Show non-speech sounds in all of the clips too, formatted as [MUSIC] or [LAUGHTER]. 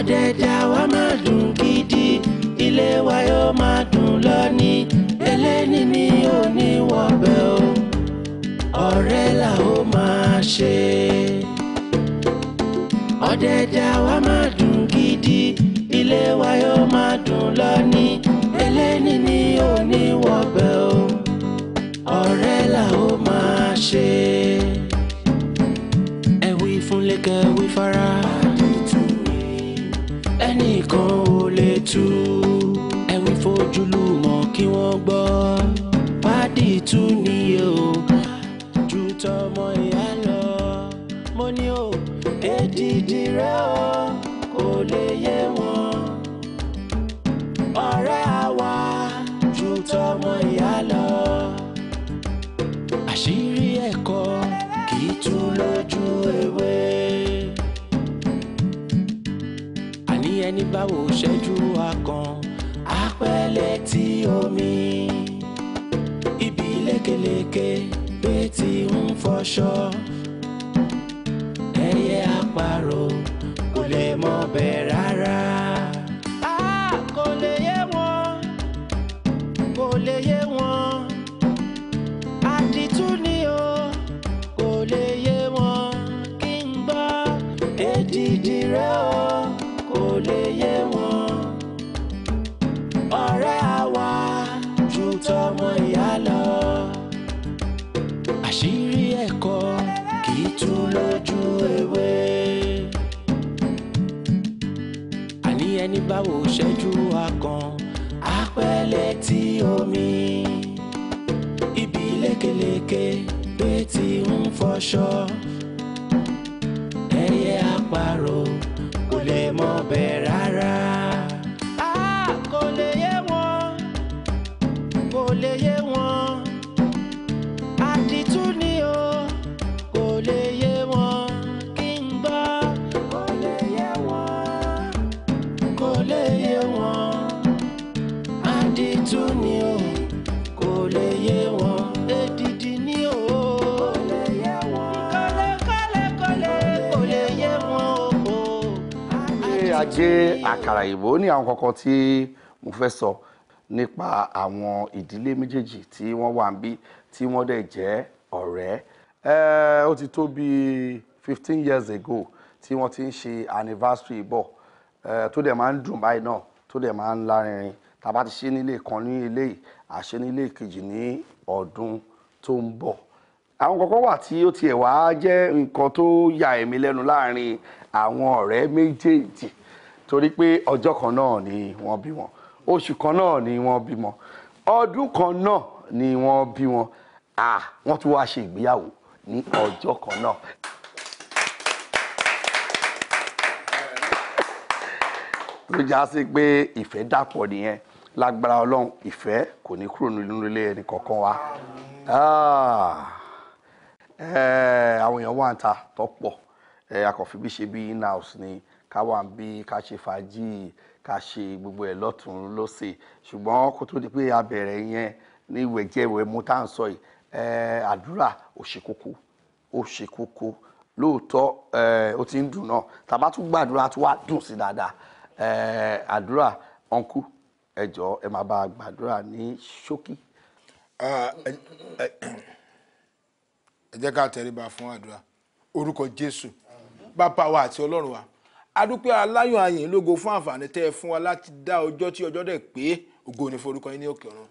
ọ̀dẹ̀dà wa máa dùn gidi ilé wa yóò máa dùn lọ ní eléni ní oníwọ̀bẹ̀ o ọ̀rẹ́ là ó máa ṣe. ọ̀dẹ̀dà wa máa dùn gidi ilé wa yóò máa dùn lọ ní eléni ní oníwọ̀bẹ̀ o ọ̀rẹ́ là ó máa ṣe. ẹ wí wí fara tẹ́nìkan ò lè tú ẹ̀wọ̀n ìfojúlùmọ̀ kí wọ́n gbọ́ pádì tú nìyẹn o ju tọmọ ìyá lọ mo ní o èdìdì rẹ o kò lè yé wọn ọ̀rẹ́ àwa ju tọmọ ìyá lọ àṣírí ẹ̀kọ́ kì í tú lójú ewé. ẹni báwo ṣẹ́jú akàn apẹ̀lẹ̀ tí omi ibi lékeleke pé tí ń fọṣọ ẹyẹ àparò kò lè mọ bẹ̀ rárá. kò lè yé wọn kò lè yé. kọ́ kì í tú lójú ewé. àní ẹni báwo ṣẹ́jú akàn apẹ̀lẹ̀ tí omi ibi lékeleke pé tí ń ẹyẹ àparò kò lè mọ̀ bẹ́ẹ̀ rárá. ajé àkàrà ìbò ní àwọn kankan tí mo fẹ́ sọ nípa àwọn ìdílé méjèèjì tí wọ́n wà ń bí tí wọ́n dẹ̀ jẹ́ ọ̀rẹ́ ó ti tó bí fifteen years ago tí wọ́n ti ń ṣe anniversary bọ̀ tó dẹ̀ máa ń dùn báyìí náà tó dẹ̀ máa ń lárinrin tàbá ti ṣe nílé kan ní ilé yìí àṣẹ nílé kejì ní ọdún tó ń bọ̀ àwọn kankan wà tí ó tiẹ̀ wá jẹ́ nǹkan tó ya ẹ̀mí lẹ́nu láàrin àwọn ọ̀rẹ́ méjèèjì torí pé ọjọ́ kan náà ni wọ́n bí wọn oṣù kan náà ni wọ́n bí wọn ọdún kan náà ni wọ́n bí wọn ah wọ́n tún wá ṣe ìgbéyàwó ní ọjọ́ kan náà. ló já sí pé ìfẹ́ dàpọ̀ nìyẹn lágbára ọlọ́run ìfẹ́ kò ní kúrò nínú ilé ẹnì kọ̀ọ̀kan wa àwọn èèyàn wà ń ta tọ́pọ̀ a ṣe bí in-house ni. Ah ká wà bí ká ṣe fàájì ká ṣe gbogbo ẹ̀ lọ́tún lọ́sẹ̀ ṣùgbọ́n kó tó di pé a bẹ̀rẹ̀ yẹn ní ìwẹ̀ jẹ́ ìwẹ̀ mú tá à ń sọ yìí àdúrà ó ṣe kókó ó ṣe kókó lóòótọ́ ó ti ń dùn náà tàbá tún gbàdúrà tó wà dùn sí dáadáa àdúrà ọ̀nkú ẹ ẹ máa bá a gbàdúrà ní ṣókí. ẹ jẹ́ ká tẹríba fún àdúrà orúkọ Jésù bàbá wa àti ọlọ́run wa adúpẹ́ aláyọ̀ ayìn lógo fún àǹfààní tẹ́ ẹ fún wa láti dá ọjọ́ tí ọjọ́ dẹ̀ pé ògo ni forúkọ yín ní òkè ọ̀run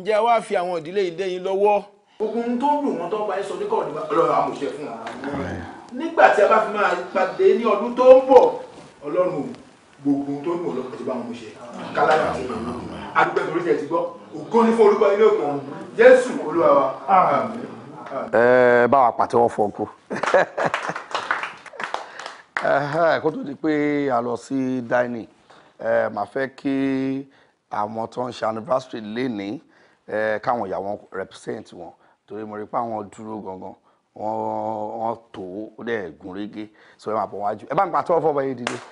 ǹjẹ́ wá fi àwọn ìdílé ilé yín lọ́wọ́. ogun tó lù wọn tó gba ẹ sọ ní kọ̀ọ̀dù ọlọ́run àmọ̀ṣẹ́ fún wa. nígbà tí a bá fi máa pàdé ní ọdún tó ń bọ̀ ọlọ́run gbogbo tó ń bọ̀ lọ́kọ̀ ti bá wọn ṣe kálára ti máa lọ́kùn adúpẹ́ torí tẹ̀ ti gbọ́ ògo ni forúkọ yín ní òkè ọ̀run Jésù Olúwa wa. ẹ bá wa pàtẹ́wọ́ fún [LAUGHS] kó tó di pé a lọ sí dining màá fẹ́ kí àwọn tó ń ṣe anniversary lénìí káwọn ìyàwó represent wọn torí mo rí pé àwọn dúró gangan wọ́n tó ó dẹ̀ gún régé so ẹ máa bọ̀ wájú ẹ bá ń pa tọ́wọ́ fọ́bọ̀ yìí dìde. [LAUGHS]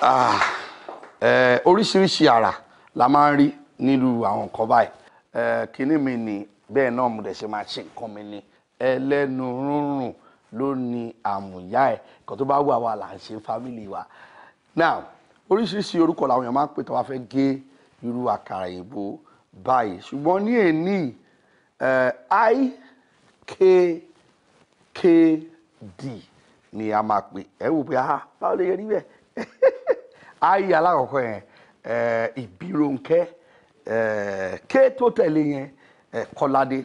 Ah, oríṣiríṣi àrà la máa ń rí nílùú àwọn nǹkan báyìí kínní mi ni bẹ́ẹ̀ náà mo dẹ̀ ṣe máa ṣe nǹkan mi ni ẹlẹ́nu rúnrún ló ní àmùyá ẹ̀ nǹkan tó bá wù àwa là ń ṣe fámìlì wa now oríṣiríṣi orúkọ làwọn èèyàn máa ń pè tó bá fẹ́ gé irú àkàrà ìbò báyìí ṣùgbọ́n ní èní eh, i k k d ni a máa pè ẹ wò pé ah báwo lè yẹ níbẹ̀ [LAUGHS] i alákọ̀ọ́kọ́ yẹn eh, ìbíròǹkẹ́ eh, k tó tẹ̀lé yẹn kọ́ládé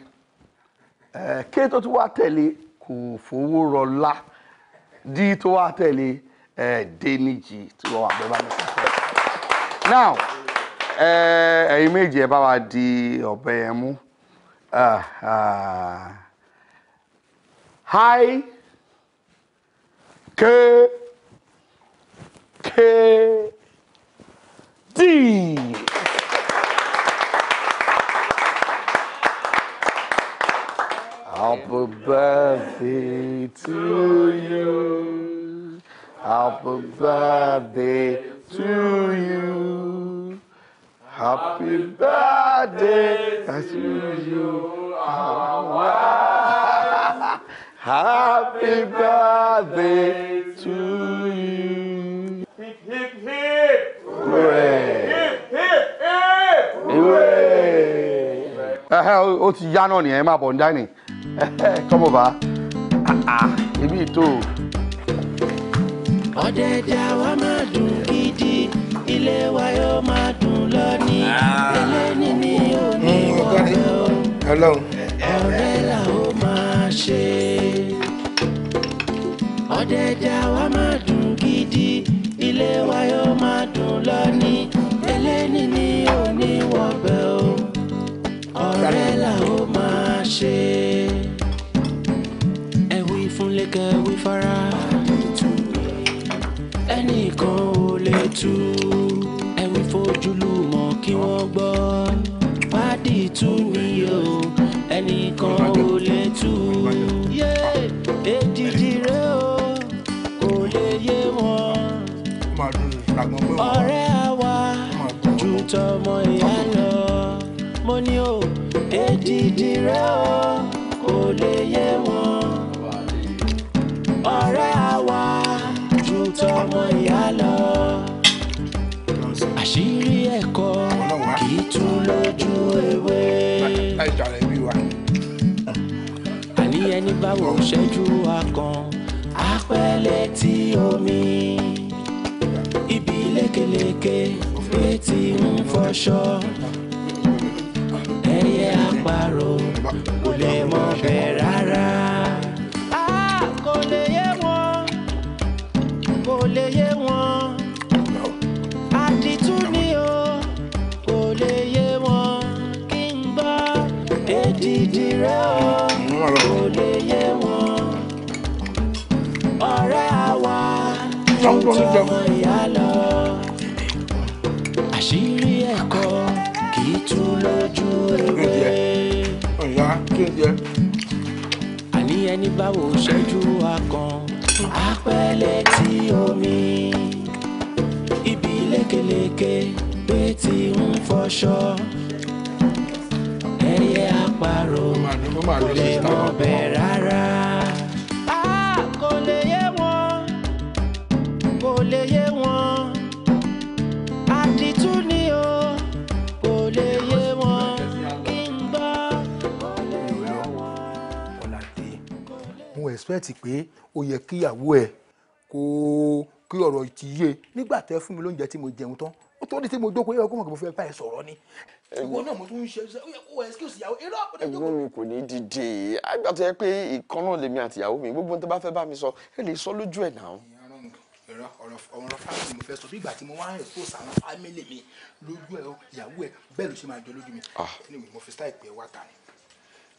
Eh, ké tó tún wá tẹ̀lé kò fowó rọlá dí tó wá tẹ̀lé eh, déníjì tí wọ́n wà bẹ́ẹ̀ bá mi sọ. now eh, ẹ̀yin méjì ẹ bá wa di ọ̀bẹ yẹn mú ah, ah. hi k k d. Happy birthday to you. Happy birthday to you. Happy birthday to you. [LAUGHS] Happy birthday to you. Hip, hip, hip. Hooray. Hip, hip, hip. Hooray. Ó ti yá náà nìyẹn, máa bọ̀ ń dání. [LAUGHS] come over ah, ah, èmi ìtò. ọ̀dẹ̀dẹ̀ wa máa dùn gidi ilé wa yóò máa dùn lọ́ní ah. ẹlẹ́ni ní omi wọlé o ọ̀rẹ́ là ó máa ṣe. ọ̀dẹ̀dẹ̀ wa máa dùn gidi ilé wa yóò máa dùn lọ́ní ẹlẹ́ni ní omi wọlé o ọ̀rẹ́ là ó máa ṣe lè kẹ̀wé fara ẹnìkan ò lè tú ẹ̀wí fojúlùmọ̀ kí wọ́n tu, pádì tú nìyó ẹnìkan ò lè tú yé èjìjì rẹ o kò lè yé wọn ọ̀rẹ́ àwa ju tọmọ ìyá lọ mo ní o èjìjì rẹ o kò lè yé wọn ọ̀rẹ́ àwa ju tọmọ ìyá lọ àṣírí ẹ̀kọ́ kì í tú lójú ewé. àní ẹni báwo ṣẹ́jú akàn apẹ̀lẹ̀ tí omi ibi lékeleke etí ń fọṣọ ẹyẹ àparò kò lè mọ̀ bẹ́ẹ̀ rárá. lè yé wọn. àdìtú ni o kò lè yé wọn kí n gbọ́ èdìdì rẹ o kò lè yé wọn. ọ̀rẹ́ àwa ló jọ mọ ìyá lọ. àṣírí ẹ̀kọ́ kì í tú lójú ewé. àní ẹni báwo ṣẹ́jú akàn apẹ̀lẹ̀ tí omi ibi lékeleke pé tí ń fọṣọ ẹyẹ àparò kò lè mọ̀ bẹ́ẹ̀ rárá. expect pé ó yẹ kíyàwó ẹ kó kí ọ̀rọ̀ ti yé nígbà tẹ fún mi lóúnjẹ tí mo jẹun tán ó tó ní tí mo jókòó yẹ kó mọ̀ kí mo fẹ́ bá ẹ sọ̀rọ̀ ni ìwọ náà mo tún ń ṣe ṣe ó excuse ìyàwó irọ́ àpótẹ́ jókòó. ẹ̀gbọ́n mi kò ní dìde àgbà tó yẹ pé ìkan náà lèmi àti ìyàwó mi gbogbo tó bá fẹ́ bá mi sọ ẹ lè sọ lójú ẹ̀ náà. ọ̀rọ̀ ọ̀rọ̀ fámìlì mo fẹ́ sọ bí ìgbà tí mo wá ń expose àwọn fámìlì mi lójú ẹ̀ ìyàwó ẹ̀ bẹ́ẹ̀ ló ṣe máa jọ lójú mi. ẹni ah. mo fi style pé wá ta ni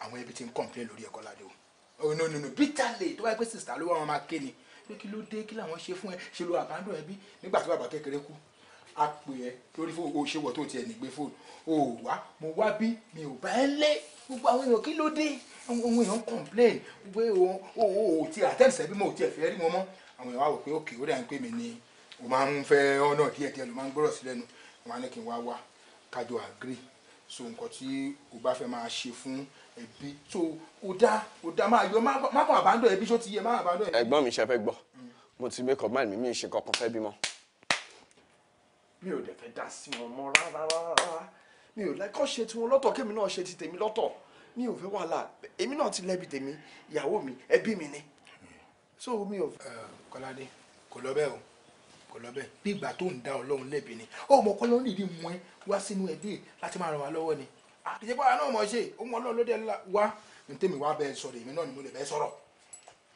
àwọn ẹbí ti ń complain lórí o oh no no no bitterly tó bá yẹ pé sista ló wá wọn máa ké ni pé kí ló dé kí làwọn ṣe fún ẹ ṣe lo àbádọ ẹbí nígbà tí bàbá kékeré kú a pè ẹ lórí fóònù o ṣe wọ tó tiẹ̀ nígbé fóònù o wá mo wá bí mi ò bá ẹ lé gbogbo àwọn èèyàn kí ló dé àwọn èèyàn complain pé o ti àtẹ̀sẹ̀ bí mo ti ẹ̀ fẹ́ rí wọn mọ́ àwọn èèyàn wá wò pé òkè ó dà ń pè mí ni o máa ń fẹ́ ọ̀nà díẹ̀ díẹ̀ ló máa ń gbọ́rọ̀ sí lẹ́nu wọn á ní kí n wá wá kájọ agree so nǹkan tí o bá fẹ́ máa ṣe fún ẹbí tó o dá o dá máa yọ má kàn àbádọ́ ẹbí tó ti yẹ má àbádọ́ ẹbí. ẹ̀gbọ́n mi ṣe fẹ́ gbọ́ mo ti make up mind mi mi ṣe kankan fẹ́ bímọ. mi ò dẹ̀ fẹ́ dá sí wọn mọ́ rárá rárá mi ò lẹ́kọ́ ṣe tiwọn lọ́tọ̀ kémi náà ṣe ti tèmi lọ́tọ̀ mi ò fẹ́ wàhálà èmi náà ti lẹ́bi tèmi ìyàwó mi ẹbí mi ni so mi ò. kọ́ládé kò lọ bẹ́ẹ̀ o kò lọ bẹ́ẹ̀ bí ìgbà tó ń dá ọlọ́run lẹ́bi ni ó mọ̀ kọ́ lọ́run ìdí mú ẹ wá sínú ẹbí láti máa ràn wá lọ́wọ́ ni àkìjẹ́ pàrọ̀ náà mọ̀ ṣe ó mọ ọlọ́run lóde ńlá wá ní tèmi wá bẹ́ẹ̀ sọ̀rọ̀ èmi náà ni mo lè bẹ́ẹ̀ sọ̀rọ̀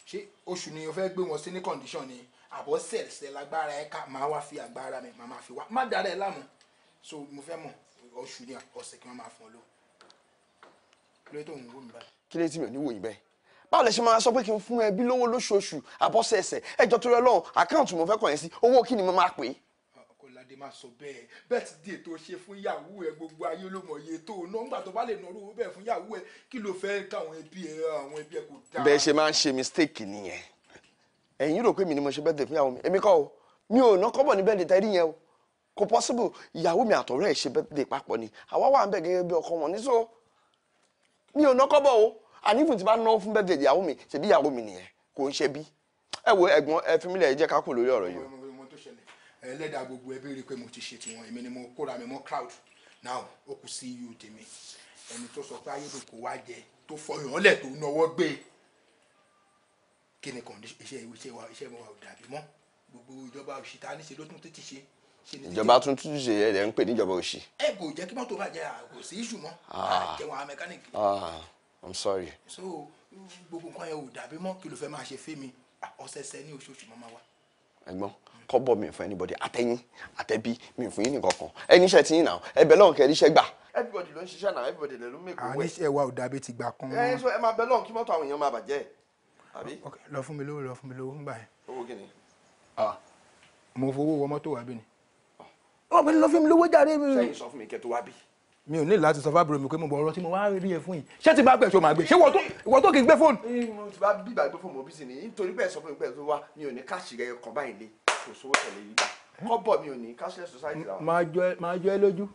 ṣé oṣù ni o fẹ́ gbé wọn sí ní condition ni àbọ̀ sẹ̀sẹ̀ lágbára ẹ̀ ká máa wá fi agbára mi máa máa fi wá má dára ẹ̀ láàmú so mo fẹ́ mọ̀ oṣù ni ọ̀sẹ̀ kí wọ́n máa fún ọ lọ lórí tó ń wò mí báyìí. kí lè tí mi ò ní wò yín bẹ́ẹ̀ báwo lẹ ṣe máa sọ pé kí n fún ẹbí lówó lóṣooṣù àbọ̀sẹ̀ẹ̀sẹ̀ ẹjọ́ torí ọlọ́run àkáǹtì mo fẹ́ kàn yín sí owó kí ni mo máa pè é Àyàndé má sọ bẹ́ẹ̀ bẹ́tìdé tó ṣe fún yàwó ẹ gbogbo ayé ló mọ̀ iye tó ná ńgbà tó bá lè nọrú owó bẹ́ẹ̀ fún yàwó ẹ kí ló fẹ́ káwọn ẹbí ẹ àwọn ẹbí ẹ kò dáa. bẹ́ẹ̀ ṣe máa ń ṣe mistake nìyẹn ẹ̀yin rò pé mi ni mo ṣe bẹ́ẹ̀ dé fún yàwó mi èmi kọ́ o mi ò ná kọ́bọ̀ ní bẹ́ẹ̀ dé tẹ́rí yẹn o kò possible ìyàwó mi àtọ̀rẹ́ ẹ̀ ṣe bẹ́ẹ̀ papọ̀ ni àwa wà ń bẹ̀ gẹ́gẹ́ bí ọkọ wọn níṣó mi ò ná kọ́bọ̀ o ànífùn ti bá náwó fún bẹ́ẹ̀ dé ìyàwó mi ṣèbí ẹlẹ́dàá gbogbo ẹbí rí i pé mo ti ṣe tiwọn èmi ni mo kóra mi mọ́ crowd now ó kù sí iyú tèmi ẹni tó sọ pé ayédùn kò wá jẹ tó fọyàn lẹ̀ tó náwó gbé kí ni condition iṣẹ́ ìwé iṣẹ́ wa iṣẹ́ wa ò dàbí mọ́ gbogbo ìjọba òṣìta níṣe ló tún tètè ṣe ìjọba tún tún ṣe ẹ lẹ ń pè níjọba òṣì. ẹ kò jẹ́ kí mọ́tò bàjẹ́ kò sí iṣu mọ́ àjẹwọ̀n àwọn mẹkáníìkì. i'm sorry. so gbogbo nǹkan yẹn ò dàbí mọ́ kí ló fẹ́ máa ṣe fẹ́ mi ọ̀sẹ̀ẹ̀sẹ̀ ní oṣooṣù mọ́ máa wá. ẹ̀gbọ́n kọ́bọ̀ mi fún anybody àtẹ̀yìn àtẹ̀bí mi fún yín nìkan kan ẹni iṣẹ́ tí yín náà ẹbẹ̀ lọ́hùn kẹ́ ríṣẹ́ gbà. everybody ló ń ṣiṣẹ́ náà everybody lè ló mèkó wẹ̀. àwọn iṣẹ́ wa ò dàbí ti gbà kan. ẹ ẹ máa bẹ lọ́hùn kí mọ́tò àwọn èèyàn máa bàjẹ́ àbí. ok lọ fún mi lówó lọ fún mi lówó ń bà yẹn. owó kí ni. mo fowó wọ mọ́tò wá bí ni. wọ́n pẹ̀lú lọ fún mi lówó jáde. sẹ́yìn sọ fún mi kẹ́ tó wá bí mi ò ní láti sọ fábùrò mi pé mo bọ ọ̀rọ̀ tí mo wá rí ẹ fún yìí ṣé tí n bá gbẹ ṣo máa gbé ṣé ìwọ tó kì í gbé fóònù. mo ti bá bíbá gbé fóònù mo bí sí ni nítorí bẹ́ẹ̀ sọ fún mi pé ẹ tó wá mi ò ní káàṣì rẹ kàn báyìí lé kò sówó tẹ̀lé yìí gbà kọ́bọ̀ mi ò ní cashless society la wa. máa jọ ẹ lójú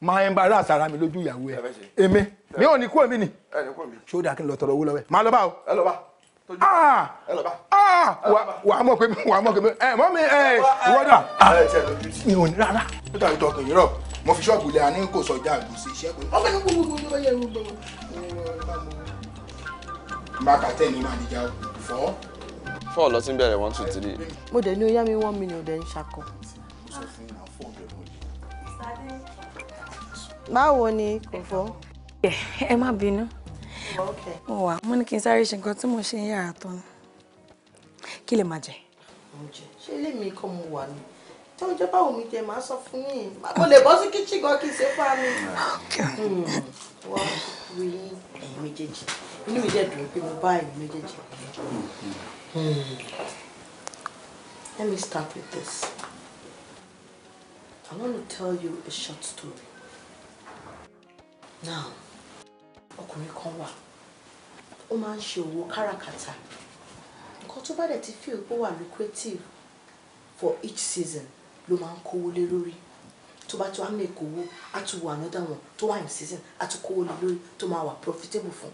máa ń bara àtàrà mi lójú ìyàwó ẹ èmi mi ò ní kú èmi ni ṣódà kí n lọ tọrọ owó lọ́wọ́ ẹ máa lọ bá o. ẹ lọ bá wà á mọ̀ pé wà á mọ̀ pé ẹ mọ́ mi ẹ ìwọ́dà mi ò ní rárá. ó dàbí tọkàn yìí rọ mo fi ṣọ́ọ̀bù lẹ́yìn àní kò sọjá àgùsí iṣẹ́ pé ọkọ ní gbogbo gbogbo bá yẹ gbogbo. bá a tẹ́ ẹ̀ ní máa dìjà fọ́ four lọ sí bẹ̀rẹ̀ one two three. mo dẹ̀ ní ó mi one million dẹ̀ ń ṣakọ. báwo ni kò fọ́. ẹ má bínú mo wà mo ní kí n sáré ṣe nǹkan tí mo ṣe ń yàrá tó ní kí lè máa jẹ. ṣé ilé mi kọ́ mo wà ní tí oúnjẹ báwo mi jẹ máa sọ fún yín mo lè bọ́ sí kíchì gan kí n ṣe fún mi. Hmm. wọ́n wí ẹ̀yin méjèèjì inú mi dẹ̀ dùn pé mo bá ẹ̀yin méjèèjì. Hmm. Let me start with this. I want to tell you a short story. Now, ọkùnrin kan wà. Ó máa ń ṣe òwò káràkátà. Nǹkan tó bá dẹ̀ ti fi òpó wà lucrative for each season ló máa ń kówó lé lórí. Tó bá tó á mèkó owó, á tún wo another one tó wà in season, á tún kówó lé lórí tó máa wà profitable fún.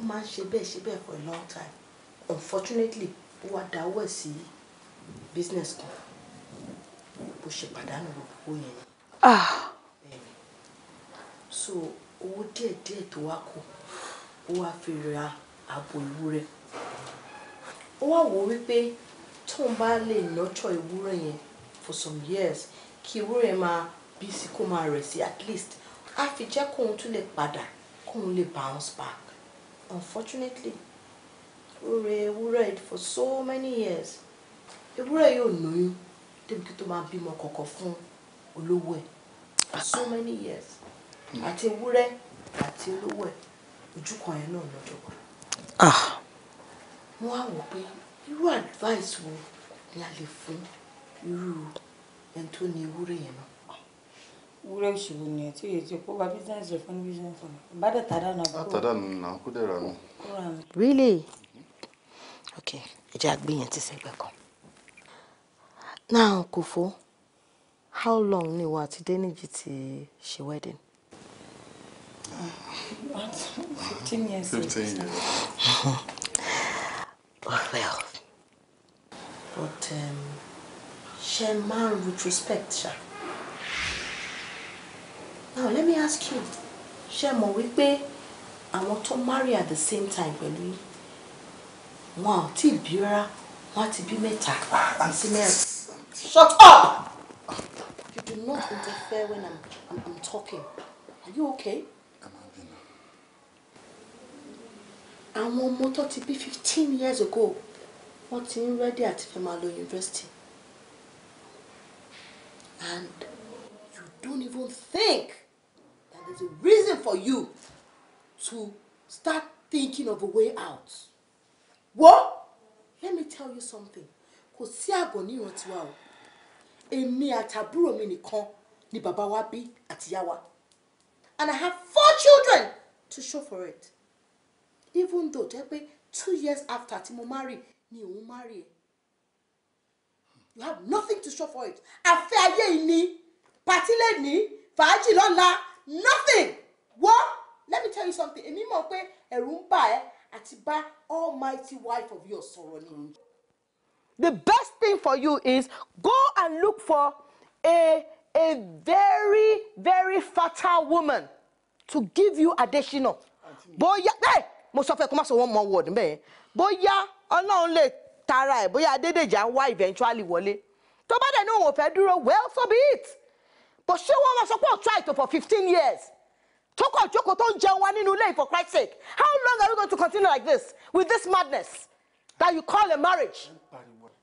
Ó máa ń ṣe bẹ́ẹ̀ ṣe bẹ́ẹ̀ for a long time unfortunately ó wá dáwọ́ ẹ̀ sí business kan bó ṣe pàdánù gbogbo yẹn ni. Ah. so owó díẹ̀díẹ̀ tó wá kù ó wá fi ra ààbò ewúrẹ́ ó wá wò wípé tóun bá lè nọ́jọ́ ewúrẹ́ yẹn for some years kí ewúrẹ́ máa bí sí kó máa rẹ̀ sí at least á fi jẹ́ kóun tún lè padà kóun lè bounce back unfortunately ó ewúrẹ́ for so many years ewúrẹ́ yìí lóyún débi kí tó máa bímọ kọ̀ọ̀kan fún olówó ẹ̀ for so many years àti ewúrẹ́ àti olówó ẹ̀ ojú kan yẹn náà lọ́jọ́ wa. wọ́n á wò pé irú advice wo ni a lè fún irú ẹni tó ní ewúrẹ́ yẹn náà wúrẹ́ òṣèlú ni ẹ̀ tí yẹ ti kó ba business rẹ̀ fún business rẹ̀ bá dẹ̀ tàdánù àbúrò. tàdánù náà kó dẹ̀ rà nù. really. Okay, ẹ jẹ́ àgbéyàn ti sẹ́gbẹ̀ kan. now Kofo how long ni ìwọ àti Dénìjì ti ṣe wedding. fifteen years. fifteen years. Oh, well but ṣe um, máa with respect ṣá. now let me ask you ṣe mọ̀ wípé àwọn tó marry at the same time pẹ̀lú yìí wọn ò tí ì bí rárá wọn á ti bí mẹ́ta ah, àti ah. mẹ́rin. shut up! you do not interfere when i'm i'm, I'm talking are you okay? àwọn ọmọ tó ti bí fifteen years ago wọ́n ti ń rẹ́dí àti fẹ́ máa lọ yunifásitì and you don't even think that there's a reason for you to start thinking of a way out wo let me tell you something kò sí àgọ̀ níran tiwa o èmi àtàbúrò mi nìkan ni bàbá wa bí àtìyá wa and I have four children to show for it even though jẹ́ pé two years after tí mo marry ni òun marry ẹ̀ you have nothing to show for it àfẹ́ ayé yìí ni pàtí lè ní fàájì lọ́la nothing wọ́n let me tell you something èmi mọ̀ pé ẹ̀rù ń bà ẹ́ àti bá almighty wife of yours sọ̀rọ̀ ni. the best thing for you is go and look for a a very very fertile woman to give you Adesina bóyá ẹ mo sọ fẹ́ kó má sọ one more word mẹ́ẹ̀ bóyá ọlọ́run lè tara ẹ̀ bóyá Adédèjà ń wá eventually wọlé tó bá dẹ̀ ní òun ò fẹ́ dúró well so be it but ṣé wọ́n máa sọ pé ọ̀ try to for fifteen years tó kọ̀ jókòó tó ń jẹun wa nínú ilé for Christ's sake how long are we going to continue like this with this madness that you call a marriage.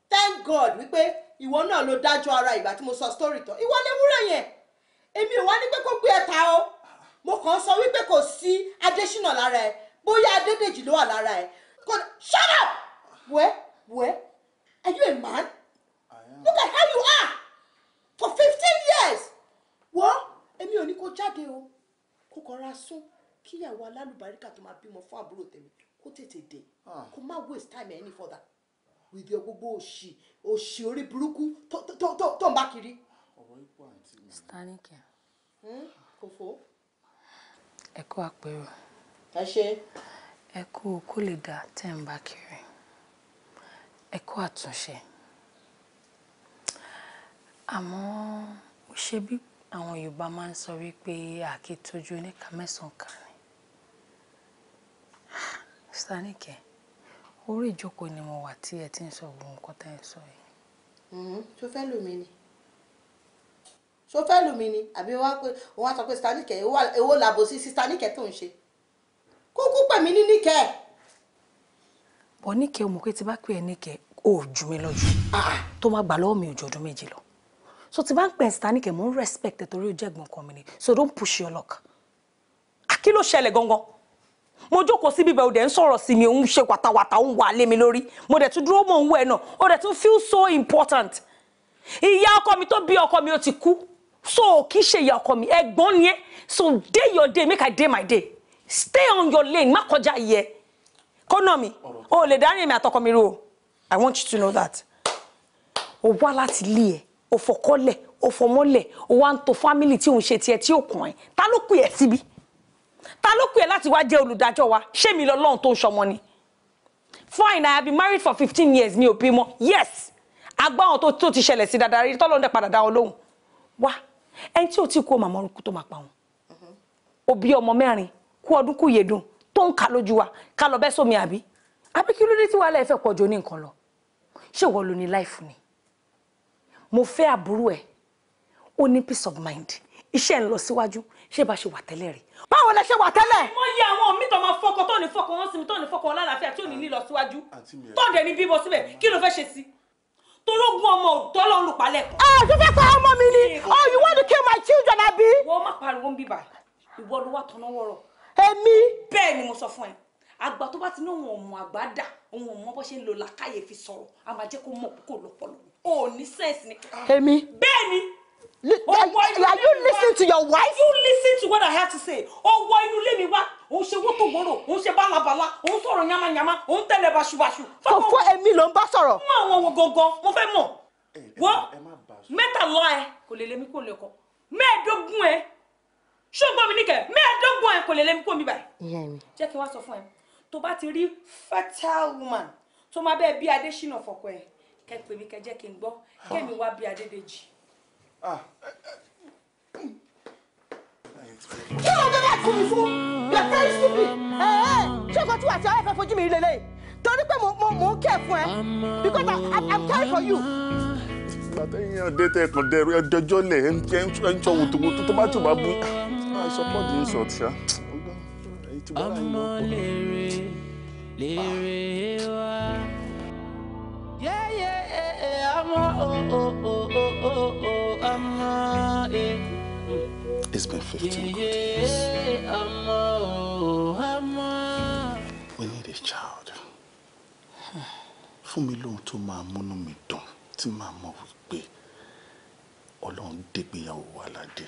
thank God wípé ìwọ náà ló dájọ́ ara ìgbà tí mo sọ story tán ìwọ ni wúrẹ́ yẹn èmi ò wá ní pé kó gbé ẹ ta o mo kàn sọ wípé kò sí Adésínà lára ẹ bóyá Adédèjì ló wà lára ẹ kò shut up wẹ́ wẹ́ are you a man look at how you are for fifteen years wọ́n èmi ò ní kó jáde o kó kọra sún kíyàwó alálùbáríkà tó máa bímọ fún àbúrò tèmi kó tètè dé ah. kó má waste time any further with your gbogbo òṣì òṣì orí burúkú tó ń bá kiri. ọ̀rọ̀ ipò àǹtí mi. stanike. kòfó. Hmm? ẹ kú àpérò. ẹ ṣe. ẹ kú kó lè dà tẹ́ ń bá kiri ẹ àtúnṣe àmọ́ ṣe bí àwọn Yorùbá máa ń sọ wípé àkìtọ́jú oníkà mẹ́sàn-án kan ni. Sanike, orí ìjókòó ni mo wà tí ẹ ti ń sọ gbogbo nǹkan tẹ́ ń sọ yìí. Mm-hmm. Ṣo fẹ́ lù mí ni? Ṣo fẹ́ lù mí ni? Àbí wá pé òun á sọ pé Sanike èwo làbò sí sí Sanike tó ń ṣe? Kúkú pè mí ní Níkẹ́. Bọ̀ Níkẹ́ o mọ̀ pé tí bá pè ẹ́ Níkẹ́, o ò jù mí lọ jù. Ah. Tó má gbà lọ́wọ́ mi ò jọdún méje lọ so tí bá ń pẹ̀ sítánì kẹ̀ mò ń respect ẹ̀ torí ó jẹ́ ẹ̀gbọ́n mi ni so don't push your luck. àkí ló ṣẹlẹ̀ gangan mo jókòó sí bíbẹ̀ òde ń sọ̀rọ̀ sí mi òun ṣe wàtàwàtà òun wà lé mi lórí mo dẹ̀ tún dúró mò ń wẹ̀ náà ó dẹ̀ tún feel so important ìyá ọkọ mi tó bí ọkọ mi ó ti kú so kì í ṣe ìyá ọkọ mi ẹ̀gbọ́n ni ẹ́ so day your day make I day my day stay on your lane má kọjá iyẹ kọ́nà mi o lè dárí èmi àtọkọ mi rí o I want you to know that o wá láti lé ẹ o fọkọlẹ̀ o fọmọlẹ̀ o wá ń to fámìlì tí òun ṣe tiẹ̀ tí ò kàn ẹ́ ta ló pè ẹ́ síbi ta ló pè ẹ́ láti wá jẹ́ olùdájọ́ wa ṣé mi lọ́lọ́run tó ń ṣọmọ ni fine i have been married for fifteen years mi ò bímọ yes agbáwọn tó tó ti ṣẹlẹ̀ sí dáadáa rí tọ́lọ́dẹ padà dá wọn lóhùn wá ẹni tí ò tí kú ọmọ àmọ́ orúkú tó máa pa wọn òbí ọmọ mẹ́rin kú ọdún kú yèdùn tó ń ka lójú wa ká lọ bẹ́ sómi àbí àbí kí ló dé tí wàhálà ẹ fẹ́ pọ̀ jù nǹkan lọ ṣé ìwọ ló ní láìfù ni mo fẹ́ àbúrò ẹ̀ ó ní peace of mind iṣẹ́ ń lọ síwájú ṣé bá ṣe wà tẹ́lẹ̀ rí. báwo lẹ ṣe wà tẹ́lẹ̀. wọ́n yẹ àwọn mi tó máa fọkọ tó ní fọkọ wọn sinmi tó ní fọkọ lálàáfíà tí ò ní lílọ síwájú tó dẹ̀ ní bíbọ síbẹ̀ kí ló fẹ́ ṣe sí torógun ọmọ òótọ́ ló lù palẹ̀ kan. ẹ ṣe pa ọmọ mi ni oh you want to kill my children abi. wọ́n má pariwo ń bíbà ìwọ ló wá tọ́nà wọ̀rọ̀. èmi. bẹ́ẹ̀ ni mo sọ fún ẹ àgbà tó bá ti ní òun ọmọ àgbà dà òun ọmọ bó ṣe ń lo làkàyè fi sọ̀rọ̀ a kó mọ̀ kó lọ́pọ̀lọpọ̀ o ní sense ni. Ah, èmi. bẹ́ẹ̀ ni. are you listening to your wife. you listen to what I have to say. ó wọ inú ilé mi wá òun ṣe wótò wóró òun ṣe bálabàla òun sọ̀rọ̀ yamayama òun tẹ̀lé báṣubàṣu. kò fọ èmi ló ń bá sọ̀rọ̀. mọ àwọn wo gangan mo fẹ́ mọ̀ wọ́n mẹ́tàlá ẹ kò lè lémi kò lè kọ́ mẹ́ẹ̀ẹ́dógún ẹ ṣùgbọ́n mi níkẹ́ mẹ́ẹ̀ẹ́dógún ẹ kò lè lémi kò mi báyìí. jẹ́ kí n wá sọ fún ẹ tó bá ti rí fertile woman tó máa bẹ́ẹ̀ bí Adésínà fọkọ ẹ̀ kẹ́ pè mí kẹ́ jẹ́ kí n gbọ́ kémi wá bí Adédèjì. Ah. kí ló dé láti mi fún yóò fẹ́ ìsúbì ṣé kò tún àti ọ̀rẹ́ fojú mi lélẹ̀ torí pé mo ń kẹ́ fún ẹ because I I'm caring for you. àtẹ̀yìn adé tẹ ẹ̀kan dẹrú ẹjọ́jọ́ lẹ̀ ẹ̀ ń sọ wòtòwòtò tó bá tù bá bú ah, i support you sọ ṣá. ọmọ lèrè lèrè wá. Yeah. It's been 15 good years. We need a child. Fún mi lóhun tó máa múnú mi dùn tí màá mọ̀ wípé Ọlọ́run dégbéyàwó wa ládé.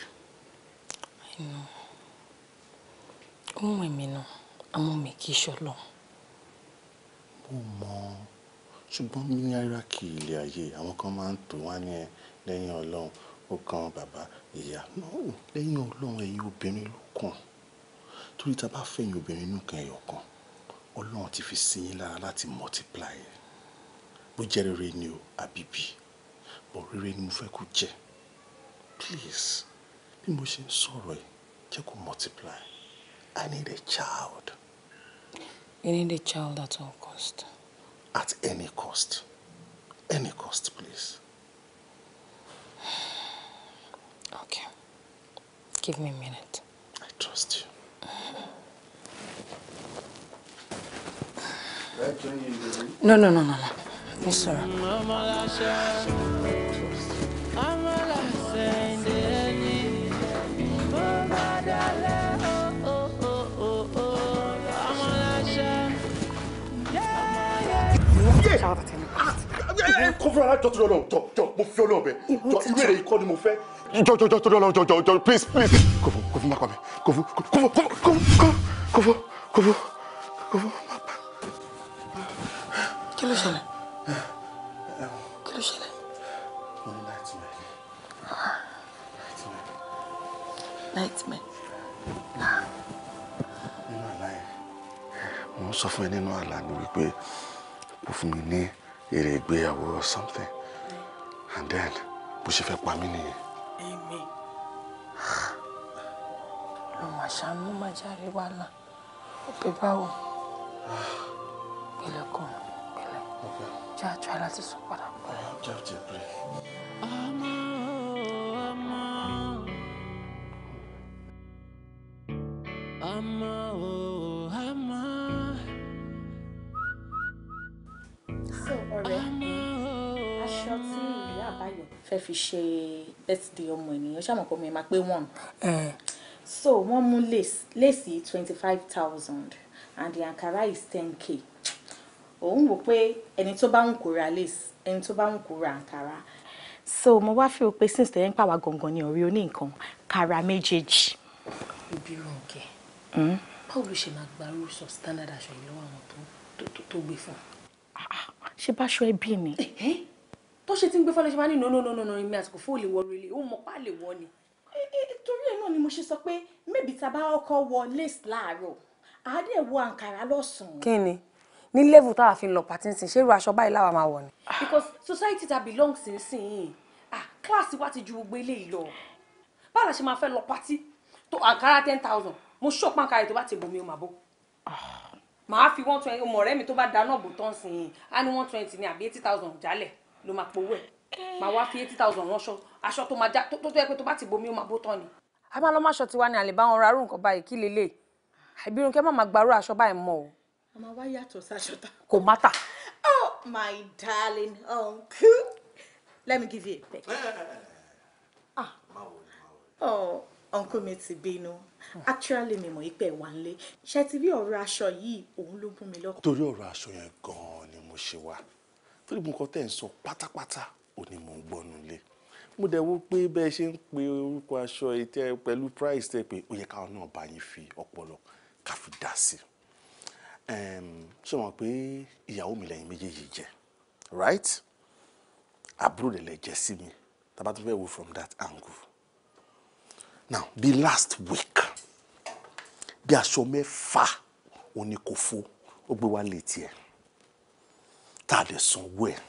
Ohun èmi náà, àmọ́ mi kì í ṣọlọ. Mo mọ ṣùgbọ́n ní hierarchy ilé ayé àwọn kan máa ń tò wá ní ẹ lẹ́yìn ọlọ́run ó kan bàbá ìyá náà lẹ́yìn ọlọ́run ẹ̀yin obìnrin ló kàn torí tá a bá fẹ̀yìn obìnrin nù kan ẹ̀yọ̀ kan ọlọ́run ti fi sí yín lára láti multiply ẹ̀ bó jẹ́ rere ni o àbíbí bọ̀ rere ni mo fẹ́ kó jẹ́ please bí mo ṣe ń sọ̀rọ̀ ẹ̀ jẹ́ kó multiply I need a child. You need a child at all cost. at any cost. Any cost, please. Okay. Give me a minute. I trust you. No, no, no, no, no. Yes, sir. ṣáwọ́ tàtẹ́ mi. kó fún ara jọ tó jọ jọ mo fi ọlọ́wọ́ bẹ jọ irú èrè ikọ́ ni mo fẹ́. jọ jọ jọ tó lọ́wọ́ jọ jọ jọ please please. kò fún kò fún máa pa mi kò fún kò fún kò fún kò fún kò fún kò fún máa pa. kí ló ṣẹlẹ̀ kí ló ṣẹlẹ̀. nightmare. nínú àlá yẹn mo ń sọ fún ẹ nínú àlá mi wípé ó fún mi ní èrè ìgbéyàwó or something and then bó ṣe fẹ́ pa mí nìyẹn. èmi ló mà ṣàánú má járe wàhálà ó pè báwo pẹ̀lẹ́ kọ pẹ̀lẹ́ jẹ àjọ aláti sùn padà pẹ̀lẹ́. fi ṣe birthday ọmọ ènìyàn ṣàmọ̀ pé ọmọ ẹ̀ máa pé one. so wọ́n mú léèsì twenty five thousand and the ankara is ten k òun wò pé ẹni tó bá ń kó ra lace ẹni tó bá ń kó ra ankara. so mo wá fi òpin since tẹ̀yẹ́ ń pàwá gangan ni ọ̀rẹ́ oní nǹkan kara méjèèjì. ibi ronke hmm? báwo ló ṣe máa gbarú sọ standard aṣọ yìí lọ́wọ́ àwọn tó gbé fún. Ah, ah, ṣé báṣọ ẹbí ni tó ṣe ti ń gbé fọlọ́ṣẹ́ máa ní no no no no no èmi àsìkò fóòlì wọ rẹ lè ó mọ pa lè wọ ni. torí ẹ̀ náà ni mo ṣe sọ pé mẹ́bí ta bá ọkọ̀ wọ lace láàárọ̀ àádẹ́ wọ àǹkàrá lọ́sàn-án. kí ni ní level tá a fi lọ pàtí nsìn ṣé irú aṣọ báyìí láwa máa wọ ni. because society ta belong sí nsìn ah kíláàsì wa ti ju gbogbo eléyìí lọ báwo la ṣe máa fẹ́ lọ pàtí tó àǹkàrá ten thousand mo ṣọ́ pàǹkàrà tó bá ti bòmí o mà bò màá fi one twenty ọmọ rẹ mi tó bá dáná bò tán I á ní one twenty ní àbí eighty thousand jálẹ̀ ló máa powó ẹ̀ máa wá fi eighty thousand ránṣọ aṣọ tó máa já tó tó yẹ pé tó bá ti bomi ó máa bó tán ni. a máa lọ́ máṣọ tiwa ni àlè bá wọn ra arú nǹkan báyìí kí lélẹ̀ ìbírun kẹ́ má máa gbarú aṣọ báyìí mọ́ o. ọmọ wa yàtọ̀ sáṣọ ta. kò má tà. oh my darling uncle let me give you a peck. ah, ah. oh uncle mi ti bínú actually mi mọ̀ ipe wà nílé ṣe ti bí ọ̀rọ̀ aṣọ yìí òun ló gún mi lọ́kàn. torí ọ̀rọ̀ aṣọ yẹn gan-an ni mo ṣe wà torí gbogbo tẹ̀ ń sọ pátápátá ò ní mò ń gbọ́nu lé mo dẹ̀ wo pé bẹ́ẹ̀ ṣe ń pe orúkọ aṣọ ìtẹ́ pẹ̀lú price tẹ́ pé ó yẹ káwọn náà bá yín fi ọpọlọ ká fi dá sí i ṣé wọn pé ìyàwó mi lẹ́yìn méjèèjì jẹ́ right àbúrò rẹ̀ lẹ̀ jẹ́ sí mi tàbá tó fẹ́ wo from that angle now bí last week bí aṣọ mẹ́fà òní kò fo ó gbé wá létí ẹ̀ tá a lè sanwó ẹ̀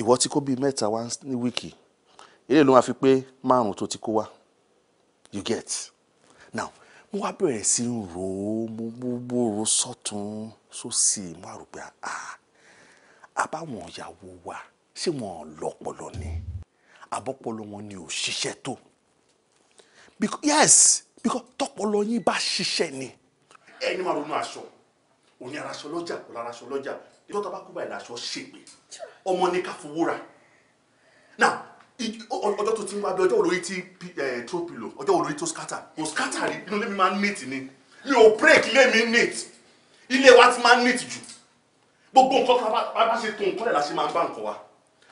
ìwọ tí kó bíi mẹ́ta wá ní wíìkì eléyìí ló máa fi pé márùn tó ti kó wá you get now mo wá bẹ̀rẹ̀ sí ń ro ó mo gbóòrò sọ́tún sósì mo wá rò pé ah àbáwọn ìyàwó wa ṣé wọn lọ́pọlọ ni àbọ̀pọlọ wọn ni ò ṣiṣẹ́ tó yes because tọ́pọlọ yín bá ṣiṣẹ́ ni ẹni máa ronú aṣọ òní araṣọ lọ́jà kò láraṣọ lọ́jà ìjọ tó bá kú báyìí làṣọ ṣègbè ọmọ ní ká fowó ra now ọjọ́ tó ti ń wá bí ọjọ́ olórí ti tó pilò ọjọ́ olórí tó scatter kò scatter rí inú lẹ́mi máa ń neat ni mi ò break lẹ́mi neat ilé wa ti máa ń neat jù gbogbo nǹkan bá bá ṣe tó nǹkan rẹ̀ la máa ń bá nǹkan wa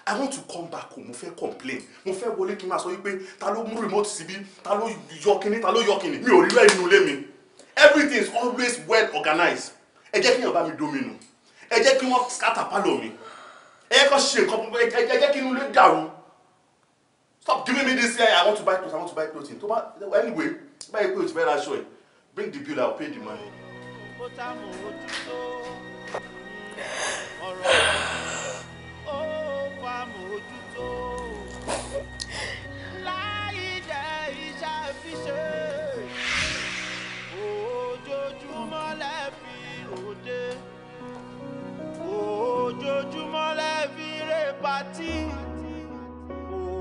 i want to come back home mo fẹ́ complain mo fẹ́ wọlé kí n máa sọ wípé ta ló mú remote síbí ta ló yọ kíní ta ló yọ kíní mi ò rí rẹ́ inú lẹ́mi everything is always well organized ẹ jẹ́ kí èèyàn bá mi domino ẹ jẹ́ kí wọ́n scatter pálọ̀ mi ẹ kọ́ ṣe nǹkan púpọ̀ ẹ jẹ́ kí inú lè dàrú stop giving me this eye i want to buy clothes i want to buy clothing tó bá anyway báyìí pé o ti fẹ́ ra aṣọ bring the bill i pay the money. ojoojúmọ́ lẹ fi rè patí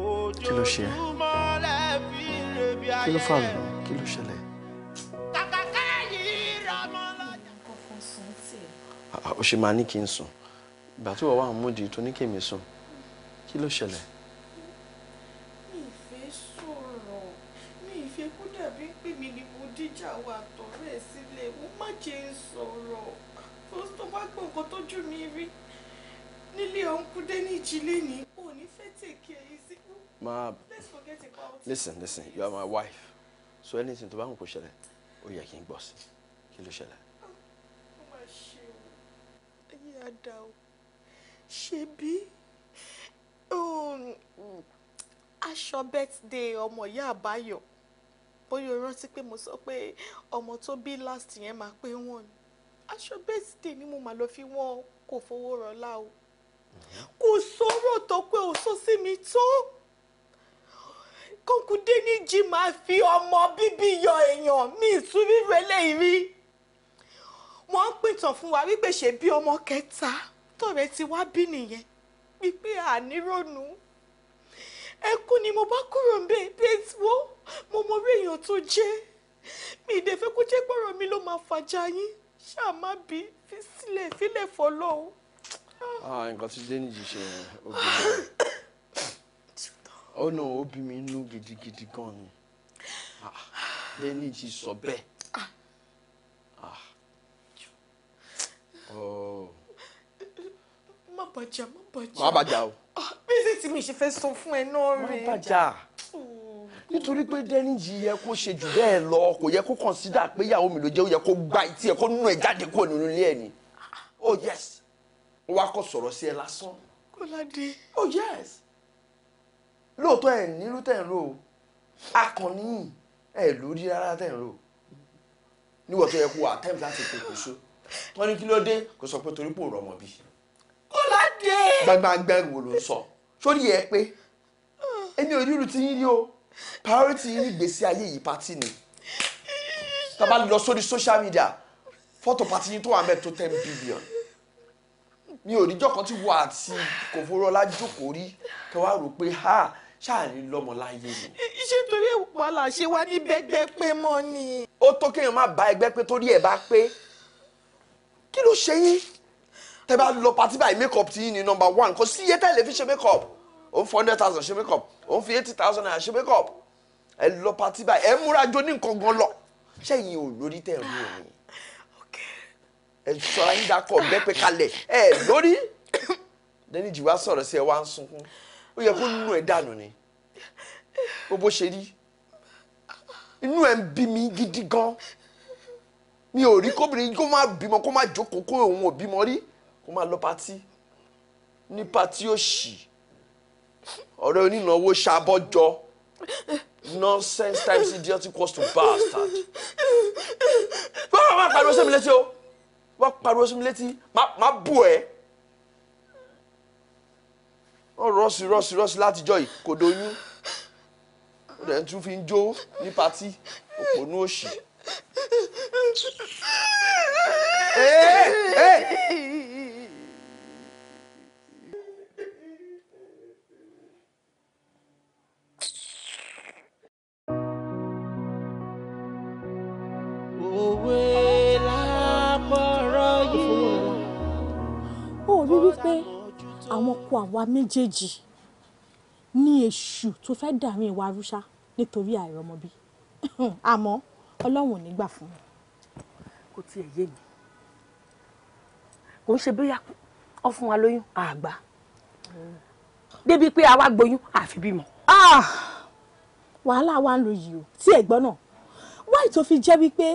ojoojúmọ́ lẹ fi rè bí ayẹyẹ. kí ló fà lọ kí ló ṣẹlẹ̀. kàkàkà yìí rà mọ́ lọ́jà. Ah, ah, ṣe máa ní kí n sùn ìgbà tí wọ́n wà ń múdi tó ní kí èmi sùn kí ló ṣẹlẹ̀. nílé ọ̀nkú Dẹ́níjì lẹ́ni ò ní fẹ́ tèké èyí sí kú. listen listen you are my wife so anything tó bá ń kó ṣẹlẹ̀ ó yẹ kí n gbọ́ sí kí ló ṣẹlẹ̀. Ah, ó mà ṣe o ayé àdá o ṣebí um, aṣọ birthday ọmọ ìyá àbáyọ bóyá o rántí pé mo sọ pé ọmọ tó bí last yẹn máa pé wọn ni aṣọ birthday ni mo máa lọ fi wọn kò fowó rọlá o kò sọ̀rọ̀ tó pé ò sọ sí mi tó kọ́kúndé ní jí máa fi ọmọ bíbí yọ èèyàn mi ìtúrí rẹlẹ̀ rí wọ́n ń pìtàn fún wa wípé ṣe bí ọmọ kẹta tọ̀rẹ́ ti wá bí nìyẹn wípé ànírònú ẹkún ni mo bá kúrò ń bẹ bẹ́ẹ̀ wo mo mọ orí èèyàn tó jẹ́ mi ìdẹ́fẹ́ kó jẹ́ pọ̀rọ̀ mi ló máa fàjà yín ṣáà má bí fi sílẹ̀ fílẹ̀ fọlọ́ọ̀. Ah, nǹkan tí Dénìjì ṣe obìnrin ó nà ó bí mi [COUGHS] inú gidigidi gan ni ah, Dénìjì sọ bẹ́ẹ̀. Ah. [COUGHS] Oh. má bàjá má bàjá má bàjá o. bí ṣe tí mi ṣe fẹ́ sọ fún ẹ náà rèé. má bàjá nítorí pé Dénìjì yẹ kó ṣe jù bẹ́ẹ̀ lọ kò yẹ kó kọ̀nsídà pé ìyàwó mi ló jẹ́ ó yẹ kó gba etí ẹ̀ kó nù ẹ̀ jáde kúrò nínú ilé ẹ̀ ni oh yes ó wá kọ́ sọ̀rọ̀ sí ẹ lásán. kọ́ládé. oh yes lóòótọ́ ẹ̀ nílùú tẹ̀ ń rò ó akànnì ẹ̀ lórí rárá tẹ̀ ń rò ó níwọ̀n tó yẹ kó attempt láti pokùnso wọ́n ní kí ló dé kó sọ pé torí pò rọmọ bí. kọ́ládé. gbàgbàgbà wo ló ń sọ sórí ẹ pé èmi ò rírun ti yín rí o priority yín gbèsè ayé yìí pati ni tá a bá lọ sórí social media fọ́tò pati yín tó wà mẹ́ẹ̀ tó ten billion mi ò níjọ́ kan tí wo àti Kòfórọ́lá jókòó rí kí wàá rò pé ha ṣáàrí lọ́mọ láyé ni. ṣé torí wàhálà ṣe wá ní bẹ́gbẹ́ pé mọ́ ni. ó tó kéèyàn má ba ẹgbẹ́ pé torí ẹ̀ bá pé kí ló ṣe yín tẹ bá lọ pati báyìí make up ti yín ni number one kò sí iye tẹ́lẹ̀ fi ṣe make up òun four hundred thousand ṣe make up òun fi eighty thousand naira ṣe make up ẹ lọ pati báyìí ẹ múra jó ní nǹkan gan lọ ṣẹ́yìn ò lórí tẹ̀ ń rú òun ẹ sọra yín dakọ̀ bẹ́pẹ́ kalẹ̀ ẹ lórí lẹ́ni jìwá sọ̀rọ̀ sí ẹ wá ń sunkún ó yẹ kó nínú ẹ dànù ni ó bó ṣe rí inú ẹ ń bí mi gidi gan mi ò rí kóbìnrin kó má bímọ kó má jókòó kó òun ò bímọ rí kó má lọ patí ní patí òṣì ọ̀rẹ́ onínáwó ṣàbọ̀jọ nonsense times idiotic cost to bastard. báwo máa pariwo sẹ́mi létí o wọ́n pariwo sí mi létí má bù ẹ́ wọ́n rọ́ọ̀sì rọ́ọ̀sì rọ́ọ̀sì látijọ́ yìí kò doyún ó dẹ̀ tún fi ń jó ní patí òpònú òṣì. pé àwọn ọkọ àwa méjèèjì ní èṣù tó fẹ́ dàrin ìwà arúṣá nítorí àìrọ́mọbí [LAUGHS] àmọ́ ọlọ́run ò ní gbà fún mi. kò tiẹ̀ yé mi kò ń ṣe bóyá ọ fún wa lóyún àgbà débi pé àwa gboyún àfi bímọ. Ah! wàhálà wa ń lo yìí o tí ẹ̀gbọ́n náà wáì tó fi jẹ́ wípé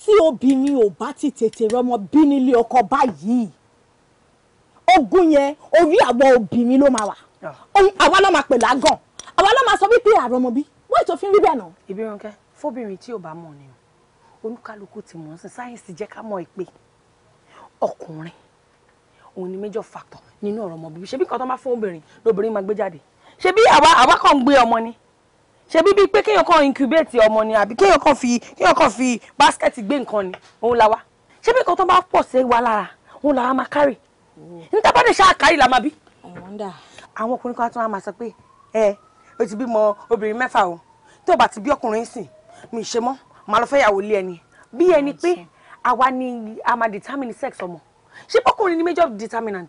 tí obìnrin ò bá ti tètè rọmọ bí nílé ọkọ báyìí ogun yẹn orí àwọn obìnrin ló máa wà ah. àwa ló máa pè lágàn àwa ló máa sọ wípé àrùn ọmọ bí wọ́n ètò fi ń rí bẹ́ẹ̀ náà. ìbírànkẹ́ fóbìnrin tí ò bá mọ̀ ni olúkálukú ti mọ̀ sí sáyẹ́ǹsì jẹ́ ká mọ̀ ẹ́ pé ọkùnrin òun ni major factor nínú ọ̀rọ̀ ọmọ bíbí ṣebí kan tó máa fún obìnrin lóbìnrin máa gbé jáde ṣebí àwa àwa kàn ń gbé ọmọ ni ṣebí bíi pé kéèyàn kàn incubate ọmọ ni àbí kéèyàn kàn fi kéèyàn kàn fi basket gbé nǹkan ni òun la wa ṣebí kan tó bá pọ̀ sí wa lára òun làwa máa kárì níta bá ní ṣáàkárì la máa bí. àwọn ọkùnrin kan tún á máa sọ pé ẹ o ti bímọ obìnrin mẹ́fà o tí o bá ti bí ọkùnrin sìn mi ṣe mọ́ màá lọ fẹ́ yàwó lé ẹni bí ẹni pé àwa ni a máa determine sex ọmọ ṣé pọkùnrin ni major determinant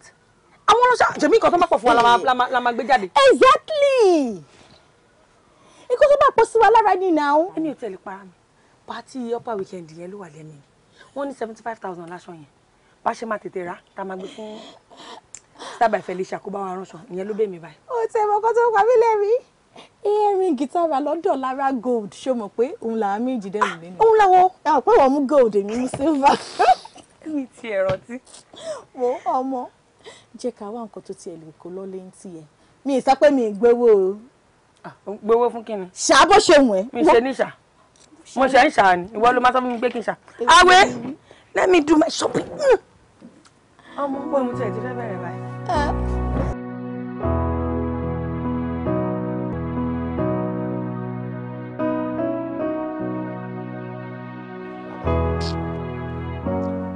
àwọn ọlọ́ṣà jẹ̀mí nǹkan tó má pọ̀ fún wa la máa gbé jáde. exactly nǹkan tó bá pọ̀ sí wa lára ni nà ó. ẹni ò tẹ̀lé para mi pàtí upper weekend yẹn ló wà lẹ́nu wọ́n ní seventy five thousand láṣọ yẹn bá ṣe máa tètè rà tá a máa gbé fún sábà Felicia kó bá wa ránṣọ ìyẹn ló bẹ̀ mí báyìí. o tẹ mọ kó tó pa mí lẹ́rìí earring guitar lọ́dọ̀ Lara Gold ṣé o mọ̀ pé òun làá mí ìjìdẹ́ mi lẹ́nu. òun làwọ̀ pé wọ́n mú gold èmi mú silver. [LAUGHS] mi ti ẹ̀ rántí. wo ọmọ jẹ́ ká wá nǹkan tó tiẹ̀ lè kó lọ́lé ń tiẹ̀ mi ì sọ pé mi ì gbowó o. fún kí ni. ṣá ṣe wù ẹ́. mi ṣe ní ṣá mo ṣe ń ṣá ni ìwọ ló máa sọ fún mi pé kí n ṣá. awe let me do my shopping ọmọ ń bọ̀ ìmú tiẹ̀ ti fẹ́ bẹ̀rẹ̀ báyìí.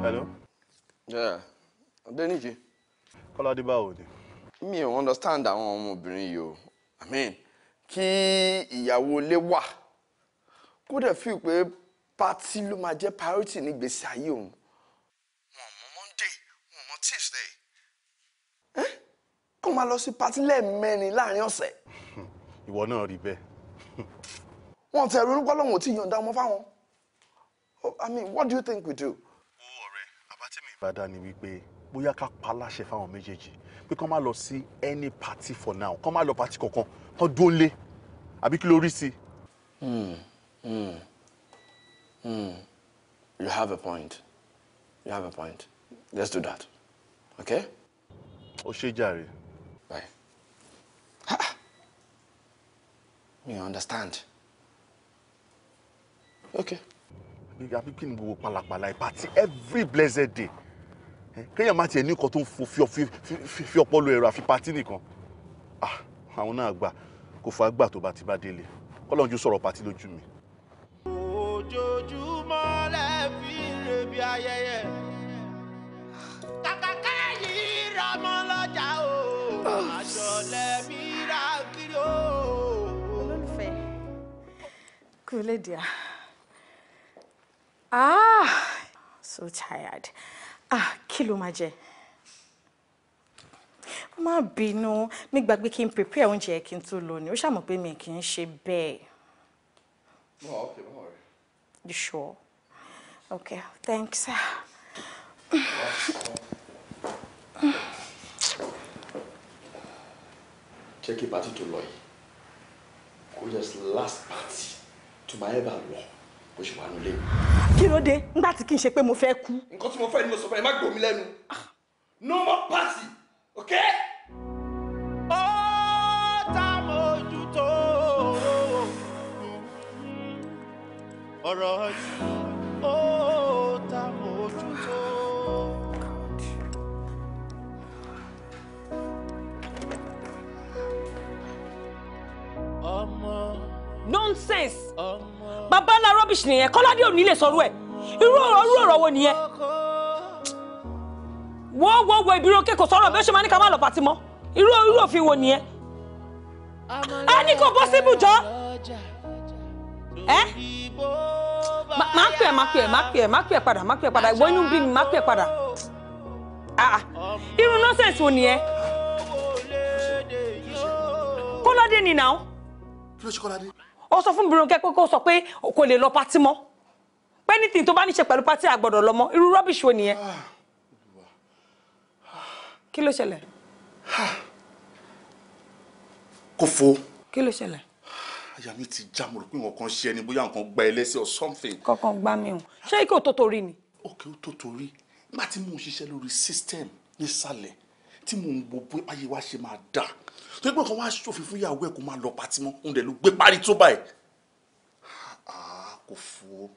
hello. jẹ́ Adéníjì. Kọ́ládé báwo ni. mi ò understand àwọn ọmọbìnrin yìí o i mean kí ìyàwó ilé wà kó dẹ̀ fi pé pátí ló máa jẹ́ priority ní ayé òun kàn máa lọ sí patí lẹ́ẹ̀mẹ́rin láàrin ọ̀sẹ̀. Hmm, ìwọ náà rí bẹ́ẹ̀. wọn tẹ ronú pọ́lọ́hún ò tí yọ̀ǹda ọmọ fáwọn. Oh, i mean what do you think we do. owó ọ̀rẹ́ abátẹ́mi ìbàdà ni wípé bóyá ká pa láṣẹ fáwọn méjèèjì pé kán má lọ sí any party for now kán má lọ party kankan kán dó lé àbí kí ló rí sí. Hmm, hmm, you have a point you have a point let's do that okay. ó ṣe jàre. Bye. Ha. You understand okay. àbí kí ni gbogbo palapala ipa party every blessed day kéèyàn má tiẹ̀ ní nǹkan tó ń fi ọpọlọ party àfi Ah, nìkan àwọn náà gbà kò fà á gbà tó bá ti bá délé kọ́lọ́n ju sọ̀rọ̀ patí lójú mi. ojoojúmọ́ lẹ́ẹ̀fì rèébi ayẹyẹ. too late, Ah, so tired. Ah, kí ló máa jẹ? mi gbagbe kí prepare oúnjẹ kí n tó lọ ni, ó ṣàmọ̀ pé mi kì í ṣe No, okay, don't worry. You sure? Okay, thanks. Check it party to Loy. Koya's last party tó máa lọ bó ṣe wà nílé. kí ló dé nígbà tí kì í ṣe pé mo fẹ́ kú. nǹkan tí mo fẹ́ ni mo sọ fún ẹ má gbọ́ lẹ́nu ah. no more party okay. ó ta mojútó ọ̀rọ̀ ọ̀jù. nonsense bàbá ńlá rubbish nìyẹn kọ́ládé ò ní lè sọ̀rọ̀ ẹ̀ irú ọ̀rọ̀ irú ọ̀rọ̀ wo nìyẹn wọ́n wọ́n wọ ìbírò kẹ́kọ̀ọ́ sọ̀rọ̀ bí ó ṣe máa ní ká má lọ pàtí mọ́ irú irú òfin wo nìyẹn a ní kò bọ́ síbù jọ ẹ́ máa pè ẹ́ máa pè ẹ́ máa pè ẹ́ máa pè ẹ́ padà máa pè ẹ́ padà ìwọ inú bí mi máa pè ẹ́ padà ah, ah. irú nonsense wo nìyẹn kọ́ládé ni náà. kí ló ṣe kọ́ládé ó sọ fún Bírónkẹ́ pé kó sọ pé kò lè lọ pátí mọ́ pé anything tó bá ní ṣe pẹ̀lú pátí àgbọ̀dọ̀ lọ mọ́ irú rubbish wo nìyẹn ah. kí ló ṣẹlẹ̀. Ah. kò fo. kí ló ṣẹlẹ̀. àyà mi ti já mo rò pé nǹkan ṣe ẹni bóyá nǹkan gba ẹlẹ́sẹ̀ or something. kankan gbá mi o ṣé kí o tó torí ni. òkè ó tó torí nígbà tí mò ń ṣiṣẹ́ lórí system nísàlẹ̀ tí mò ń wo pé báyé wa ṣe máa dà tó yẹ pé kàn wá ṣòfin fún ìyàwó ẹ̀ kó máa lọ pàtí mọ́ òun dẹ̀ gbé parí tó báyìí. Ah, kò fo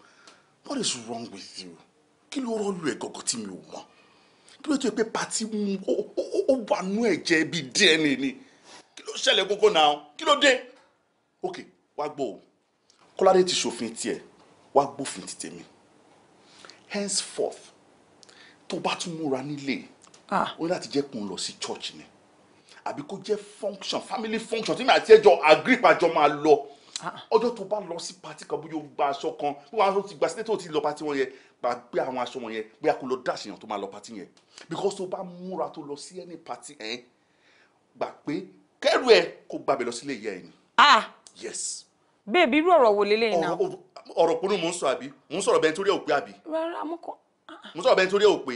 what is wrong with you kí ló rọ́ọ̀lù ẹ̀ gọ̀gọ̀ tí mi ò mọ̀ kí ló jẹ́ pé pàtí ó wà nú ẹ̀jẹ̀ bíi DNA ni kí ló ṣẹlẹ̀ gbogbo náà kí ló dé ok wá gbọ́ o kọ́ládé ti ṣòfin tiẹ̀ wá gbófin ti tèmi henceforth tó bá tún múra nílé ó láti jẹ́ kó ń lọ sí church ni àbí kó jẹ́ function family function tí mi àti ẹjọ́ agree àjọ máa lọ ọjọ́ tó bá lọ sí party kan bóyá o gba aṣọ kan bí wọ́n ti gba sílẹ̀ tó ti lọ pati wọn yẹn gba gbé àwọn aṣọ wọn yẹn bóyá kó lọ dáṣì yàn tó máa lọ pati yẹn because tó bá múra tó lọ sí ẹni party ẹ̀ gbà pé kẹ́rù ẹ̀ kó gbàbẹ̀ lọ sílé ìyá ẹ̀ ni. ah yes. bẹ́ẹ̀ bí irú ọ̀rọ̀ wo lélẹ́yìn náà. ọ̀rọ̀ pinnu mò ń sọ àbí mò ń sọ̀rọ̀ bẹ́ẹ̀ nítorí ẹ̀ ò pé àbí. rárá mo kọ́. mo sọ̀rọ̀ bẹ́ẹ̀ nítorí ẹ̀ ò pé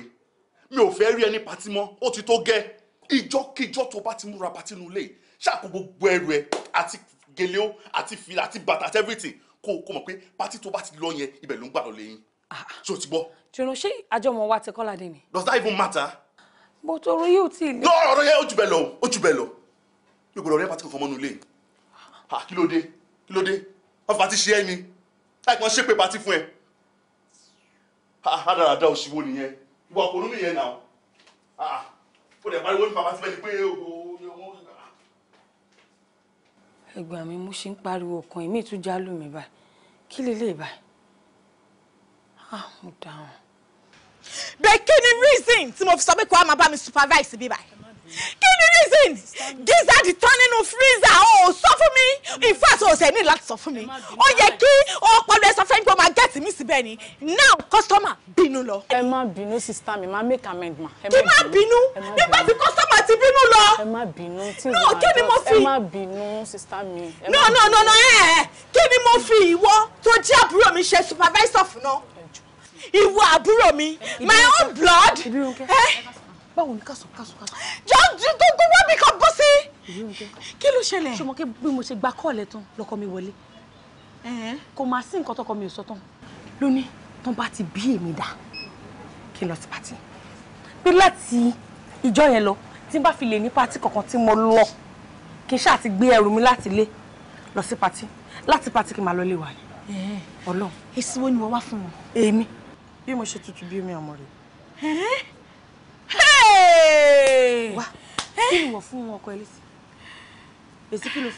mi ò fẹ́ rí ẹni pati mọ́ ó ti tó gẹ́ ìjọ́kíjọ́ tó bá ti múra pati nulẹ̀ ṣàkó gbogbo ẹrù ẹ àti gèlè ó àti fìlà àti bàtà àti everything kó o kó mọ̀ pé pati tó bá ti lọ yẹn ibẹ̀ ló ń gbà lọ lẹ́yìn ah, ah. ṣé o ti gbọ́. jùlọ ṣé àjọmọ wa ti Kọ́ládé ni. does that even matter. bó toro yóò tí ì lé. lọ́rọ̀ ọ̀rọ̀ yẹn ó jù bẹ́ẹ̀ lọ ó jù bẹ́ẹ̀ lọ yóò gbọ́dọ̀ rí pati kankan mọ́nu lé ah, kí ló dé kí ló dé wọ́n fà á ti ṣe ẹ́ ni láì pọ́n ìwà òpònú nìyẹn náà ah, ó dẹ̀ pariwo ní bàbá tí bẹ́ẹ̀ ni pé o yẹ wọ́n. Ah. ẹ̀gbọ́n mi mo ṣe ń pariwo kan èmi tún já lù mí báyìí kí lè lè báyìí ah mo dáhùn. bẹ́ẹ̀ kí ni reason tí mo fi sọ pé kó a máa bá mi supervise bí báyìí kí ni reason gizzard tán nínú freezer o sọ fún mi in fact o ṣe ní láti sọ fún mi ó yẹ kí ọpọlọ ẹsọ fẹ́ gbọ́ máa gẹ́tì mi síbẹ̀ ni now customer bínú lọ. ẹ má bínú sista mi máa make amend ma. kí má bínú nígbà tí customer ti bínú lọ. ẹ má bínú tí mo máa dọ́ ẹ má bínú sista mi. no no no no eh, ẹ eh, eh. kí ni mo fi ìwọ tó jẹ́ àbúrò mi ṣe supervisor fún náà ìwọ àbúrò mi my own blood báwo ni kásán kásán kásán. jọ́jú tó tó wá mi kan bọ́ sí. kí ló ṣẹlẹ̀. ṣọmọ kí bí mo ṣe gba kọ́ọ̀lẹ̀ tán lọkọ mi wọlé kò máa sí nǹkan tọkọ mi ò sọ tán lónìí tán bá ti bí èmi dà kí n lọ sí pàtì pé láti ìjọ yẹn lọ tí n bá fi lè ní pàtì kankan tí mo lọ kí n ṣáà ti gbé ẹrù mi láti ilé lọ sí pàtì láti pàtì kí n máa lọ lè wà ní. Ọlọ́run èsì wo ni wọ́n wá fún wọn. èmi bí mo ṣe tutù bí omi ọmọ rẹ wá eh? kí ni wọ́n fún ọkọ ẹ lẹ́sìn èsì kí ló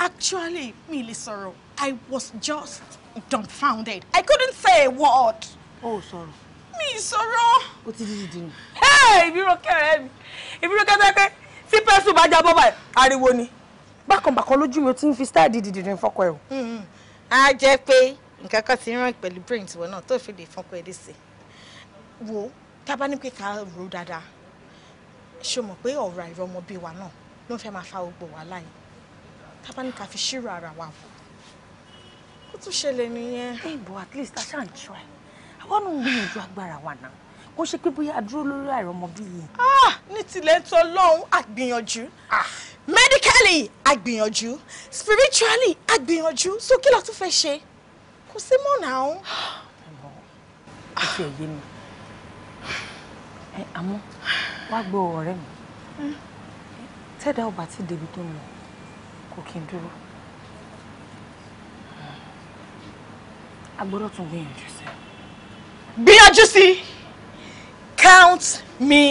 actually mi sorrow. i was just dumbfounded i couldn't say a word. o ò sọ̀rọ̀. mi sọ̀rọ̀. o ti dídì dì nù. ìbírò kẹrẹ mi ìbírò kẹrẹ pé tí pẹ́sù bá jábọ́ báyìí ariwo ni. bákan bákan lójú mi o ti ń fi style dídì dì nù fọkọ ẹ o. Hmm. a jẹ́ pé nǹkan kan ti ń ràn pẹ̀lú brain tiwọn náà tó fi lè fọkọ ẹ lẹ́sìn. wo tá a bá ní pé ká rò ó dáadáa ṣe mọ̀ pé ọ̀rọ̀ àìrọ̀ ọmọ bíi wa náà ló ń fẹ́ máa fa gbogbo wàhálà yìí tá a bá ní ká fi ṣírò ara wa wò ó tún ṣẹlẹ̀ nìyẹn. ẹ bọ at least a ṣáà ń try àwa náà ń gbìyànjú agbára wa náà kó ṣe pé bóyá a dúró lórí àìrọ̀ ọmọ bíi yìí. ah ní tilẹ̀ ń tọ́ lọ́hún àgbìyànjú ah. medically àgbìyànjú spiritually àgbìyànjú so kí la tún fẹ́ ṣe kò sí mọ́ náà. Ah, ẹ̀ ẹ àmọ́ wá gbọ́ ọ̀rẹ́ mi hmm. tẹ́dà ọba tí débi tó ń kò kí n dúró a gbọ́dọ̀ tún gbìyànjú sí. gbìyànjú sí count me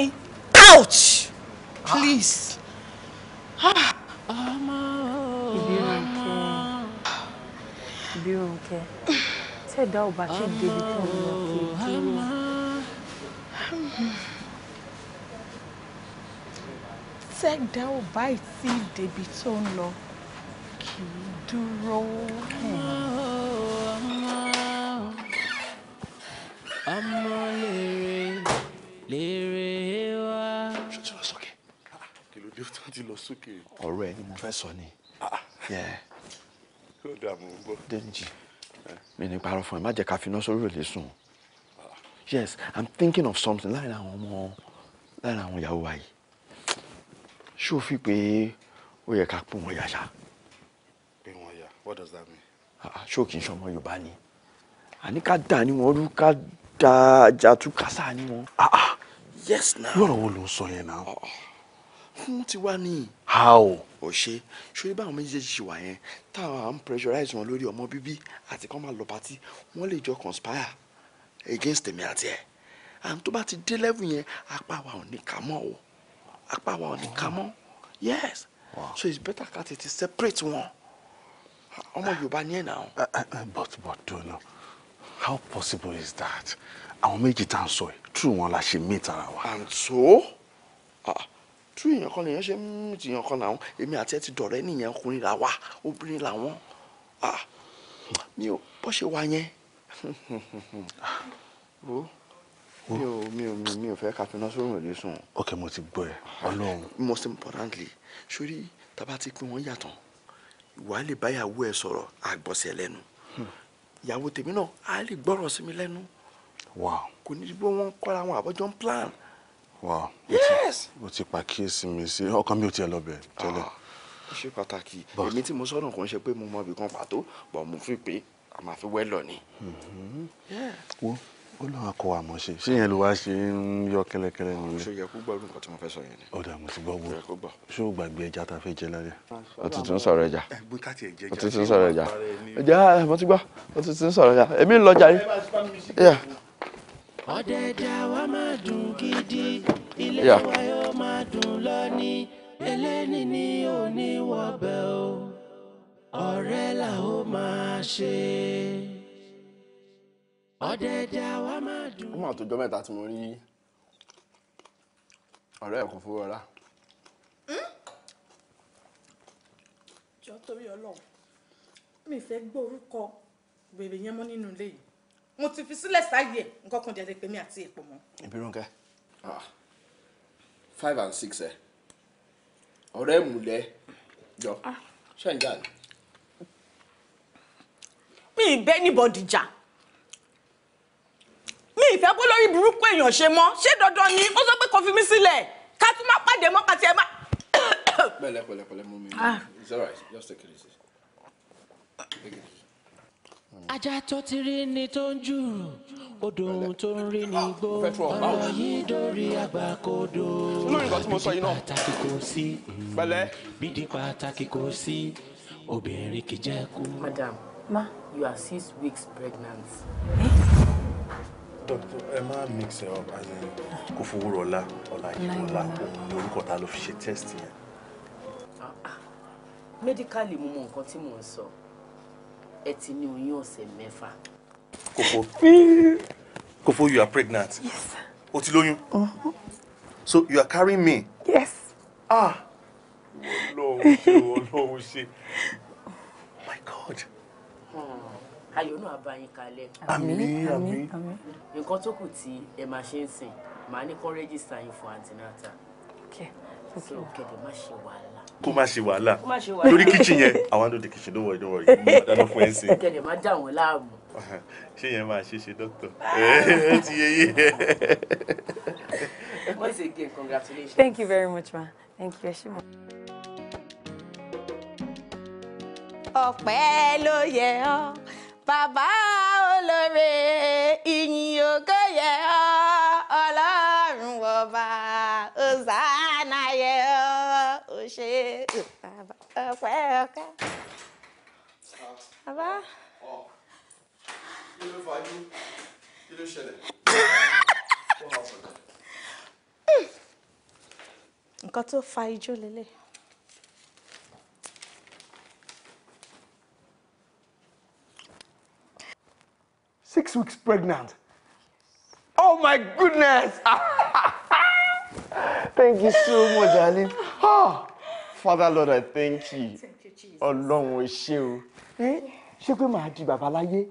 out please. ìbíròǹkẹ́ ìbíròǹkẹ́ tẹ́dà ọba tí débi tó ń lọ kò tẹ́gbẹ́ ò báyìí tí débi tó ń lọ kì í dúró. ọmọ lèrè lèrè wá. ṣé o ti lọ sókè? kí ló dé tó ti lọ sókè? ọ̀rọ̀ ẹ ni mo fẹ́ sọ ni. Ah, ah. yóò dààmú bọ́. Dénjì eh? mi ní parọ́ fún ẹ má jẹ́ ká finá sórí òlé sùn. yes i'm thinking of something láàrin àwọn ọmọ láàrin àwọn ìyàwó wa yìí ṣó fi pé ó yẹ ká pè wọ́n yàyà. pé wọ́n yà what does that mean. Ah, ah, ṣó kì í ṣọmọ yorùbá ni àní ká dà ní wọn rú ká dà jàtú kásá ní wọn. Ah, yes na. lọ́rọ̀ wo ló ń sọ yẹn náà. fún tiwa ni. how ò ṣe ṣorí báwọn méjèèjì ṣe wà yẹn táwọn à ń pressurize wọn lórí ọmọ bíbí àti kọ́ máa lọ pátí wọ́n lè jọ conspire against èmi àti ẹ̀ à ń tó bá ti dé level yẹn apá wa ò ní kà mọ́ o apá wa ò ní ká mọ́ yes wow. so it's better ká tètè separate wọn ọmọ Yorùbá ni ẹ̀ náà. Eh, eh, eh, but but do how possible is that àwọn méjì tá à ń sọ yìí true wọn la ṣe meet ara wa. and so ah, true èèyàn kan lèèyàn ṣe meet èèyàn kan làwọn èmi àti ẹ ti dọ̀rẹ́ nìyẹn ọkùnrin là wá obìnrin làwọn ah, mi ò bọ́ ṣe wá yẹn [LAUGHS] wo mi ò mi ò mi ò fẹ́ ká finá sórùn òní sùn. ok mo ti gbọ́ ẹ Ọlọ́run. most importantly sórí tábà ti pín wọn yàtọ̀ wàá lè bá ìyàwó ẹ sọ̀rọ̀ àgbọ̀sẹ̀ lẹ́nu hmm. ìyàwó tèmi náà á lè gbọ́rọ̀ sí mi lẹ́nu kò ní bó wọn kọ́ra wọn àbọ̀jọ́ ń plan. wow yes o ti pàkíyèsí mi sí ọkàn mi ò tiẹ̀ lọ bẹ̀ tẹ́lẹ̀. Ah, ó ṣe pàtàkì èmi tí mo sọ̀rọ̀ kò ń ṣe pé mo mọ ibì kan pàtó bọ̀ mo fi pé àmàfi wẹ́lọ̀ ni. Hmm. wo ó lọ́wọ́ kó wa mọ̀ ṣe ṣé yẹn ló wá ṣe ń yọ kẹ́lẹ́kẹ́lẹ́ nílé. ṣé yẹ kó gbọ́ nǹkan tí mo fẹ́ sọ yẹn ni. ó dà mo ti gbọ́ wo ṣé o gbàgbé ẹja tá a fẹ́ jẹ lálẹ́. o ti tún sọ̀rọ̀ ẹja o ti tún sọ̀rọ̀ ẹja ẹja mo ti gbọ́ o ti tún sọ̀rọ̀ ẹja èmi ń lọ jàre. ọ̀dẹ̀dẹ̀ wa máa dùn gidi ilé wa yóò máa dùn lọ ní eléni ní òní o ọ̀rẹ́ làwọn máa ṣe ọ̀dẹ̀dẹ̀ àwa máa dùn. ó mà tó jọ mẹ́ta tí mo rí ọ̀rẹ́ ẹ̀kọ́ fún ọlá. jọ torí Ọlọ́run mi fẹ́ gbọ́ orúkọ wèrè yẹn mọ́ nínú ilé yìí mo ti fi sílẹ̀ sáyè nǹkan kan jẹ́rẹ́ pé mi àti èpò mọ́. ìbírúnkẹ́ ah, five and six ẹ ọ̀rẹ́ ìmùlẹ̀ jọ ah. ṣẹ́ǹjà ni. mi ì bẹ́ anybody jà mi ìfẹ́ kó lórí burúkú èèyàn ṣe mọ́ ṣé dandan ni ó sọ pé kò fi mí sílẹ̀ ká tún má pàdé mọ́ kàtí ẹ má. pẹ̀lẹ́ pẹ̀lẹ́ pẹ̀lẹ́ mú mi ah. it's alright just take it easy. ajá tó ti rí ni tó ń jùrù odò ohun tó ń rí ni ah, igbó ọ̀rọ̀ yìí dórí àgbàkodo bídí kò sí bídí pàtàkì kò sí obìnrin kìí jẹ́ kú. madam ma you are six weeks pregnant. Eh? doctor ẹ má mix ẹ up as in kò fowó rọlá ọlá yìí ọlá òun ni orúkọ ta ló fi ṣe test yẹn. medically mo mọ nǹkan tí mò ń sọ ẹ ti ní oyún ọ̀sẹ̀ mẹ́fà. kòfó [LAUGHS] kòfó you are pregnant. yes sir. o ti lóyún. Uh-huh. so you are carrying me. yes. ah ọlọ́run ṣe ọlọ́run ṣe oh my god ayọ̀ náà bá yín kalẹ̀. àmín àmín. nǹkan tó kù tí ẹ máa ṣe ń sìn màá ní kó rẹ́gísítà yín fún antinata. so kẹ̀dẹ̀ má ṣe wàhálà. kó má ṣe wàhálà lórí kitchen yẹn àwọn àdó di kitchen don't worry don't worry dáná fún ẹ sìn. kẹ̀dẹ̀ má dà wọ́n láàmú. [LAUGHS] ṣé yẹn máa ṣe ṣe dókítà [LAUGHS] ẹ ti yẹ yé. once again congratulations. thank you very much ma thank you ẹ ṣé mo. ọpẹ́ ló yẹ ọ́. Baba olóore ìyìn ògo yẹ ọ́ ọlọ́run ọba ọ̀sánà yẹ ọ́ òṣè ọ̀pẹ́ ọ̀ká. bàbá. kí ló fàájú kí ló ṣẹlẹ̀ nǹkan tó fa ijó lélẹ̀. weeks pregnant. Oh my goodness! [LAUGHS] Thank you so much, darling. Oh, Father Lord, I thank you. Thank you, Jesus. Ọlọ́run ṣé o. Eh, ṣé pé màá di bàbá láyé?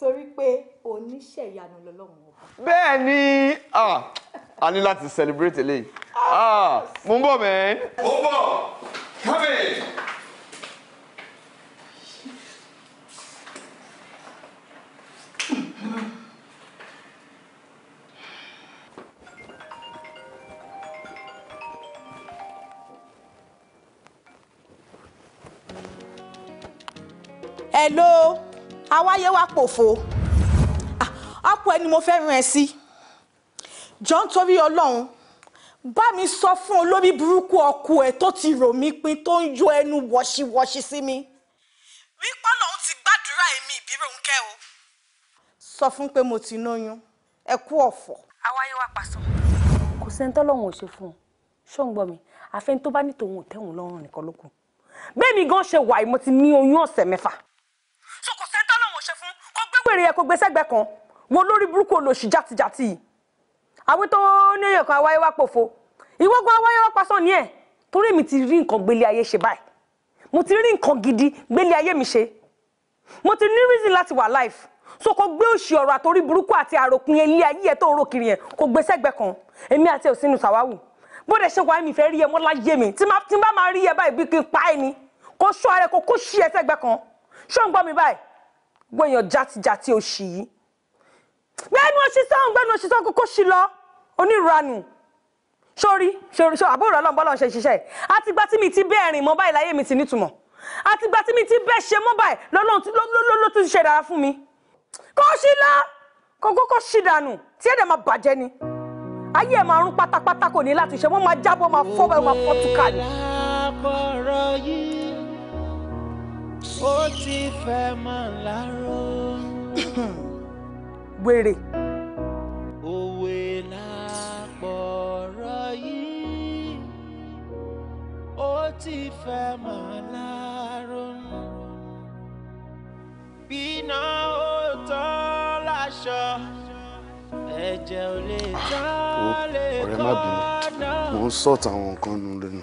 Torí pé oníṣẹ̀yanu lọ́lọ́run ọba. Bẹ́ẹ̀ni, ah, a ní láti celebrate eléyìí. Ah, mo ń bọ̀ mẹ́. Mo ń bọ̀, come in. Hello. awáyé wa pòfo ah, ọ̀pọ̀ ẹni mo fẹ́ rán ẹ sí jọ ń torí ọlọ́run bá mi sọ fún olórí burúkú ọkọ ẹ tó ti rò mí pin tó ń yọ ẹnu wọṣíwọṣí sí mi wípé ọlọ́run ti gbàdúrà èmi ìbíròǹkẹ́ o. sọ fún pé mo ti lóyún ẹ kú ọ̀fọ̀. awáyé wa pàṣọ. kò sẹ́ni tọ́lọ́run ò ṣe fún un ṣọ́ǹgbọ́n mi àfẹ́ni tó bá ní tòun ò tẹ́wọ̀n lọ́rùn nìkan ló kù bẹ́ẹ̀ mi gan ṣe wà mo ti ní oyún ọ̀sẹ̀ mẹ́fà wèrè yẹn kó gbé sẹ́gbẹ́ kan wo lórí burúkú olóṣì játijàti àwọn tó ní èèyàn kan wá pòfo ìwọ gan wá pasán ni ẹ torí èmi ti rí nǹkan gbélé ayé ṣe báyìí mo ti rí nǹkan gidi gbélé ayé mi ṣe mo ti ní reason láti wà life so kò gbé òṣì ọ̀rọ̀ àtorí burúkú àti àròpin ilé ayé ẹ tó ń rò kiri yẹn kò gbé sẹ́gbẹ́ kan èmi àti ẹ ò sínú sàwáwù bó dẹ̀ ṣe wà mí fẹ́ rí ẹ mọ́ láyé mi tí bá máa rí ẹ báyìí bí kí n pa ẹ kò sọ ara ẹ kò kó ṣí ẹ sẹ́gbẹ́ kan ṣó ń gbọ́ mi báyìí gbẹ̀yàn játijàti òṣì yìí gbẹ́nu òṣìṣẹ́ òun gbẹ́nu òṣìṣẹ́ kókó ṣì lọ oníranù sórí sórí sórí àbúrò ọlọ́run bọ́lá ṣe ṣiṣẹ́ àtìgbà tí mi ti bẹ́ẹ̀ rìn mọ́ báyìí láyé mi ti nítumọ̀ àtìgbà tí mi ti bẹ́ẹ̀ ṣe mọ́ báyìí lọ́lọ́run ló tún ṣe dára fún mi kó ṣì lọ kókó kó ṣì dànù tí ẹ̀dẹ̀ máa bàjẹ́ ni ayé ẹ̀ máa rún pátápátá kò ní láti ṣe wọ́n máa jábọ́ máa fọ́ báyìí máa fọ́ túkà ni ó ti fẹ́ máa láró. [COUGHS] wèrè. òwe làpọ̀rọ̀ yìí ó ti fẹ́ máa láró. bínà ó tọ́ láṣọ ẹ̀jẹ̀ ò lè tán lè kọ́ náà. mo ń sọ̀tà àwọn nǹkan nù lẹ́nu.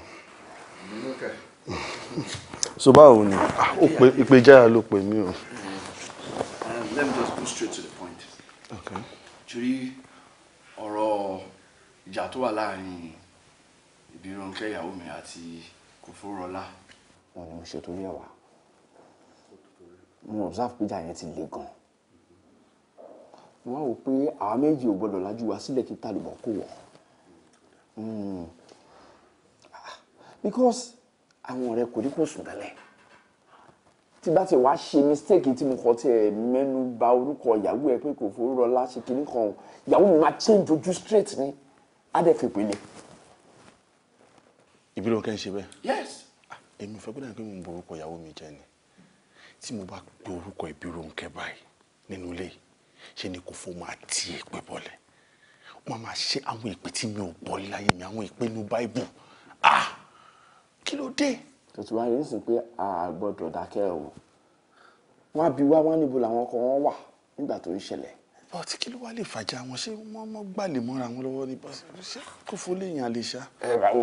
[LAUGHS] so báwo ni ah, ó pé ìpèjáyà ló pè mí o. Um, let me just go straight to the point. torí ọ̀rọ̀ ìjà tó wà láàrin Ìbírónkẹ́ ìyàwó mi àti Kòfórọ́lá. wọn ni mo ṣe torí ẹ̀ wá mo observe pé ìjà yẹn ti le gan wọn ò pé àwa méjì ò gbọdọ̀ lajú wa sílẹ̀ kí tàlùbọ̀ kò wọ̀ hmm. ah, because àwọn ọ̀rẹ́ kò ní kò sùn tẹ́lẹ̀ tí bá ti wá ṣe mistake tí mo kọ tí ẹ mẹ́nu bà orúkọ ìyàwó ẹ pé kò fowó rọlá ṣe kinní kan o ìyàwó mi máa change ojú straight ni á dẹ̀ fi pèlè. ìbílẹ̀ wọn kẹ́ ń ṣe bẹ́ẹ̀. yes. Ah, èmi ò fẹ́ gbọ́dọ̀ pé mo ń borúkọ ìyàwó mi jẹ́ ni tí mo bá pe orúkọ ìbírò ń báyìí nínú ilé ṣe ni kò fọ́ máa ti èpè bọ́lẹ̀ wọ́n máa ṣe àwọn èpè tí mi ò bọ́ láyé mi àwọn èpè inú báìbù ah kí ló dé. tètè wá yìí sìn pé a gbọ́dọ̀ dákẹ́ o wọ́n á bi wá wọ́n níbo làwọn ọkọ wọn wà nígbà tó ń ṣẹlẹ̀. bọ́ọ̀tì kí ló wá lè fàjà wọn ṣé wọ́n mọ́ gbàlè mọ́ra wọn lọ́wọ́ ní bọ́ọ̀sì ṣé kò fún léèyàn àlè ṣá. ẹ bá o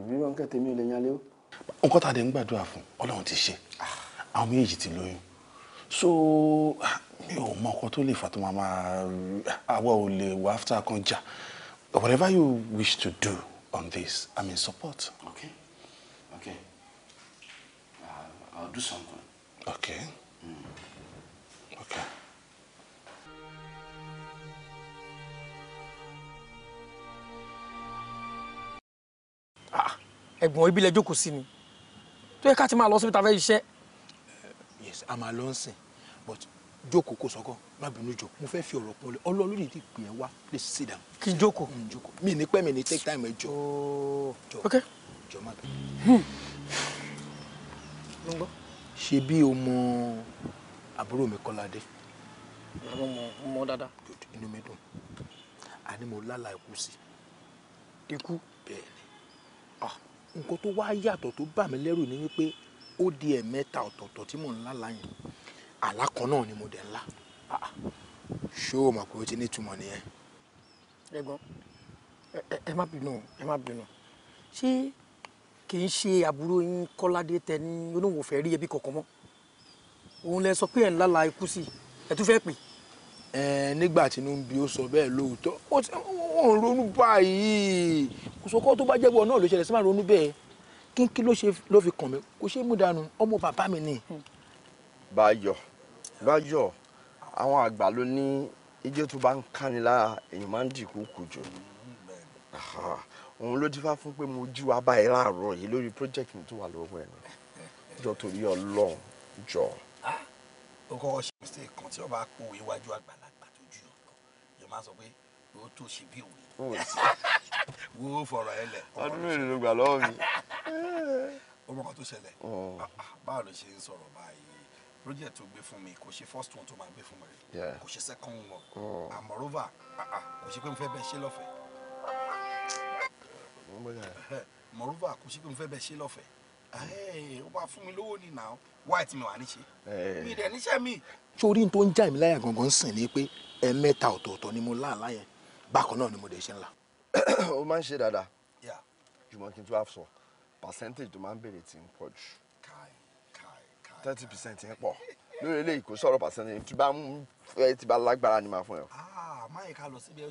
ìbí wọn kẹtẹ mi ò lè yan lé o. nǹkan tá a dẹ̀ ń gbàdúrà fún ọlọ́run ti ṣe ah. àwọn méjì ti lóyún so mi ò mọ ọkọ tó lè fà tó máa máa àwa ò lè wà after kan jà whatever you wish to do on this i'm in support. Okay. I'll do something. Okay. Mm. Okay. Ah, ẹ̀gbọ́n ibi lẹ jókòó sí ni tó yẹ ká ti máa lọ síbi tá a fẹ́ yes a máa lọ ń sìn but jókòó kò sọ́kàn má bínú jọ mo fẹ́ fi ọ̀rọ̀ pọ́nlé ọlọ́ọ̀lù ní ìdìpọ̀ yẹn wá please sit down. kí n jókòó. n jókòó mi ní pẹ́ mi ní take time ẹ jọ. Oh. ok jọ má bẹ ṣe bí o mọ àbúrò mi Kọ́ládé. mo mọ mo mọ dáadáa. inú mi dùn àní mo lálà ikú sí. ikú. bẹ́ẹ̀ ni nǹkan tó wá yàtọ̀ tó bà mí lẹ́rù ni wípé ó di ẹ̀mẹ́ta ọ̀tọ̀ọ̀tọ̀ tí mò ń lálà yẹn àlá kan náà ni mo dẹ̀ ń lá ṣó o mọ̀ pé o ti nítumọ̀ nìyẹn. ẹ̀gbọ́n ẹ má bínú ẹ má bínú ṣé kì í ṣe àbúrò yín kọ́ládé tẹ ní olóhùn òfẹ́ rí ẹbí kankan mọ́ òun lẹ sọ pé ẹ̀ ń lála ikú sí ẹ tún fẹ́ pè. ẹ nígbà tí inú ń bi ó sọ bẹ́ẹ̀ lóòótọ́ wọn ò ronú báyìí kò sókó tó bá jẹ́bọ̀ náà ló ṣẹlẹ̀ sí máa ronú bẹ́ẹ̀ kínkí ló ṣe ló fi kàn mí kò ṣe é mú dànù ọmọ bàbá mi ni. Bayo, báyọ̀ àwọn àgbà ló ní ijó tó bá ń káni èèyàn máa ń dìkú kù jù òun ló dífá fún pé mo jú abá ẹ láàárọ̀ yìí lórí project mi tó wà lọ́wọ́ ẹ̀ jọ torí ọlọ́run jọ. Ah, ó kọ́kọ́ ṣe mistake kan tí ọba kó iwájú àgbàlagbà tó ju ọ̀nà yóò máa sọ pé ó tó ṣe bí òwe wo fọ̀rọ̀ ẹ lẹ̀. ọdún mélòó ló gbà lọ́wọ́ mi. ọmọ kan tó ṣẹlẹ̀ ah, ah, báwo ló ṣe ń sọ̀rọ̀ báyìí project tó gbé fún mi kò ṣe first one tó máa gbé fún mi kò ṣe second one and moreover kò ṣe pé mo fẹ́ bẹ́ẹ̀ ṣe lọ́fẹ̀ẹ́ mọ̀rúfà kò sí pé mo fẹ́ bẹ ṣe lọ́fẹ̀ẹ́ ó wá fún mi lówó ni nà wáì tí mi wà níṣe mi dẹ̀ níṣẹ́ mi. sórí n tó ń já mi láyà gangan sìn ni pé ẹ̀ẹ̀mẹ́ta ọ̀tọ̀ọ̀tọ̀ ni mo láàlá yẹn bákan náà ni mo dẹ̀ ṣe ń la. o máa ń ṣe dáadáa jùmọ̀ kí n tún á percentage tó máa ń béèrè tí ń pọ̀ jù thirty percent yẹn pọ̀ lórí eléyìí kò sọ̀rọ̀ percentage tí bá ń fẹ́ tí bá lágbára ni màá fún ẹ. Ah, máa yẹ ká lọ síbi ẹ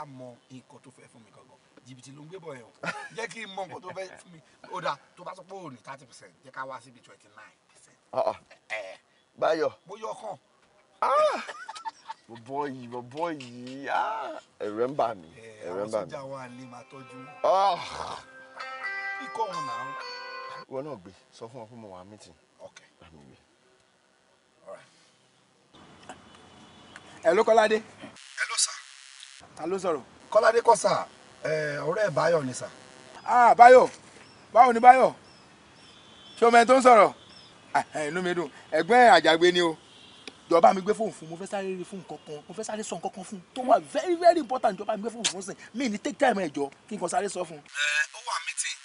ṣáà mọ nǹkan tó fẹ́ fún mi gangan jìbìtì ló ń gbé bọ̀ yẹn o jẹ́ kí n mọ nǹkan tó fẹ́ fún mi ó dáa tó bá sọ pé òní thirty percent jẹ́ ká wá síbi twenty nine percent. Ah, ah. báyọ̀ bóyọ̀ kàn. Ah! bọ̀bọ̀ yìí bọ̀bọ̀ yìí ẹ̀rẹ̀ ń bà mí ẹ̀rẹ̀ ń bà mí. àwọn sójà wa lè máa tọ́jú. ikọ̀ wọn náà. ìwọ náà gbé sọ fún wọn pé mo wà á mítìn. okay. ẹ ló kọ́ ta ló sọ̀rọ̀. kọ́ládé kọ́ sà ọ̀rẹ́ ẹ̀ báyọ̀ ni sà. ah báyọ̀ báwo ni báyọ̀ ṣé ọmọ ẹ tó ń sọ̀rọ̀ ah, eh, inú mi dùn ẹ̀gbọ́n àjàgbé ni o jọba mi gbé fóònù fún mo fẹ́ sáré rí fún nǹkan kan mo fẹ́ sáré sọ nǹkan kan fún tó wà very very important jọba mi gbé fóònù fún sìn mí ní take time ẹ jọ kí n kan sáré sọ fún. ẹ ó wà meeting.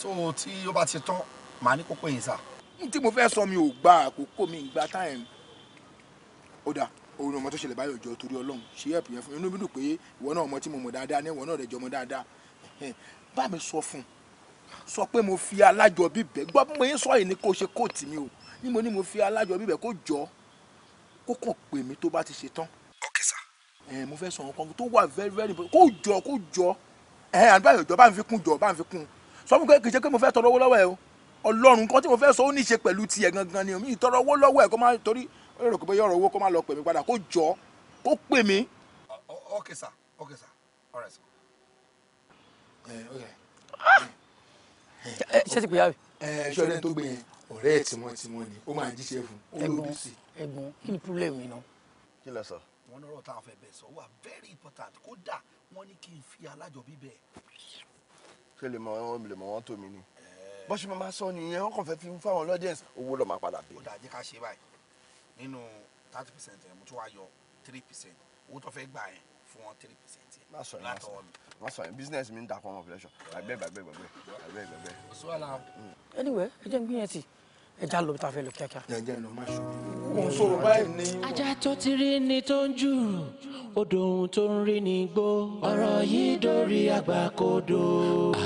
so tí ó bá ti tán màá ní kókó yìí sà. n tí mo fẹ́ sọ mi ò gba àkókò mi ìgbà time ó dáa òun ọmọ tó ṣẹlẹ̀ báyọ̀ jọ torí ọlọ́run ṣe help yẹn fún mi inú mi dùn pé ìwọ náà ọmọ tí mo mọ̀ dáadáa ní ìwọ náà rẹ̀ jọmọ dáadáa bá mi sọ fún un sọ pé mo fi alájọ bíbẹ gbọ́ mo yín sọ yìí ni kó ṣe kóòtù mi o ní mo ní mo fi alájọ bíbẹ kó jọ kó kàn pè mí tó bá ti ṣe tán. sir. mo fẹ́ sọ nǹkan tó wà very very kó jọ kó jọ àbáyọ̀ jọ bá ń fi kún jọ bá ń fi kún sọ fún kí pé mo fẹ́ tọrọ owó lọ́wọ́ ẹ o ọlọ́run kan tí mo fẹ́ sọ ó ní í ṣe pẹ̀lú tiẹ̀ gangan ni mi ìtọrọ owó lọ́wọ́ ẹ̀ kó má torí ó lérò pé bóyá owó kó má lọ pè mí padà kó jọ kó pè mí. okay sir okay sir all right sir. Eh, eh, ṣé ti pè yá rẹ. ẹ ṣọlẹ tó gbé yẹn ọ̀rẹ́ ẹ̀ tímọ́tímọ́ ni ó máa jíṣẹ́ fún un ó lòdì sí. ẹ̀gbọ́n kí ni problem yìí náà. kí lẹ sọ. wọn lọ́rọ̀ táwọn fẹẹ bẹẹ sọ wà very important kódà wọn ní kí n fi alájọbí bẹẹ. ṣé lè mọ wọn lè mọ wọn tó mi ni. Eh. bó ṣe máa sọ nìyẹn wọn kàn fẹ́ fi fún àwọn audience owó lọ́ọ́ máa padà bí. ó dà ká ṣe báyìí nínú thirty percent mo tún wá yọ three percent owó tó fẹ́ gbà yẹn fún wọn three percent yẹn látọwọ́ mi. má sọ yẹn business mi ń da fún ọmọ fẹlẹsọ gbàgbé gbàgbé gbàgbé gbàgbé gbàgbé. oṣù àlà. anyway ẹ jẹ́ ń gbìyànjú ẹ já lọ bí ta fẹ́ lọ kíákíá. ẹ jẹ́ lọ má ṣọ. kò ń sọ̀rọ̀ báyìí ni. ajá tó ti rí ni tó ń jùrù odò ohun tó ń rí ni gbó. ọ̀rọ̀ yìí dórí àgbàkodo.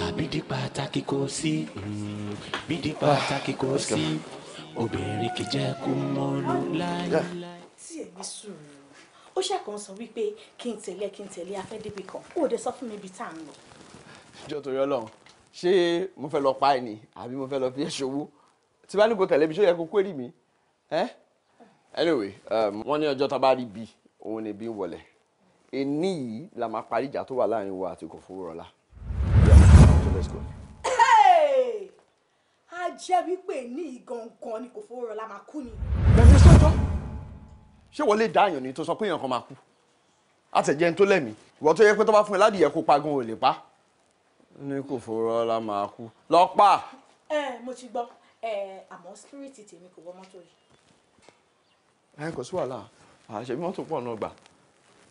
àbídí pàtàkì kò sí bídí pàtàkì kò ah, sí obìnrin kì í jẹ́ kó mọ́ ló láéláé. tí èmi sùúrù ó ṣàkàn sọ wípé kí n tẹ̀lé kí n tẹ̀lé afẹ́ débi kan kó o dé sọ fún mi ibi tá à ń lọ. jọ torí Ọlọ́run ṣé mo fẹ́ lọ pa ẹ ni àbí mo fẹ́ lọ fi ẹ ṣòwò tí bá ní kò tẹ̀lé mi ṣé yẹ kó kwérì mi anyway um, wọ́n ní ọjọ́ tá a bá rí bi òun ni bí ń wọlé ẹni yìí la máa parí ìjà tó wà láàrin wa àti kò fowó rọlá. let's go jẹ́ wípé ní ìgangan ni kò fowó rọlá máa kú ni. bẹ̀rẹ̀ sọ́jọ́ ṣé wọ́n lè dá àyàn ní tó sọ pé èèyàn kan máa kú àtẹ̀jẹ́ ń tó lẹ́mí ìwọ tó yẹ pé tó bá fún ẹ ládìyẹ kó pa gan ò lè pa ní kò fowó rọlá máa kú lọ pa. ẹ mo ti gbọ́ ẹ àmọ́ spirit tèmi kò wọ mọ́tò yìí. ẹ kò sí wàhálà àṣẹ mọ́tò pọ̀ náà gbà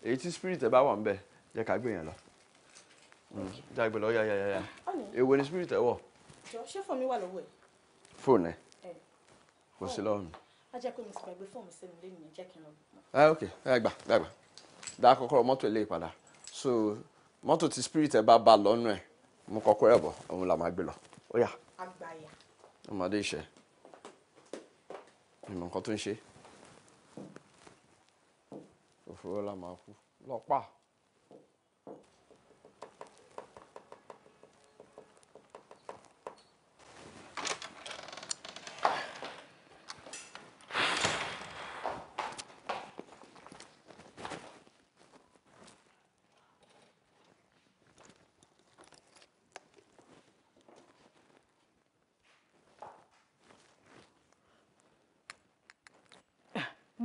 èyí tí spirit ẹ bá wà ń bẹ jẹ́ ká gbé yẹn lọ dàgbé mm, lọ yáyáyá èwo ni spirit ẹ wọ. jọ ṣé fún mi wà lọ́wọ́ ẹ fóònù ẹ kò sí lọ́wọ́ mi. a jẹ́ pé mo ti gbàgbé fóònù sínú ilé mi jẹ́ kí n lọ. ẹ ah, ok ẹ gbà ẹ gbà dá kọ́kọ́rọ́ mọ́tò ilé padà so mọ́tò tí spirit ẹ bá ba lọ́nù ẹ mú kọ́kọ́rọ́ ẹ bọ̀ òun là máa gbé lọ ó yá. àgbàyà. ọmọdé ìṣe ìmọ̀ nǹkan tó ń ṣe òfurufú la máa kú lọ́pàá.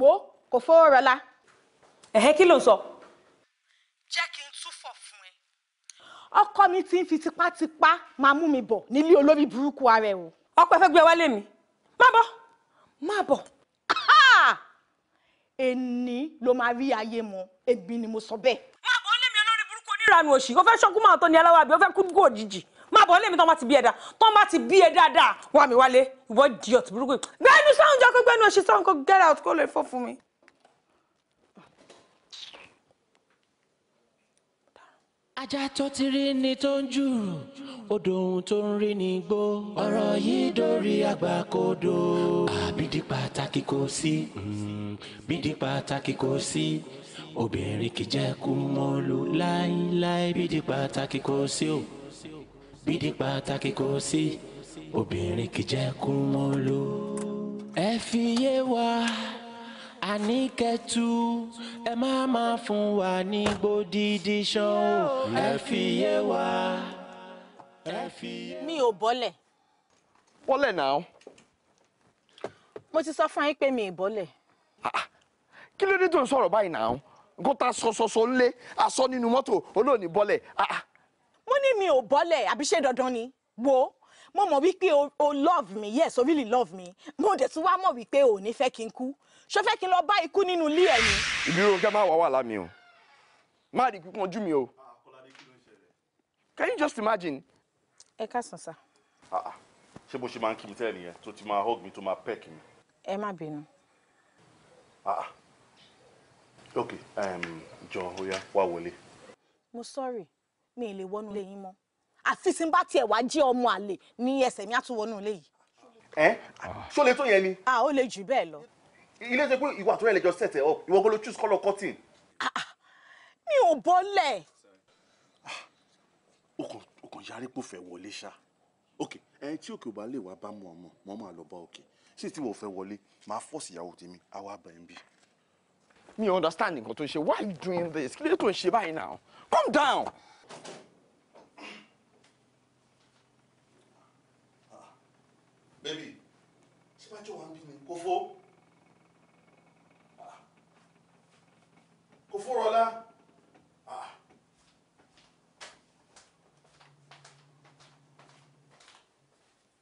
wo kò fowó rọlá. ẹ̀hẹ́ kí ló ń sọ. jẹ́ kí n túfọ̀ fún ẹ. ọkọ mi ti ń fi tipátipá máa mú mi bọ̀ nílé olórí burúkú ara ẹ̀ o. ọpẹ fẹ́ gbé wálé mi má bọ̀ má bọ̀. ẹni ló máa rí ayé mọ èmi ni mo sọ bẹ́ẹ̀. má bọ̀ lé mi olórí burúkú oníranu òṣì ó fẹ́ ṣọ́kú máa tó ní aláwọ̀ àbí ó fẹ́ kú gbó òjijì má bọ̀ lé mi tán bá ti bí ẹ dáa tán bá ti bí ẹ dáadáa wà mí wálé ìwọ di ọ̀tún burúkú ṣáà ń jẹ́ kó gbẹ́nu ẹ̀ṣin sọ́hún kó get out kó lè fọ́ fún mi. ajá tó ti rí ni tó ń jùrù odò ohun tó ń rí ni gbó. ọ̀rọ̀ yìí dórí àgbà àbídí pàtàkì kò sí hmm, bídí pàtàkì kò sí obìnrin kì jẹ́ kú mọ́lú láíláí bídí pàtàkì kò sí o bídí pàtàkì kò sí obìnrin kì jẹ́ kú mọ́lú ẹ wa àníkẹ́tù ẹ má má fún wa ní gbódìdí ṣan o ẹ wa ẹ mi ò bọ́lẹ̀. bọ́lẹ̀ náà. mo ti sọ fún yín pé mi ì bọ́lẹ̀. Ah, ah. kí ló dé tó ń sọ̀rọ̀ báyìí náà nǹkan tá a sọ sọ sọ nínú mọ́tò olóòní bọ́lẹ̀. Ah, mo ní mi ò bọ́lẹ̀ àbí ṣé dandan ni wo mo mọ̀ wípé o love me yes o really love me mo dẹ̀ tún wá mọ̀ wípé o ò ní fẹ́ kí n kú ṣó fẹ́ kí n lọ bá ikú nínú ilé ẹ̀ ni. ìbírò kẹ́ máa wà wà lámì o má rí kíkan ojú mi o can you just imagine. ẹ káàsán sá. Ah, ah. ṣé bó ṣe máa ń kí mi tẹ́lẹ̀ nìyẹn tó ti máa hug mi tó máa peck mi. ẹ má bínú. Ah, ok um, jọ ó wá wọlé. mo sorry mi ì lè wọnú lẹ́yìn mọ́ àfi tí n bá tiẹ̀ wá jẹ́ ọmọ àlè ní ẹsẹ̀ mi á tún wọnú ilé yìí. ẹ ṣó lè tó yẹn ni. a ah, ó lè jù bẹ́ẹ̀ lọ. ilé ṣe pé ìwà àtúrẹ́ lè jọ set ẹ̀ up ìwọ kó ló choose colour cotton. Ah, ah, mi ò bọ́lẹ̀. o kàn o kàn yarí pò fẹ́ wọlé ṣá òkè ẹ tí òkè ò bá lè wá bá mu ọmọ mọ́ máa lọ bá òkè sí tí mo fẹ́ wọlé máa fọ́ọ̀sì ìyàwó tèmi á wá bá ẹ̀ ń bí mi understand nǹkan tó ń ṣe why you doing this kí ló tó ń ṣe báyìí now calm down. Baby, ṣé bá jọ wà ń bí ni kò fó ah. kò fó rọlá ah.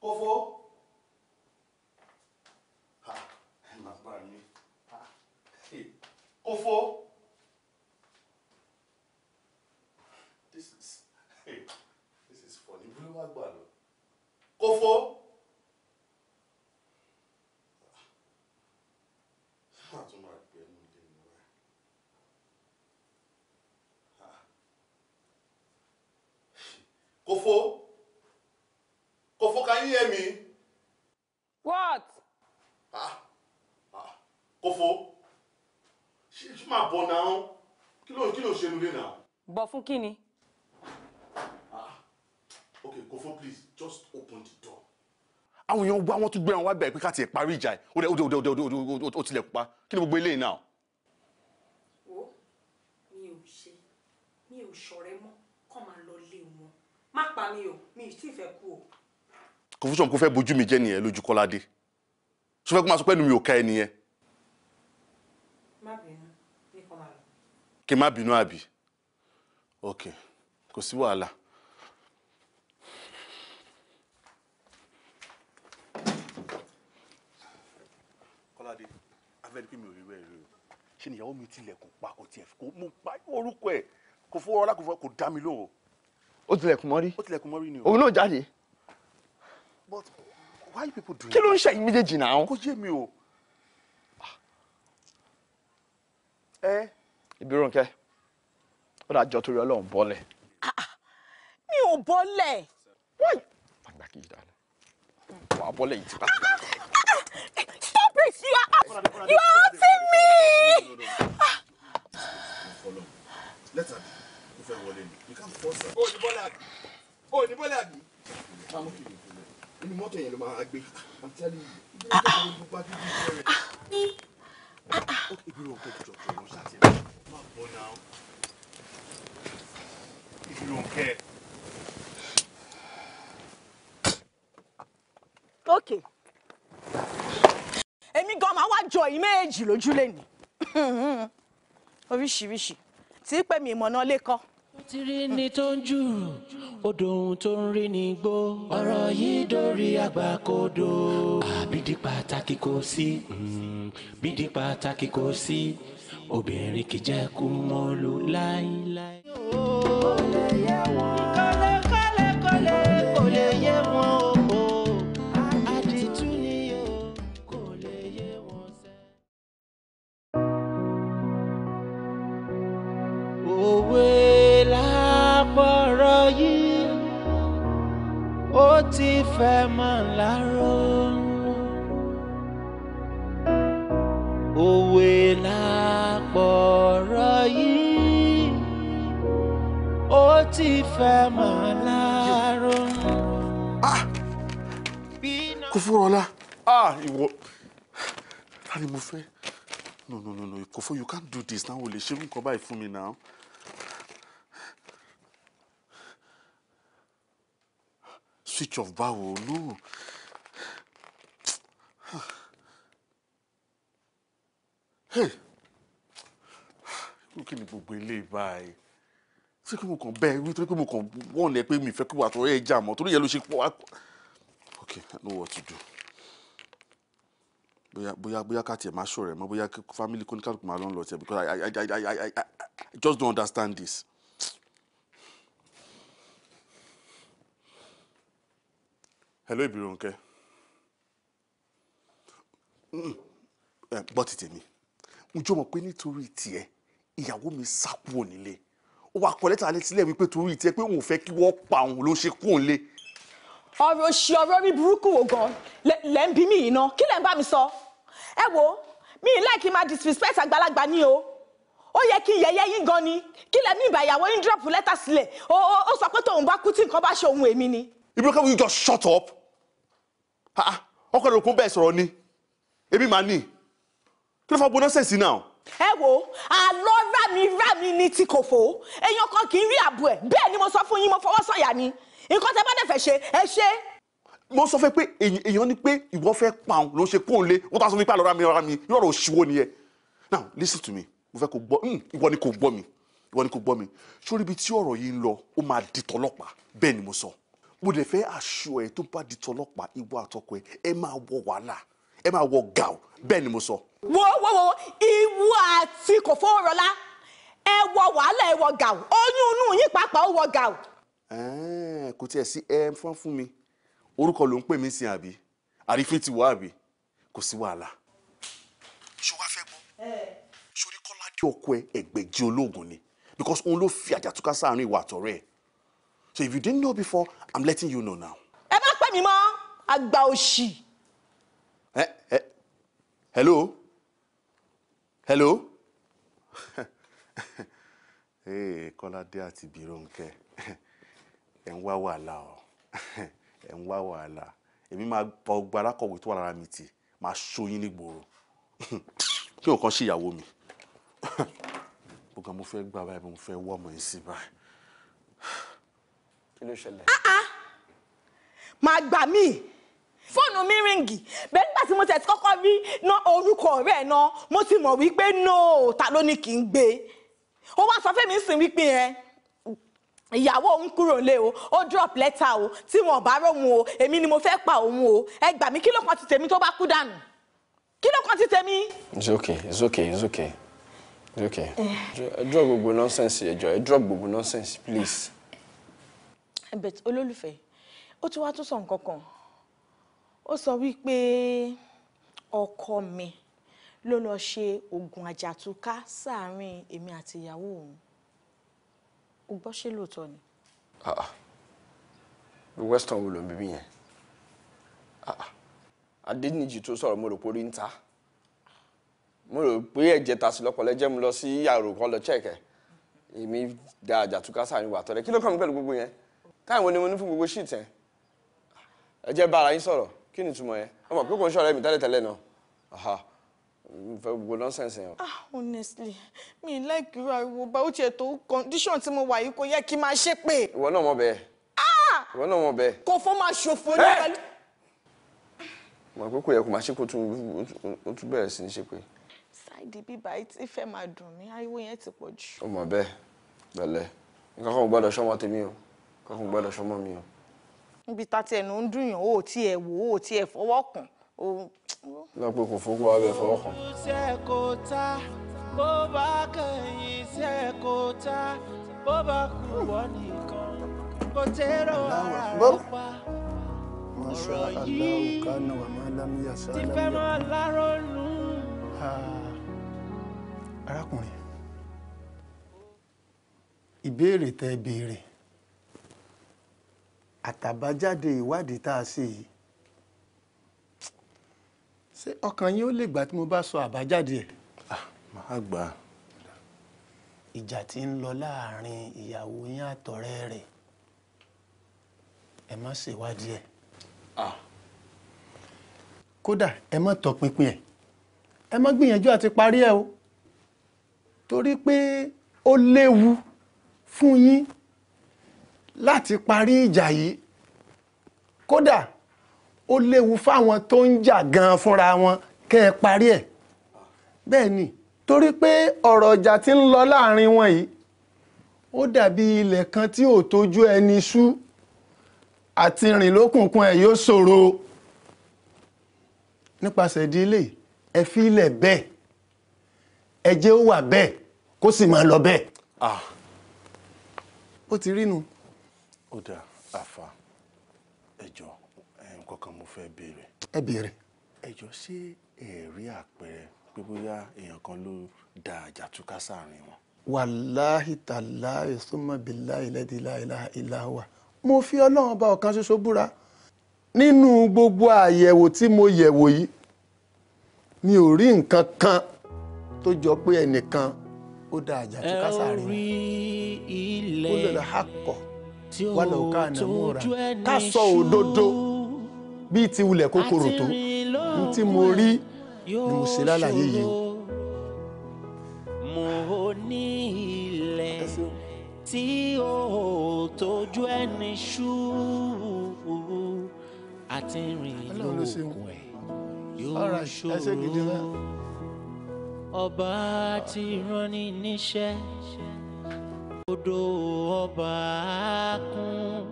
kò fó ah. kò fó. This is, hey, this is funny. Bulu wa gbà lọ. Kò fó. Kofo. Kofo, can you hear me? What? Ah. Ah. Kofo. She, she ma bọ̀ náà. Kí ló kí ló ṣe nulẹ̀ náà. Bọ̀ fún kí Ah. Okay, Kofo please, just open the door. Àwọn èèyàn gbọ́ àwọn tún gbé àwọn wá bẹ̀rẹ̀ pé ká tiẹ̀ parí ìjà ẹ̀. Ó dẹ̀ ó dẹ̀ ó dẹ̀ ó dẹ̀ ó tilẹ̀ pa. Kí ni gbogbo eléyìí náà? Wo mi ò ṣe mi ò ṣọ̀rẹ́ mọ́ má pa mi o mi ì tí ì fẹ́ kú o. confusion kò fẹ́ bojú mi jẹ́ nìyẹn lójú kọ́ládé ṣé fẹ́ kó máa sọ pé ẹnu mi ò ká ẹ nìyẹn. má bínú ní kọ́ máa lọ. kí n má bínú àbí ok kò sí wàhálà. kọ́ládé afẹ́ni pé mi ò rí wẹ́ẹ̀ o ṣe nìyàwó mi tilẹ̀kùn pa kò tiẹ̀ kò mú pa orúkọ ẹ̀ kò fọwọ́ ọlá kò dá mi lóhùn ó tilẹ̀kùn mọ́rí. ó tilẹ̀kùn mọ́rí ni o. òun náà jáde. but why people doing. kí ló ń ṣe méjèèjì náà. kò yé mi o. ẹ. Ah. Ìbírónkẹ́ eh? ó dà jọ torí Ọlọ́run bọ́lẹ̀. Ah, ah. mi ò bọ́lẹ̀. wáyé àgbà kì í dáná wàá bọ́lẹ̀ yìí ti bá. stop it you are you are hurting me. Let her be fẹ́ wọlé ni you can't force her. o ní bọ́lá àbí o ní bọ́lá àbí. àmọ́ kìlì ìfúnlẹ̀ inú mọ́tò yẹn ló máa gbé i'm telling you ibi ah, ah. tó ah, ń bọ́ bá dúdú fẹ́rẹ̀. ó kì í bí wọn kò jọ jọ wọn ṣàṣẹ máa bọ́ náà if you don't èmi gan máa wá jọ yìí méjì lójúlé ni [LAUGHS] oríṣiríṣi tí pèmí ìmọ̀nà lè kọ́ ti rí ni tó ń jù odò ohun tó ń rí ni gbó. ọ̀rọ̀ yìí dórí àgbàkodo. àbídí pàtàkì kò sí mm, bídí pàtàkì kò sí obìnrin kì í jẹ́ kú mọ́lú láíláí. fẹ́ máa láró òwe làpọ̀rọ̀ yìí ó ti fẹ́ máa láró. Ah! kò fún ọlá ah, ìwọ ta ni mo fẹ́ no no no no Kofo you can't do this now o lè ṣerú nǹkan báyìí fún mi now. switch off báwo no. Hey. kí ni gbogbo eléyìí báyìí ṣé kí mo kàn bẹ́ẹ̀ wí torí pé mo kàn wọ́n lẹ pé mi fẹ́ kí wàá tọrọ ẹ̀ jà mọ́ torí yẹn ló ṣe pọ̀ wá. okay I know what to do bóyá bóyá bóyá ká tiẹ̀ máa ṣọ̀rẹ́ mọ́ bóyá family kóníkàlùkù máa lọ́n lọ tiẹ̀ because I I I I I I just don't understand this. hello Ìbírónkẹ́ gbọ́ ti tèmi ǹjọ́ mọ̀ pé nítorí tiẹ̀ ìyàwó mi sá kúrò nílé ó wàá kọ lẹ́tà alẹ́ sílẹ̀ wípé torí tiẹ̀ pé òun fẹ́ kí wọ́n pa òun ló ṣe kúrò nílé. ọ̀rọ̀ òṣì ọ̀rọ̀ rí burúkú wo gan lẹ́ ń bí mi yìí ná kí lẹ́ ń bá mi sọ ẹ wo mi ì láì kí n máa disrespect àgbàlagbà ni o ó yẹ kí yẹ̀yẹ́ yín gan ni kí lẹ́ mi ìbà ìyàwó yín dírọ̀pù lẹ́tà sílẹ̀ ó sọ pé tóun bá kú tí nǹkan bá ṣe òun èmi ni Ibuka, will you just shut up? ọkọ ló kún bẹ́ẹ̀ sọ̀rọ̀ ni èmi máa ní kí ló fà gbóná sẹ̀sì náà. ẹ wo àlọ́ rámi rámi ni tí kò fò èèyàn kan kì í rí àbọ̀ ẹ̀ bẹ́ẹ̀ ni mo sọ fún yín mo fọwọ́ sọ̀yà ni nǹkan tẹ bá dẹ̀ fẹ́ ṣe ẹ ṣe. mo sọ fẹ́ pé èèyàn ni pé ìwọ fẹ́ pàun ló ń ṣe kóun lé wọ́n tà sọ fún mi pé àlọ́ rámi rámi lọ́rọ̀ òṣìwò nìyẹn now listen to me mo fẹ́ kó gbọ́ hmm, ìwọ ni kò gbọ́ mi ìwọ ni kò gbọ́ mi sórí ibi tí ọ̀rọ̀ yìí ń lọ ó máa di tọlọ́pàá bẹ́ẹ̀ ni mo sọ. So mo dẹ̀ fẹ́ aṣọ ẹ̀ tó bá di tọlọ́pàá ìwọ àtọkọ ẹ̀ ẹ máa wọ wàhálà ẹ máa wọ gàù bẹ́ẹ̀ ni mo sọ. wo wo wo ìwọ àti kò fọwọ́rọ́lá ẹ wọ wàhálà ẹ wọ gàù oyún inú yín pàápàá ó wọ gàù. kò tiẹ̀ sí ẹ fọ́n fún mi orúkọ ló ń pè mí sin àbí àrífín ti wá àbí kò sí wàhálà. ṣé wàá fẹ́ gbọ́ sórí kọ́ládé ọkọ ẹ ẹgbẹ̀jì olóògùn ni because òun ló fi àjàtúkà sáàárín ìwà àtọ̀rẹ́ ẹ̀ So if you didn't know before, I'm letting you know now. Ẹ má pè mí mọ́, àgbà òṣì. Eh, eh, hello? Hello? [LAUGHS] hey, Kọ́ládé àti Bírónkẹ́, ẹ̀ ń wá wàhálà o, ẹ̀ ń wá wàhálà. Èmi máa pa ọgbà alákọ̀wé tó wà lára mi tì, máa ṣoyún nígboro. Kí nǹkan ṣe ìyàwó mi. Bùkún [LAUGHS] mo fẹ́ gbà báyìí, mo fẹ́ wọ́ ọmọ yẹn sí báyìí kí ló ṣẹlẹ̀. Ah, ah. màá gbà míì fóònù mi ríngì bẹ́ẹ̀ nígbà tí mo tẹ̀ tí kọ́kọ́ rí ná orúkọ ọ̀rẹ́ ẹ̀ náà mo ti mọ̀ wípé nóò ta ló ní kí n gbé ó wá sọ fẹ́mi sìn wípé yẹn ìyàwó òun kúrò lé o ó drop lẹ́tà o tí wọn ò bá róhun o èmi ni mo fẹ́ pa òun o ẹ gbà mí kí ló kàn ti tèmi tó bá kú dànù kí ló kàn ti tèmi. it's okay it's okay it's okay it's okay. ẹ eh. drop gbogbo nonsense ẹ jọ̀ọ́ ẹ eh, drop gbogbo nonsense please but olólùfẹ́ ó tún wá tún sọ nǹkan kan ó sọ wípé ọkọ mi ló lọ ṣe oògùn àjàtúká sáàárín èmi àti ìyàwó òun o gbọ́ ṣé lóòótọ́ ni. bí ah, western ah. wo ló ń bíbí yẹn ah, adéníjì tó sọ̀rọ̀ mo rò pé orí ń ta mo rò pé ẹ̀jẹ̀ ta sí lọ́pọ̀lẹ́ jẹ́ mi lọ sí àròkọ lọ chẹ́ẹ̀kẹ́ èmi da àjàtúká sáàárín wà tọ́lẹ̀ kí ló kàn mí pẹ̀lú gbogbo yẹn táìwọ̀n ni mo ní fún gbogbo sheet yẹn ẹ jẹ́ bára yín sọ̀rọ̀ kí ni ìtumọ̀ yẹn ọmọ pé kò ń ṣọ̀rọ̀ ẹ̀mí tẹ́lẹ̀tẹ́lẹ̀ náà fẹ́ gbogbo nonsense yẹn. ah honestly mi ì láìkí irú ariwo bá ó tiẹ̀ tó condition tí mo wà yìí kò yẹ kí n máa ṣe pé. ìwọ náà mọ bẹ́ẹ̀. ah ìwọ náà mọ bẹ́ẹ̀. kò fọ́ máa ṣòfò ní pẹ̀lú. mo rò pé kò yẹ kó máa ṣe kó tún tún bẹ̀rẹ̀ sí ní ṣe pé. ṣáìdì bíbá yìí ti fẹ́ máa dùn mí ariwo yẹn ti pọ̀ jù. ó mọ bẹ́ẹ̀ bẹ̀lẹ̀ nǹkan kan ò gbọ́dọ̀ ṣọ́mọ tèmi o kọ́kùn gbọ́dọ̀ ṣọmọ mi o. níbi ta tiẹ̀ ló ń dùnyàn o ò tiẹ̀ wò ó ò tiẹ̀ fọwọ́ kàn. lọ pé kò fún kó bẹ fọwọ́ kàn. ṣe kò ta bó bá kẹyìn ṣe kò ta bó bá kú wọ́n nìkan kò tẹ́rọ ara rẹ̀ pa ọ̀rọ̀ yìí ti fẹ́ máa lárònú. arákùnrin ìbéèrè tẹ́ béèrè àtàbájáde ìwádìí tá a ṣe yìí ṣé ọkàn yín ó lè gbà tí mo bá sọ àbájáde ẹ̀. Ah, màá gbà á. ìjà tí ń lọ láàrin ìyàwó yín àtọ̀rẹ́ rẹ̀ ẹ má ṣèwádìí ẹ̀. Ah. kódà ẹ má tọpinpin ẹ̀ ẹ má gbìyànjú àti parí ẹ̀ o torí pé ó léwu fún yín láti parí ìjà yìí kódà ó léwu fáwọn tó ń jà gan fúnra wọn kẹ́ ẹ parí ẹ̀ bẹ́ẹ̀ ni torí pé ọ̀rọ̀ ìjà tí ń lọ láàrin wọn yìí ó dàbí ilẹ̀ kan tí ò tójú ẹni ṣú àti rìn lókùnkùn ẹ̀ yóò ṣòro nípasẹ̀ ìdílé ẹ fi ilẹ̀ bẹ́ẹ̀ ẹ ó wà bẹ́ẹ̀ kó sì máa lọ bẹ́ẹ̀. bó ah. ti rí nu ó dà àfà ẹjọ nǹkan kan mo fẹ́ béèrè. ẹ béèrè. ẹjọ ṣé ẹ rí àpẹẹrẹ pé bóyá èèyàn kan ló da àjà túká sáàrin wọn. wàláhì tàláhì súnmọ́ bíláhì lẹ́dí láìláha mo fi ọlọ́run ọba ọ̀kan ṣoṣo búra nínú gbogbo àyẹ̀wò tí mo yẹ̀wò yìí mi ò rí nǹkan kan tó jọ pé ẹnìkan ó da àjà túká sáàrin wọn. ẹ ò rí ilẹ̀. ó lè lọ hákọ̀ọ́ wọn lọ ká àná múra ká sọ òdodo bíi ti wulẹ̀ kòkòrò tó ní mo rí ni mo ṣe lálàyé yìí o. tí ó tójú ẹni ṣú àti rìn lóògùn ẹ̀ yóò ṣòro ọba ti rán ni níṣẹ́ odò ọba kún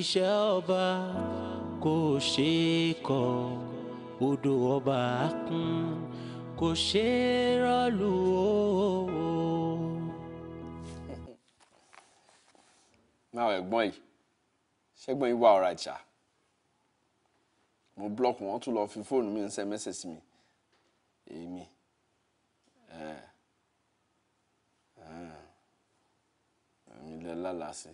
iṣẹ́ ọba kò ṣe é kọ̀ odò ọba kún kò ṣe é rọ́lù o. máa wẹ̀ gbọ́n yìí ṣẹ́gbọ́n yìí wà ọ̀rọ̀ àjà mo block wọn tún lọ fi fóònù mi ń send message mi èmi. nílẹ̀ lálàá sí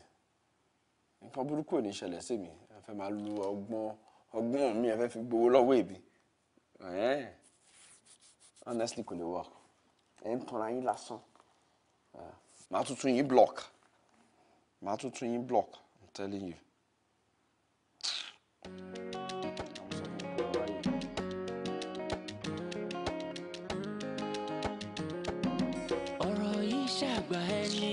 nǹkan burúkú ò ṣẹlẹ̀ sí mi ẹ fẹ́ máa lu ọgbọ́n ọgbọ́n mi ẹ fẹ́ fi gbowó lọ́wọ́ èbí honestly kò lè work ẹ ń tanra yín lásán màá tuntun yín block màá tuntun yín block I'm telling you. ọ̀rọ̀ yìí ṣàgbà ẹni.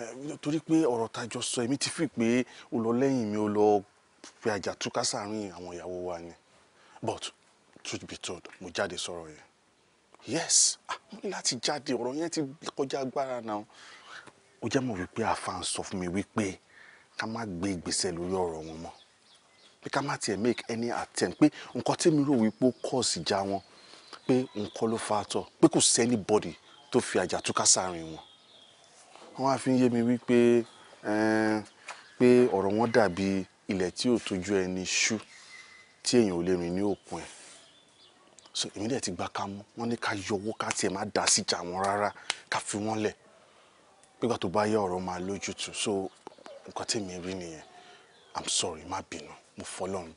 Eh, torí pé ọ̀rọ̀ tá jọ sọ èmi ti fi pé o lọ lẹ́yìn mi o lọ pe àjà túká sáàrin àwọn ìyàwó wa ni but truth be told mo jáde sọ̀rọ̀ yẹn yes ah, mo ní láti jáde ọ̀rọ̀ yẹn ti kọjá agbára náà ó jẹ́ mọ̀ wípé àfáàn sọ fún mi wípé ká má gbé ìgbésẹ̀ lórí ọ̀rọ̀ wọn mọ́ pé ká má tiẹ̀ make any attempt pé nǹkan tí mi rò wípé ó kọ́ sí já wọn pé nǹkan ló fa àtọ̀ pé kò sẹ́ni bọ́dì tó fi àjà túká sáàrin wọn wọ́n á fi ń yé mi wípé eh, pé ọ̀rọ̀ wọn dàbí ilẹ̀ tí ò tójú ẹni ṣú tí èèyàn ò lè rìn ní òkun ẹ̀ so èmi dẹ̀ ti gba ká mú wọ́n ní ká yọwọ́ ká tiẹ̀ má dá síjà wọn rárá ká fi wọ́n lẹ̀ nígbà tó bá yá ọ̀rọ̀ máa lójútùú so nǹkan tèmi rí nìyẹn i'm sorry má bínú mo fọlọ́ ń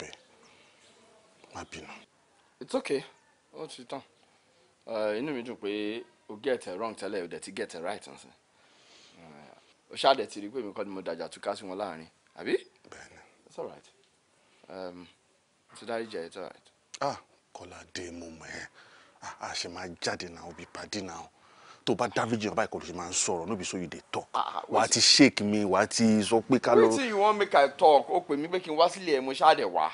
má bínú. it's okay ó ti tán eh, inú mi dùn pé o get it wrong tẹ́lẹ̀ o dẹ̀ ti get it right answer o ṣáàdẹ̀ ti rí pé mi kọ́ ni mo dàjà túká sí wọn láàrin àbí. bẹ́ẹ̀ni. it's all right ti um, dárí jẹ it's all right. ah Kọ́ládé mo mọ̀ ẹ́ ah, a ṣe máa jáde náà òbí pàdé náà tó bá dáríjì ọba ìkọlù ṣe máa ń sọ̀rọ̀ níbi so you dey talk ah, ah, wà á ti shake mi wà á ti sọ pé ká lọ. wetin you wan make i talk o pè mí pé kí n wá sílé ẹ mo ṣáàdẹ̀ wá.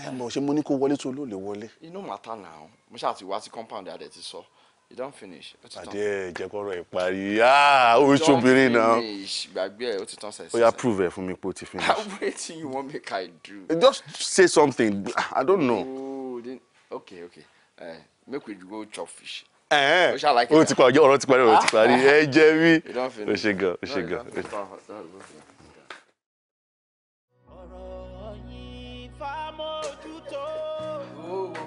ẹ mọ̀ ṣe mo ní kó wọlé tó ló wọlé. inú màtá náà mo ṣáà ti wá sí compound adẹ̀ ti sọ. So you don finish o ti tán. àdé ìjẹkọrọ ìparí ah, oṣù obìnrin náà. you don finish gbàgbé ẹ o ti tán sẹsẹ. oya prove ẹ fún mi pé o ti finish. how wetin you wan make i do. just say something i don't know. ooo okay okay uh, make we go chop fish. o ṣe àlàyé. o ti parí ọ̀rọ̀ ti parí ọ̀rọ̀ ti parí [LAUGHS] ẹ jẹ́ mi. o ṣe gan o ṣe gan.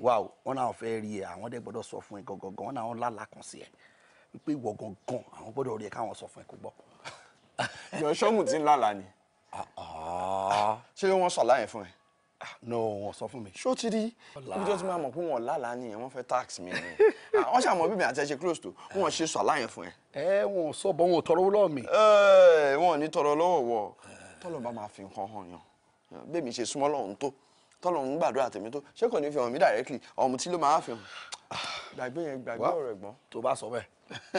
wá o wọn náà fẹ́ rí ẹ àwọn dẹ̀ gbọ́dọ̀ sọ fún ẹ gangan wọn náà lálàá kan sí ẹ wípé ìwọ gangan àwọn gbọ́dọ̀ rí ẹ káwọn sọ fún ẹ kó gbọ́. yọ sọ́mù tí ń lálàá ni ah, ah. ṣé wọ́n ṣàlàyé fún ẹ. Ah, no wọn sọ fún mi. ṣó ti rí ibi tó ti máa mọ̀ pé wọn lálàá nìyẹn wọ́n fẹ́ tax mi ni [LAUGHS] wọ́n ṣàmọ̀ bíbí àti ẹ̀ṣẹ̀ close to wọn ṣe ṣàlàyé fún ẹ. ẹ wọn sọ bọ wọn tọrọ lọ́wọ́ mi. ẹ wọn ò ní tọrọ lọ́wọ́ wọ eh. tọlọ bá máa fi nǹkan hàn yàn bẹ́ẹ̀ mi ṣe súnmọ́ lọ́hùn tó tọ́lọ̀ ń gbàdúrà tèmi tó ṣé kò ní fi hàn mí directly ọ̀mù tí ló máa fi hàn. gbàgbé yẹn gbàgbé ọ̀rọ̀ ẹ̀gbọ́n. tó bá sọ bẹ́ẹ̀.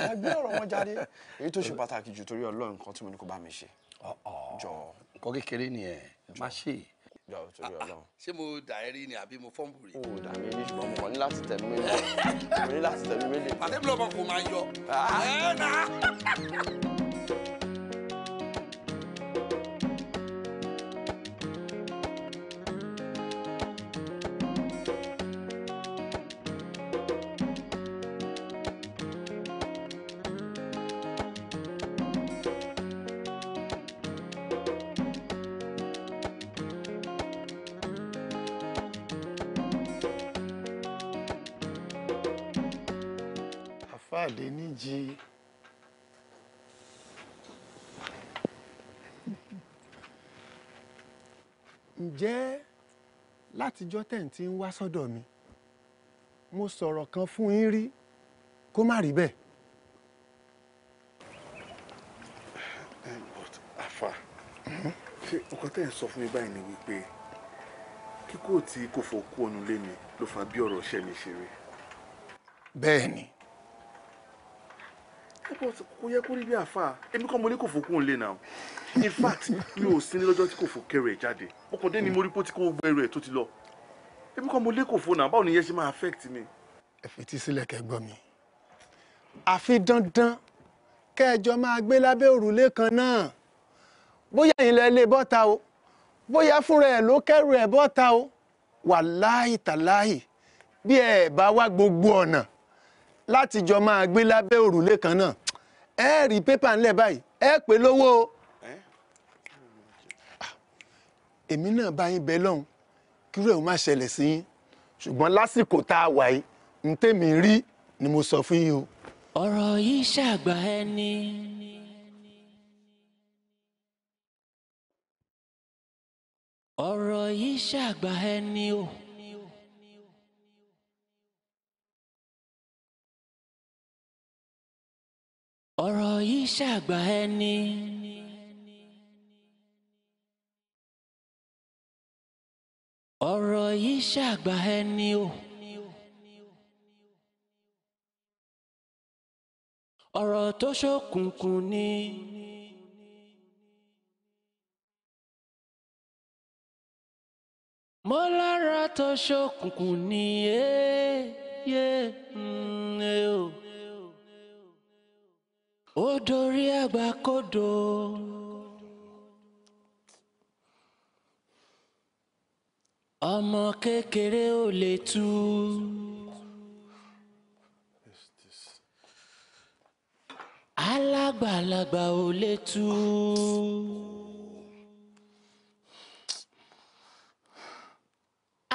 gbàgbé ọ̀rọ̀ wọn jáde [LAUGHS] èyí tó ṣe pàtàkì jù torí ọlọ́run kan tí mo ní kó bá mi ṣe. jọ nǹkan kékeré nìyẹn má ṣe é ah, ah. ṣé mo dà ẹ́ rí ni àbí mo fọ́ǹbù rí. o dà mí ní ṣùgbọ́n mo kàn ní láti tẹ̀lé mi lé mo ní láti tẹ̀lé mi lé. pàtẹ́bí lọ́mọ kò máa yọ. Ah. [LAUGHS] látijọ́ tẹ̀ ń ti ń wá sọ́dọ̀ mi mo sọ̀rọ̀ kan fún yín rí kó má rí bẹ́ẹ̀. Eh, but afa ṣé nǹkan tẹ̀ ń sọ fún mi báyìí ni wípé kíkó tí kò fọ kú ọ̀nù lé mi ló fa bí ọ̀rọ̀ ṣẹ́ mi ṣe bẹ́ẹ̀ ni. Eh, kò yẹ kó rí bí àfa èmi kọ́ mo ní kò fọ kú òun lé náà in fact mi ò sí ní lọ́jọ́ tí kò fọ kẹrẹ̀ jáde ọkọ̀ dé ni mo rí pé kó gbẹrù ẹ̀ tó ti lọ èmi kan mo lékò fún náà báwo ni iye ṣe máa affect mi. ẹ fetí sílẹ̀ kẹgbọ́ mi àfi dandan kẹjọ máa gbé lábẹ́ òrùlé kan náà bóyá ìlẹ̀ lè bọ́ta o bóyá fúnra ẹ̀ ló kẹ́rù ẹ̀ bọ́ta o wàláhì tàláhì bí ẹ bá wá gbogbo ọ̀nà láti jọ máa gbé lábẹ́ òrùlé kan náà ẹ rí pépà ńlẹ̀ báyìí ẹ pè lówó o ah, èmi náà bá yín bẹ lọ́hùn kírú ẹ̀ má ṣẹlẹ̀ sí yín ṣùgbọ́n lásìkò tá a wà yìí ní tèmi rí ni mo sọ fún yín o. ọ̀rọ̀ yìí ṣàgbà ẹni. ọ̀rọ̀ yìí ṣàgbà ẹni o. ọ̀rọ̀ yìí ṣàgbà ẹni. ọ̀rọ̀ yìí ṣàgbà ẹni o. ọ̀rọ̀ tó ṣókùnkùn ni. mo lára tó ṣókùnkùn ni yé eh, ẹ eh, mm, eh, o. ó dorí àgbà kodò. ọmọ kékeré ò lè tú. alágbàlagbà ò lè tú.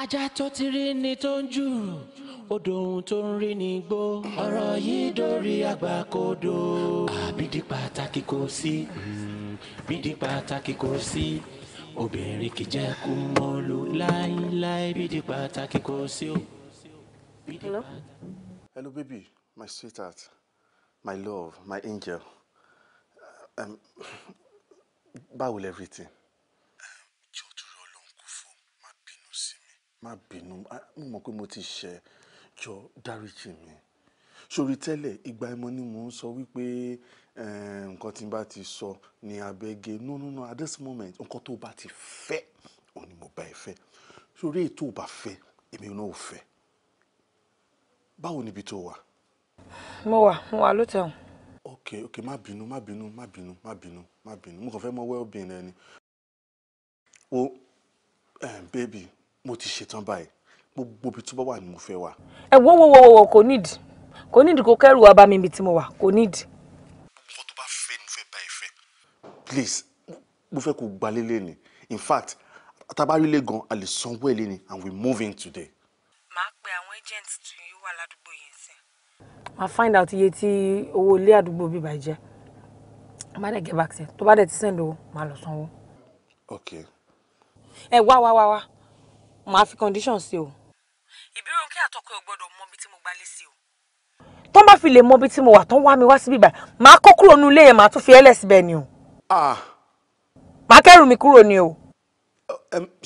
ajá tó ti rí ni tó ń jùrù odò ohun tó ń rí ni gbó. ọ̀rọ̀ yìí dórí àgbàkodò. àbídí pàtàkì kò sí hmm, bídí pàtàkì kò sí. Mm obìnrin kì jẹ́ kó mọ́ lò láíláí bídìí pàtàkì kò sí o. hello. hello baby my sweetheart my love my angel uh, um, báwo everything. jọ̀ọ́ torí ọlọ́run kò fọ́ má bínú sí mi má bínú mo mọ̀ pé mo ti ṣẹ̀ jọ̀ọ́ dáríjì mi sórí tẹ́lẹ̀ ìgbà ẹmọ ni mò ń sọ wípé Eh, nǹkan tí n bá ti sọ ní abẹ́gẹ́ no no no at this moment nǹkan tó bá ti fẹ́ òun ni mo bá ẹ fẹ́ sórí èyí tó bá fẹ́ èmi náà ò fẹ́ báwo níbi tó wà. mo wà mo wà lótẹ̀hún. ok ok má bínú má bínú má bínú má bínú má bínú mo kàn fẹ́ mọ well-being ẹni. o eh, bébì mo ti ṣetán báyìí gbogbo ibi tó bá wà ni mo fẹ́ wà. ẹ eh, wo wo wo kò nídìí kò nídìí kò kẹ́rù wa bá mi ibi tí mo wà kò nídìí please mo fẹ́ kó gbalé lẹ́ni in fact tabarílẹ̀ gan a lè sanwó ẹ̀ lẹ́ni and we move in today. màá pe àwọn agent tí yóò wà ládùúgbò yẹn sí. màá find out iye tí owó ilé àdúgbò bíbá jẹ́ má dẹ̀ get back sí ẹ tó bá dẹ̀ ti send owó màá lọ sanwó. ok. ẹ wá wá wá wá màá fi condition sí o. ìbírò kí àtọkọ ẹ gbọ́dọ̀ mọ ibi tí mo gbalé sí o tọ́n bá fi lè mọ ibi tí mo wà tọ́n wá mi wá síbí báyìí màá kó kúrò nínú ilé yẹn màá tún fi ẹ́lẹ̀ síbẹ̀ ni o. Ah, kẹ́rù mi kúrò ni o.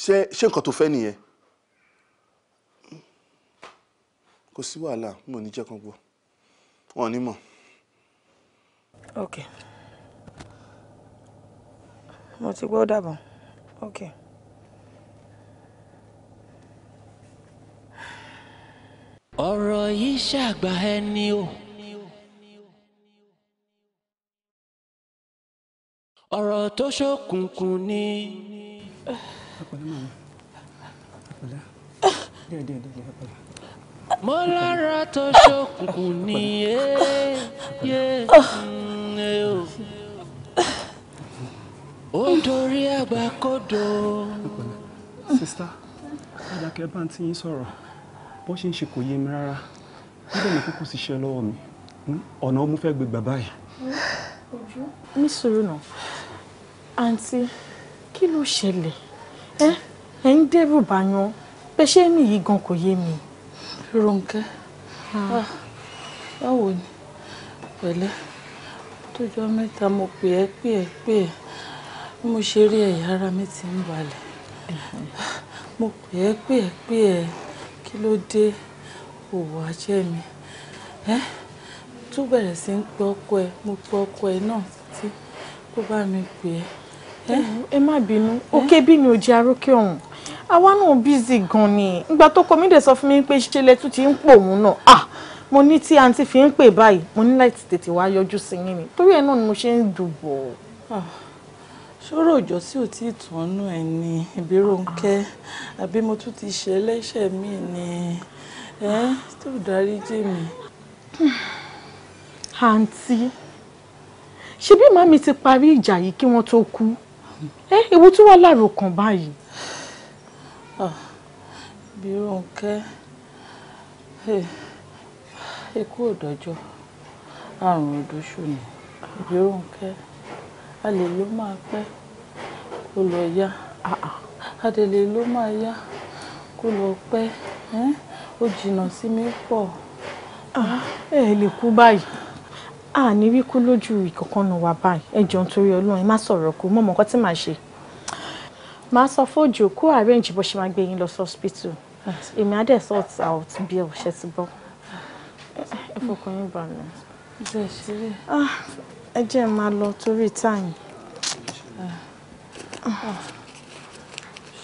ṣé ṣé nǹkan tó fẹ́ nìyẹn kò sí wàhálà mo ní jẹ́ kan gbọ́ wọn ní mọ̀. ok mo ti gbọ́ dàbọ̀ ok. ọ̀rọ̀ yìí ṣàgbà ẹni o. Okay. ọ̀rọ̀ tó ṣókùnkùn ni. mo lọ́rọ̀ tó ṣókùnkùn ni eh, eh, eh, ó dorí àgbà kodò. sista adakẹ́ bá ń tí yín sọ̀rọ̀ bó ṣe ń ṣe kò yé mi rárá níbẹ̀ ni kúkú sì ṣe lọ́wọ́ mi ọ̀nà ó mú fẹ́ gbé bàbá yìí. ní sùúrù náà àǹtí kí ló ṣẹlẹ̀ ẹ ẹ ń dẹ́rù bàyàn bẹ ṣé mi yìí gan kò yé mi. Rónkẹ́ ah, báwo ni pẹ̀lẹ́ tójọ́ mẹ́ta mo pè ẹ́ pè ẹ́ pè ẹ́ bí mo ṣe rí ẹ̀yà ara mi ti ń balẹ̀ mo pè ẹ́ pè ẹ́ pè ẹ́ kí ló dé òwò ajẹ́ mi ẹ́ tún bẹ̀rẹ̀ sí ń pe ẹ mo pe ẹ náà títí kó bá mi pè ẹ́ Eh? ẹ má bínú eh? òkè bí ni òjì arókè ọ̀hún àwa náà bízì gan ni ìgbà tó kọ mí dẹ̀ sọ fún mi pé ṣe lẹ́tù ti ń pò òun náà ah mo ní tí àǹtí fi ń pè báyìí mo ní láti tètè wá yọjú sí yín ni torí ẹ náà ni mo ṣe ń dùbọ̀. Ah! ṣòro òjò sí ò tí ì tọ́nú ẹ̀ ni ìbíròǹkẹ́ àbí mo tún ti ṣe ẹlẹ́ṣẹ̀ mi ni ẹ tó dárí jì mí. àǹtí ṣebí màmí ti parí ìjà yìí kí wọ́n tó kú ẹ ewu tún wà láàrò kan báyìí. Ah, Bírónkẹ́ ikú òdọ́jọ́ àrùn òdòṣù ni Bírónkẹ́ alẹ́ ló máa pẹ́ kó lọ yá ah, ah. adẹ̀lẹ̀ ló máa yá kó lọ pẹ́ ó jìnnà sí mi pọ̀. ẹ lè kú báyìí a ní rí kú lójú ìkọ̀kan náà wà báyìí ẹ jọ̀ọ́ nítorí Ọlọ́run ẹ má sọ̀rọ̀ kú mọ́ mọ́ nǹkan tí màá ṣe màá sọ fóòjò kó arrange bó ṣe máa gbé yín lọ sí hospital èmi á dẹ̀ sort out bí ẹ ò ṣe ti bọ́ ẹ fọkàn yín bà mí. Ah, ẹ jẹ́ máa lọ torí táyì.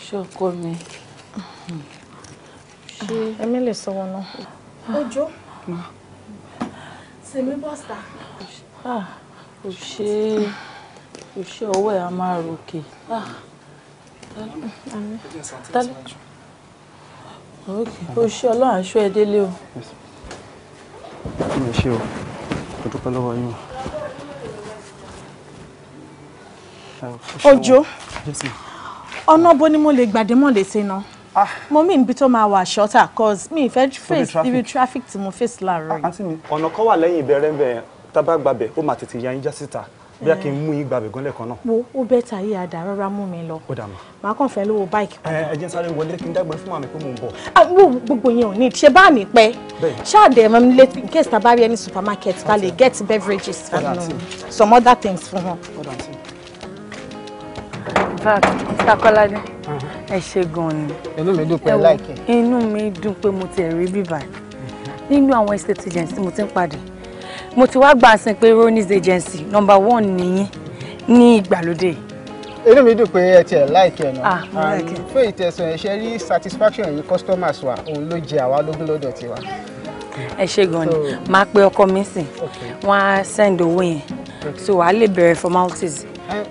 ṣọkọ mi ẹmí ah, lè sọ wọn náà. ojú. Sèmi bọ́sà. Ò ah, ṣe ò ṣe ọwọ́ ẹ̀ a máa ròkè. Ò ṣe ọlọ́run aṣọ ẹ délé o. Ẹ ṣe o, mo dúpẹ́ lọ́wọ́ yín o. Ọjọ́, ọ̀nà bo ni mo lè gbàdémọ̀lẹ́sẹ̀ no. Ah. mo mí ibi tó máa wà ṣọ́tà cause mi ìfẹ́ face ibi traffic tí mo face láàárọ̀ yìí. àǹtí ah, mi ọ̀nà wa wà lẹ́yìn ìbẹ̀rẹ̀ bẹ̀ tábà gbàbẹ̀ ó máa tètè ya yín já síta bí a kì í mú yín gbàbẹ̀ gan lẹ́ẹ̀kan náà. wo ó bẹ́ẹ̀ ta yí àdá rárá mú mi lọ. ó dà mọ́. màá kàn fẹ́ lówó báìkì. ẹ ẹ jẹ́ sáré wọlé kí n dágbére fún àmì pé mò ń bọ̀. Ah, wo gbogbo yẹn ò ní ṣe bá mi pẹ́. ṣáàdì ẹ̀ mọ́mi létí in case tàbá rí ẹni supermarket ta lè get beverages for um, some other things fún wọn. bag Mr. Kolade ẹ ṣe gan ni. inú mi dùn pé ẹ láìkẹ. inú mi dùn pé mo ti rí bíbá nínú àwọn estate agency tí mo ti ń pàdé mo ti wá gbà sin pé Ronnie's agency number one nìyẹn ní ìgbàlódé. inú mi dùn pé ẹ tiẹ̀ láìkẹ náà ah, fún ìtẹ̀sán ẹ̀ṣẹ̀ rí satisfaction yìí customers wa òun ló jẹ àwa lógún lọ́dọ̀ tiwa. ẹ ṣe gan ni máa pe ọkọ mi sìn wọn á send owó yẹn so wàá lè bẹ̀rẹ̀ formalities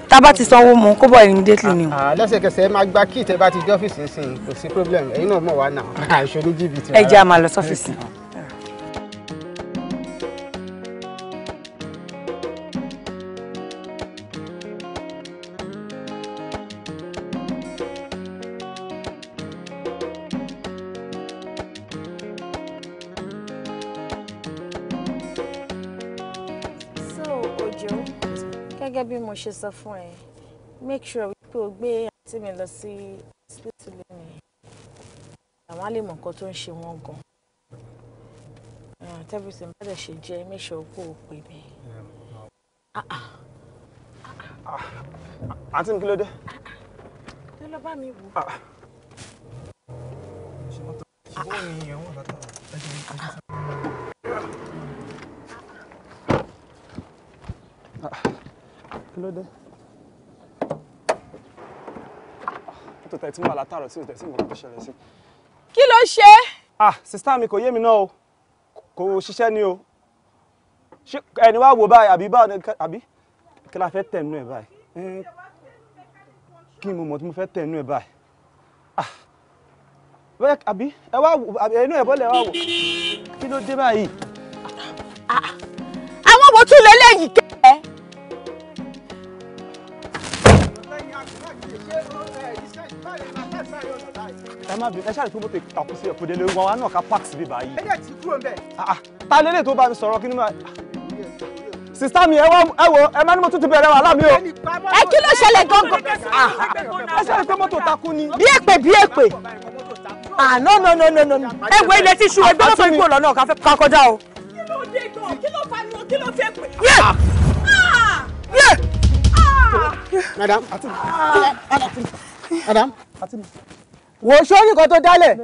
tá a bá ti sanwó mu kó bọ̀ immediately ni o. Ah, ah, lẹ́sẹ̀kẹsẹ̀ ẹ máa gba kí ìtẹ́ bá ti dé ọ́fíìsì nísìnyí kò sí problem ẹ̀yin náà mọ̀ wá náà àìṣòro [LAUGHS] jìbìtì. ẹ jẹ́ a máa lọ sọ́fíìsì. ṣe sọ fún ẹ make sure wípé o gbé àǹtí mi lọ sí hospital lónìí àwọn á lè mọ nǹkan tó ń ṣe wọn gan tẹ́bùsìn bá dẹ̀ ṣe jẹ́ make sure kó o pè mí. àǹtí mi kí ló dé. kí ló bá mi wò. ṣùgbọ́n kí ló dé. mọ́tò tẹ̀ tí mo wà látàrọ̀ sí òtẹ̀ tí mo kò ṣẹlẹ̀ sí. kí ló ṣe. ah sista mi kò yé mi náà o kò ṣiṣẹ́ ni o ṣé ẹni wá wo báyìí àbí báyìí àbí kí la fẹ́ tẹ̀ nínú ẹ̀ báyìí eh, kí mo mọ̀ tí mo fẹ́ tẹ̀ nínú ẹ̀ báyìí ah bẹ́ẹ̀ àbí ẹ wá wò ẹnu ẹ̀ bọ́lẹ̀ wá wò kí ló dé báyìí. Ah, ah. àwọn wo tún lélẹ́yìí kẹ́ ẹ́ ẹ má bí ẹ ṣáà tó mọ́tò ìtàkù sí ẹ̀kọ́ délé wọn wa náà ká park síbí báyìí. ẹ jẹ́ ti kúrò mbẹ́. Ah, ah, ta lélẹ̀ tó bá mi sọ̀rọ̀ kí ni máa. sista mi ẹ wọ ẹ má ní mo tún bẹ̀rẹ̀ wàhálà mi o. ẹ kí ló ṣẹlẹ̀ gangan. Ah, ẹ ṣáà tó mọ́tò takú ni. bí èpè bí èpè. ah no no no no ẹ wo ilé tíṣu ẹgbẹ́ mọ́tò ìkó lọ́nà ká kọjá o. kí ló dé gan kí ló fa ni o kí ló fẹ́ pè madam àti mi madam àti mi. wò ó sórí nǹkan tó madam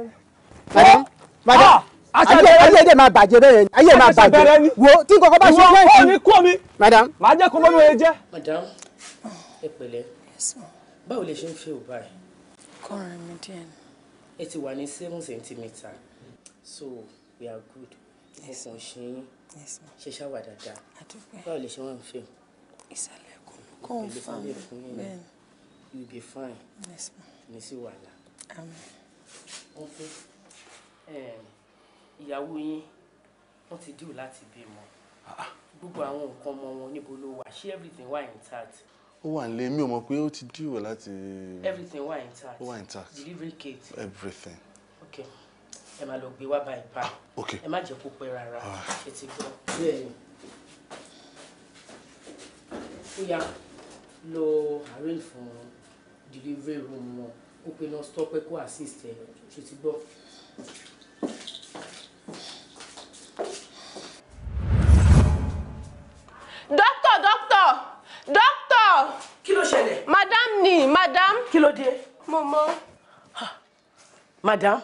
ah! madam ah! ayé ayé èdè máa bàjẹ́ bẹ́ẹ̀ yẹn ayé máa bàjẹ́ wò ó tí nǹkan kan bá ṣe fún ẹ̀ kú. ìwọ madam. màá jẹ́ kó mọ́ mi jẹ́. madam ẹ pẹ̀lẹ́ báwo lè ṣe ń fi òbá ẹ̀. kọrin mi díẹ̀ ni. ẹ ti wà ní seven centimeter, so we are good ọkàn ṣe yín ṣe ṣáwà dáadáa báwo lè ṣe wọ́n ń fi. ìsàlẹ̀ confam bẹ́ẹ̀ ni you be fine yes ma'am. Missy, sí Amen. àmín. wọ́n fẹ́ eh, ìyàwó yín wọ́n ti dìbò láti gbogbo àwọn nǹkan ọmọ wọn níbo ló wà ṣé everything wà intact. ó wà nílé mi ò mọ̀ pé ó ti dìbò láti. everything wà intact. ó wà intact. delivery kit. everything. okay ẹ máa lọ gbé wá báyìí bá ah, ẹ má jẹ́ kó pẹ́ rárá ah. ṣe ti gbọ́. bẹ́ẹ̀ ni ó yá lọ arrange fún delivery room wọn ó pe náà stop ẹ kó assist ẹ ṣe ti gbọ́. dókítà dókítà dókítà. kí ló madam ni madam. kí ló dé. mo mọ. madam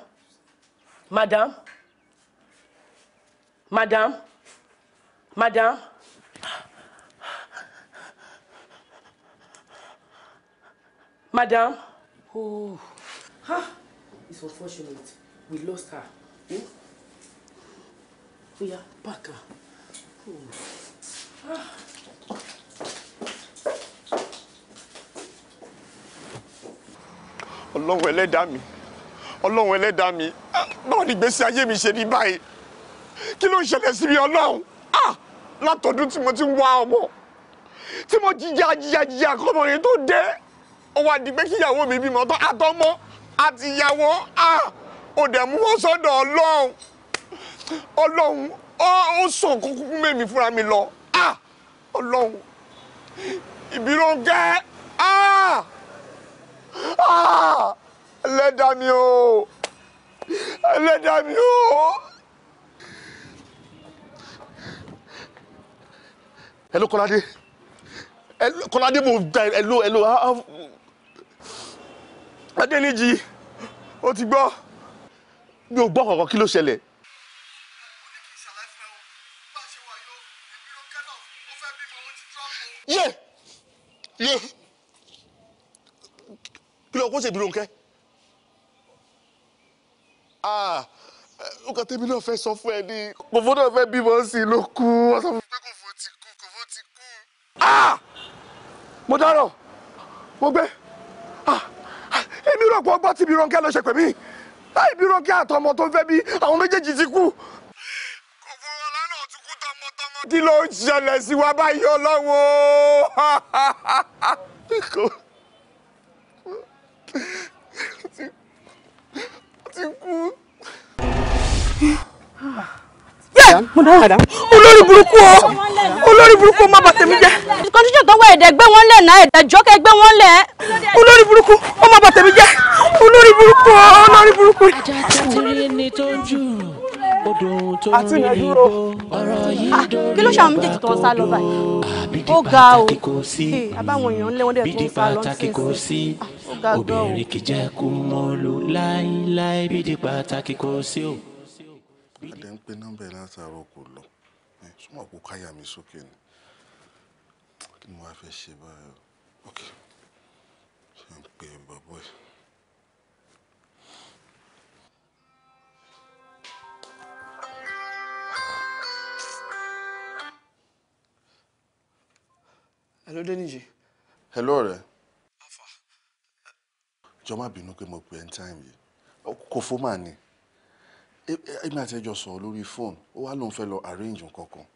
madam madam madam. madam. Oh. Huh? It's unfortunate. We lost her. Hmm? Oya, pack her. Oh. Ah. Ọlọ́run ẹlẹ́dàá mi Ọlọ́run ẹlẹ́dàá mi ah, báwo ni ìgbésí ayé mi ṣe rí báyìí kí ló ń ṣẹlẹ̀ sí mi Ọlọ́run ah, látọdún tí mo ti ń wá ọmọ tí mo jíjà jíjà jíjà kọ́mọ yẹn tó dé ó wá di pé kíyàwó mi bímọ tán àtọmọ àtìyàwó ó dẹ̀ mú wọn sọ́dọ̀ ọlọ́run ọlọ́run ó sàn kúkú mẹ́mi fúnra mi lọ ọlọ́run ìbírọ̀kẹ́ ẹlẹ́dà mi o ẹlẹ́dà mi o. hello Kọ́ládé hello Kọ́ládé mo da hello hello. Adéníjì ó ti gbọ́ mi ò gbọ́ kankan kí ló ṣẹlẹ̀. yé yé kí ló kó ṣe bí Rónkẹ́ nǹkan tèmi náà fẹ́ sọ fún ẹ ní kòfó náà fẹ́ bímọ sí i ló kú kòfó ti kú kòfó ti kú. mo dárò mo gbé èmi rò pé ọgbọ́n tí ibi Ronke lọ ṣe pè mí láì ibi Ronke àtọmọ tó fẹ́ bí àwọn méjèèjì ti kú. kòkòrò ọ̀la náà ti kú tọmọtọmọ. kí ló ń ṣẹlẹ̀ sí wa báyìí ọlọ́wọ́ ti kú. yẹ mo dára mo lórí burúkú o olórí burúkú má bà tèmi jẹ́. kọ́ńtíṣàn tó wọ ẹ̀dẹ̀ gbé wọn lẹ̀ náà ẹ̀dẹ̀ jọ́kẹ́ gbé wọn lẹ̀. olórí burúkú ó má bà tèmi jẹ́ olórí burúkú olórí burúkú. àti mi dúró. kí ló ṣàwọn méjèèjì tó ń sá lọ báyìí. ó ga o àbáwọn èèyàn lé wọn dẹ̀ tó ń sá lọ sí i. obìnrin kì í jẹ́ kó mọ́ lò láéláé bídìí pàtàkì kò sí o. adé ń pe nọ́mbà ẹ̀ látàárọ̀ kò lọ. mọ̀ pé kaya mi soke ni kí mo wá fẹ́ ṣe báyọ̀ ok ṣe ń pe bàbá ẹ̀. hello Deniji. hello ọ̀rẹ́. afa. jọ má bínú pé mo pè ẹ́ ní táìmù yìí kò fó ní èmi àti lórí fóònù ó wá lóun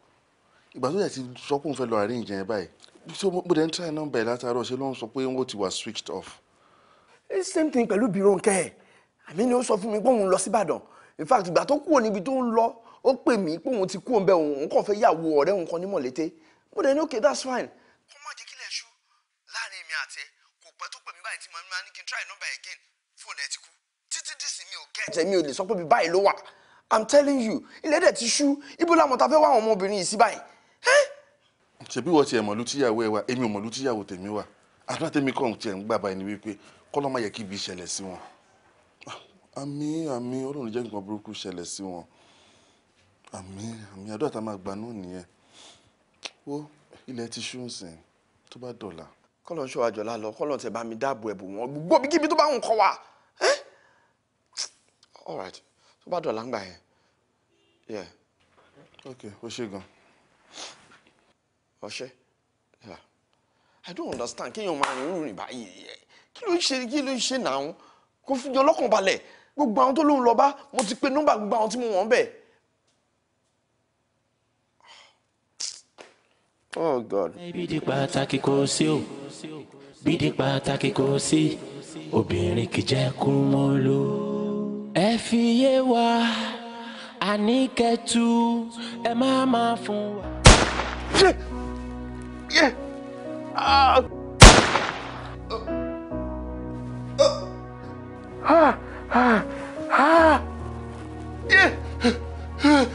ìgbà tó yẹ ti sọ pé òun fẹ́ lọ arrange yẹn báyìí so mo dẹ̀ ń try nọ́mbà ẹ̀ látàárọ̀ ṣe ló ń sọ pé wọ́n ti wà switched off. same thing pẹ̀lú Bírónkẹ́ ẹ̀ àmì ni ó sọ fún mi pé òun lọ síbàdàn in fact ìgbà tó kúrò níbi tó ń lọ ó pè mí pé òun ti kúrò ń bẹ òun kàn fẹ́ yàwó ọ̀rẹ́ òun kan ní mọ̀lété mo dẹ̀ ní okay that's fine. kó má jẹ́ kílẹ̀ ṣú láàrin èmi àti ẹ kò pẹ́ tó pè mí báyìí tí mo máa ní kí n try nọ́mbà again fóònù ẹ̀ ti kú títí dìsí mi ò gẹ́ẹ̀tẹ̀ mi ò lè sọ pé bíi báyìí ló wà i'm telling you ilẹ̀ dẹ̀ ti ṣú ibo làwọn ta fẹ́ wá àwọn ọmọbìnrin yìí sí báyìí ṣebí wọ́n tiẹ̀ mọ̀lú tíyàwó ẹ wa èmi ò mọ̀lú tíyàwó tèmi wa àdúrà tèmi kàn tiẹ̀ ń gbàgbà ẹni wípé kọ́lọ́ má yẹ kí ibi ìṣẹ̀lẹ̀ sí wọn àmì àmì ọlọ́run jẹ́ nǹkan burúkú ṣẹlẹ̀ sí wọn àmì àmì àdúrà tá a máa gbà náà nìyẹn wo ilẹ̀ ti ṣú nsìn tó bá dọ̀là. kọ́lọ̀ ṣọ́ àjọlá lọ kọ́lọ̀ tẹ̀ bá mi dáàbò ẹ̀bù wọn gbogbo bí kíbi tó bá all right tó bá dọ̀là ń gbà yẹn. ok ó ṣe ọṣẹ i don't understand kéèyàn máa rìn rìn báyìí eh, kí ló ń ṣe kí ló ń ṣe náà kó fi ọlọ́kàn balẹ̀ gbogbo àwọn tó lóun lọ bá mo ti pe nọ́mbà gbogbo àwọn tí mo wọ̀n bẹ̀. oh god. pàtàkì kò sí o bídí pàtàkì kò sí obìnrin kì í jẹ́ kú mọ́ lò. ẹ fi yé wa àníkẹ́tù ẹ má máa fún wa. Yeah. Ah. Ah. Ah. Ah. Yeah.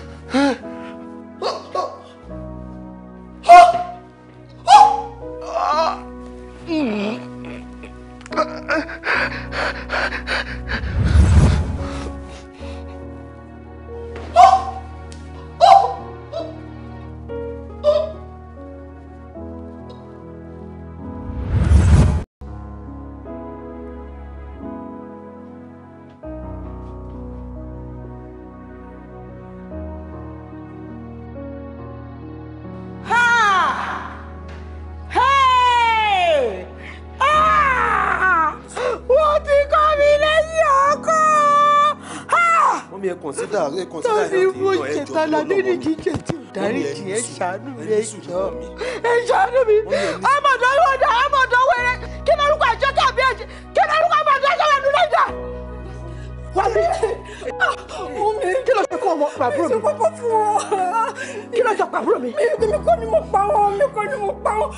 ẹ consider ẹ láti inú ẹjọ́ tó lọ́mọ mi dáríjì ẹ ṣàánú mi ẹ jọ ẹ ṣàánú mi ọmọdé wọdà ọmọdé wẹrẹ kí lórúkọ àjọ tàbí ẹjẹ kí lórúkọ àmọdé ọjọ wà nínú ọjà. wàmí kí ló ṣe fún ọmọ pàbúrò mi. ìṣòkòkò fún ọ. kí ló ṣe pàbúrò mi. mi kọ́ ni mo pa wọn mi kọ́ ni mo pa wọn.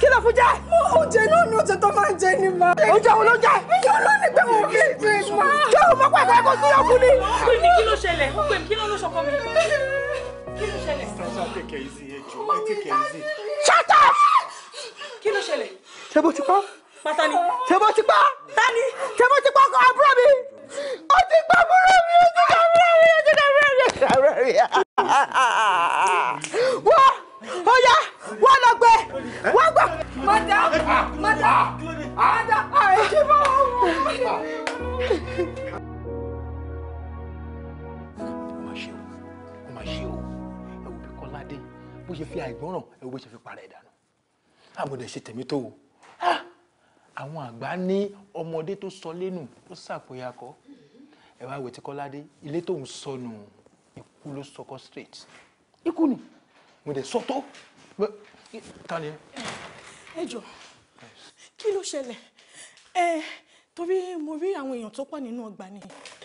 kí ló fún jẹ́. oúnjẹ náà ni oúnjẹ tó máa ń jẹ ni màá. oúnjẹ wo ló jẹ. mi yóò lónìí ọmọ ṣé o mọ̀ pàtó ẹ̀kọ́ sí ọkùn ni. ó pè mí kí ló ṣẹlẹ̀ ó pè mí kí ló ló ṣọkọ mi kí ló ṣẹlẹ̀. sasa take easy ẹ jọ ẹ take easy. shut up. kí ló ṣẹlẹ̀. ṣé bó ti kọ́. àmọ̀dẹ̀ ṣe tẹ̀mí tó wò àwọn àgbà ní ọmọdé tó sọ lẹ́nu ó ṣàpòyakọ́ ẹ wá wẹ̀ tí kọ́ládé ilé tóun sọnù ikú ló sọkọ́ straight ikú ni mo dẹ̀ sọ tó ta ni. ẹ jọ kí ló ṣẹlẹ̀ ẹ torí mo rí àwọn èèyàn tó pọ̀ nínú ọgbà ni.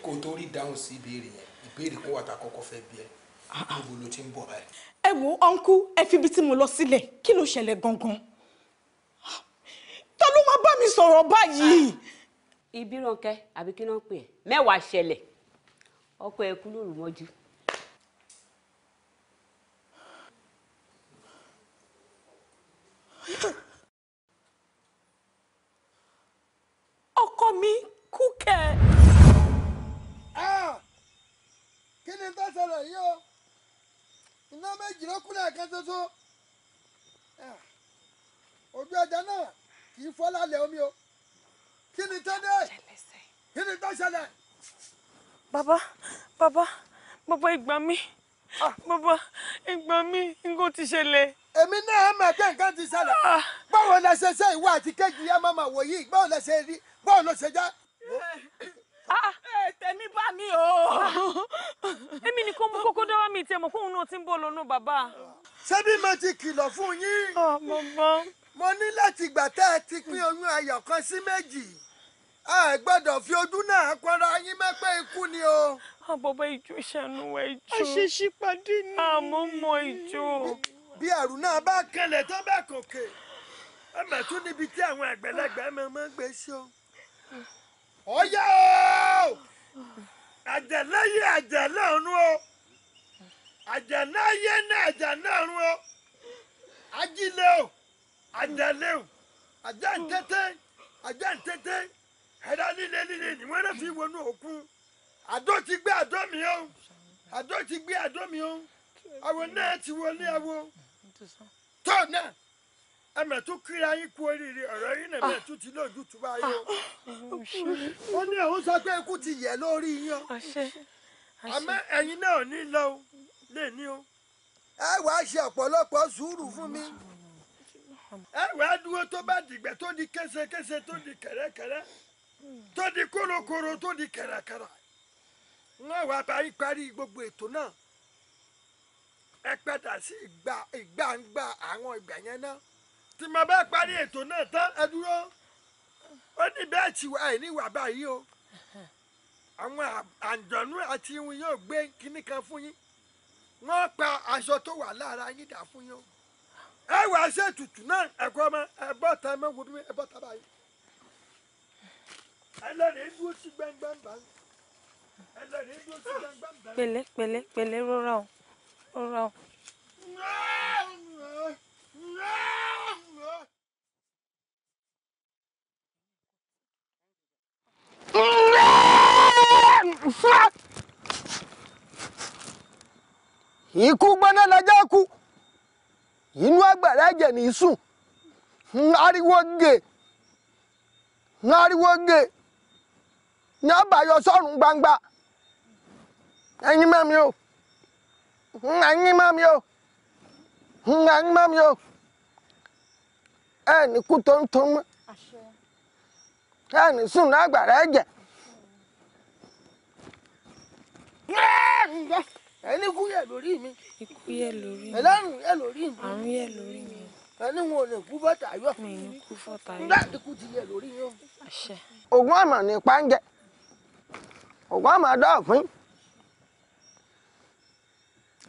kò tó dáhùn sí ìbéèrè yẹn ìbéèrè kó wà tá a kọ́kọ́ fẹ́ bí ẹ ah, ah. níbo ló ti ń bọ̀ báyìí. ẹ wo ọ̀nkú ẹ fi ibi tí mo lọ sílẹ̀ kí ló ṣẹlẹ̀ gangan ta ló máa bá mi sọ̀rọ̀ báyìí. Ah, ibi ránkẹ́ àbí kí ló ń pè é mẹ́wàá ṣẹlẹ̀ ọkọ ẹ kú lóru mọ́jú. ọkọ mi kú kẹ. Ah, kí ni tó ṣẹlẹ̀ yìí o iná méjì ló kú lẹ́ẹ̀kan ṣoṣo ah, ojú ẹja náà kì í fọ́ lálẹ́ omi o kí ni tẹ́lẹ̀ kí ni tó ṣẹlẹ̀. bàbá bàbá bàbá ìgbà mi ah. bàbá ìgbà mi nǹkan ti ṣẹlẹ̀. èmi náà mọ̀ pé nǹkan ti ṣẹlẹ̀ ah. báwo lẹ ṣe ṣe ìwọ àti kejì yẹn máa wò yìí báwo lẹ ṣe rí báwo ló ṣe já. Ah. Eh, eh, tèmi bá mi o. [LAUGHS] èmi nìkan mú kókó dáwà mi tẹ̀ mọ́ kóun náà ti ń bọ̀ lọ́nà bàbá. ṣebí mo ti kìlọ̀ fún yín. mo ní láti gbà tá ẹ ti pín oyún ayọ̀ kan sí méjì ẹ gbọ́dọ̀ fi ojú náà pọ́nra yín mẹ́pẹ́ ikú ni o. A àbọ̀bọ̀ ìjọ ìṣẹ̀nu wa ìjọ. àṣeṣí padì ni. àmọ́ mọ ìjọ. bí àrùn náà bá kẹlẹ̀ tó bẹ́ẹ̀ kòkè ẹ mà tún níbi tí àwọn àgbẹ̀lẹ́gbẹ̀ máa máa ń gbé sí o. ọ̀yá o àjẹ̀lẹ́ yé àjẹ̀lẹ́ ọ̀run o àjẹ̀lẹ́ yé ní àjẹ̀lẹ́ ọ̀run o ajílẹ̀ o. adalew ajantete ajantete ẹ̀dá líle líle ni wọ́n fi wọnú òkun àdó ti gbé àdó mi o àdó ti gbé àdó mi o àwọn náà ti wọlé àwo tó náà ẹmẹ tó kíra yín kú oríire ọ̀rọ̀ yín náà mẹ tó ti lójú tó bá yọ ó ní òun sọ pé ikú ti yẹ lórí yín àmọ́ ẹ̀yin náà ò ní lọ lè ní o ẹ wàá ṣe ọ̀pọ̀lọpọ̀ sùúrù fún mi ẹ wàá dúró tó bá dìgbẹ́ tó di késekése tó di kẹ̀rẹ́kẹ̀rẹ́ tó di kólókoro tó di kẹ̀rẹ́kẹ̀rẹ́ wọn wàá bá yín parí gbogbo ètò náà ẹ padà sí ìgbà ìgbàǹgbà àwọn ìgbà yẹn náà tí mo bá parí ètò náà tán ẹ dúró ó ní bẹ́ẹ̀ tí wà ní ìwà báyìí o àwọn àǹjọ̀nú àti irun yóò gbé kinní kan fún yín wọ́n pa aṣọ tó wà lára yín dà fún yín o ɛwɔ ase tutu na ɛkɔma ɛbɔ tama wo bi ɛbɔ taba yi ɛlɛ de edu osi gbɛngbɛngbɛn ɛlɛ de edu osi gbɛngbɛngbɛn. pẹ̀lẹ́ pẹ̀lẹ́ pẹ̀lẹ́ rọra o rọra o. ikú gbọ́ná lajá kú inú agbára ẹ̀jẹ̀ ní sùn ariwo gè ariwo gè ní àbáyọ sọ́run gbangba ẹ̀yin mọ́ mi o ẹ̀yin mọ́ mi o ẹ̀yin mọ́ mi o ẹ̀ẹ́nì kú tó ń tó sùn ní agbára ẹ̀jẹ̀. Yes! ẹni kú yẹ lórí mi. ikú yẹ lórí mi. ẹlẹ́rùn yẹ lórí mi. àrùn yẹ lórí mi. ẹni wọn ò lè kú fọ́tà yọ. mi ò ní kú fọ́tà yọ. nígbà tí kú ti yẹ lórí yọ. àṣẹ. ògùn àmà ní pàǹjẹ ògùn àmà dọ́ọ̀fín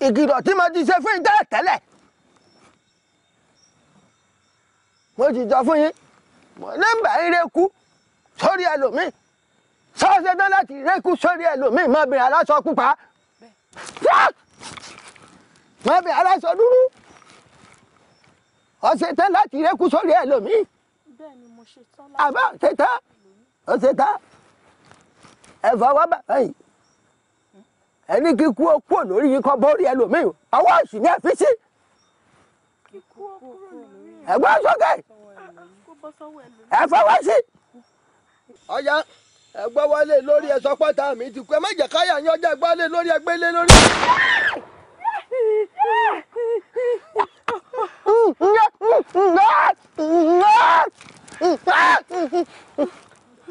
ìkìlọ̀ tí mo ti ṣe fún yín tẹ́lẹ̀ tẹ́lẹ̀ mo ti jọ fún yín mo ní bá ń rékú sórí ẹlòmíì sọ́ọ́sẹ̀ tán láti rékú sórí ẹlòmíì mọ́bìnrin aláṣọ pupa wọn bẹ aláṣọ dúró ọ̀sẹ̀ tán láti rékú sórí ẹ̀ lómi àbá ọ̀sẹ̀ tán ọ̀sẹ̀ tán ẹ̀fọ́ wa bá ẹ̀yìn ẹni kíkú ó kúrò lórí yín kọ́ bórí ẹ lómi ọwọ́ òsì ní ẹ̀fí sí ẹ̀gbọ́n sókè ẹ̀fọ́ wá sí ọ̀yá ẹ gbọ́ wọlé lórí ẹ sọ mi ti kú ẹ má jẹ́ káyà yín ọjà gbọ́ wọlé lórí ẹ gbélé lórí.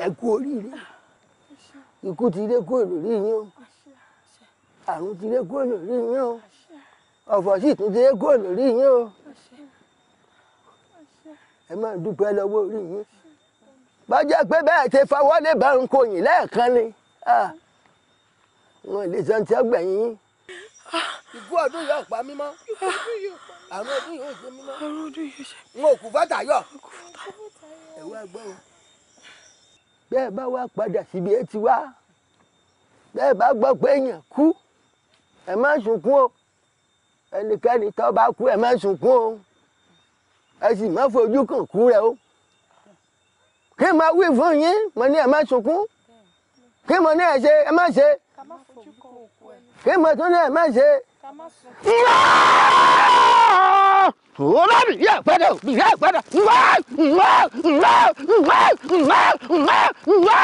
ẹ kú oríire ikú ti dé kó lórí yín o àrùn ti dé kó lórí yín o ọ̀fọ̀ sì ti dé kó lórí yín o ẹ máa dúpẹ́ lọ́wọ́ orí yín bọ́jọ́ pé bẹ́ẹ̀ ti fọwọ́ lé bá ń kọyìn lẹ́ẹ̀kan ni wọn lè san tí ó gbẹ̀yìn. ìkú ọdún yóò pa mí mọ́ àrùn ọdún yóò ṣe mí mọ́ n ò kú fọ́tà yọ. ẹ wá gbọ́ o bẹ́ẹ̀ bá wá padà síbi etí wá bẹ́ẹ̀ bá gbọ́ pé èèyàn kú ẹ má sunkún o ẹnikẹ́ni tó bá kú ẹ má sunkún o ẹ sì má fojú kàn kú rẹ o kí n máa wí fún yín mo ní ẹ má sunkún kí mo ní ẹ ṣe ẹ má ṣe kí mo tún ní ẹ má ṣe. Olórí yẹ gbẹdẹ òbí yẹ gbẹdẹ nwá nwá nwá nwá nwá nwá nwá.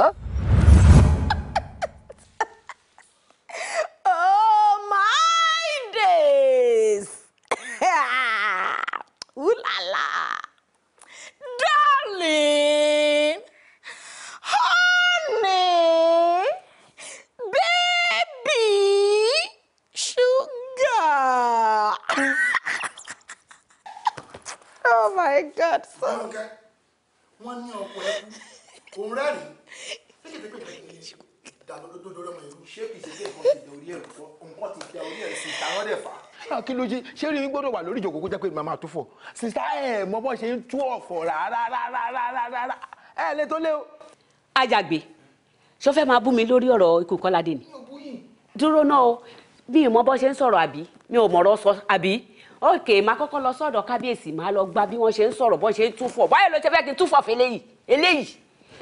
Huh? oh, my days. [LAUGHS] Ooh la la. Darling. Honey. Baby. Sugar. [LAUGHS] oh, my God. Okay. One year, Ah, kí ló jí ṣé rí gbọ́dọ̀ wà lórí ìjòkó kó jẹ́ pé màmá tó fọ̀ sista ẹ̀ mọ bọ́ ṣe ń tú ọ̀fọ̀ rárá rárá rárá ẹ̀ lè tó lé o. ajagbe ṣó fẹ́ máa bú mi lórí ọ̀rọ̀ ikú kọ́ládé ni dúró náà o mi ò mọ bọ́ ṣe ń sọ̀rọ̀ àbí mi ò mọ̀rọ̀ sọ àbí òkè máa kọ́kọ́ lọ sọ́dọ̀ kábíyèsí máa lọ gba bí wọ́n ṣe ń sọ̀rọ̀ bọ́ ṣe ń túfọ̀ báyọ̀ ló ṣe fẹ́ kí n túfọ̀ fẹ́lẹ́yìí eléyìí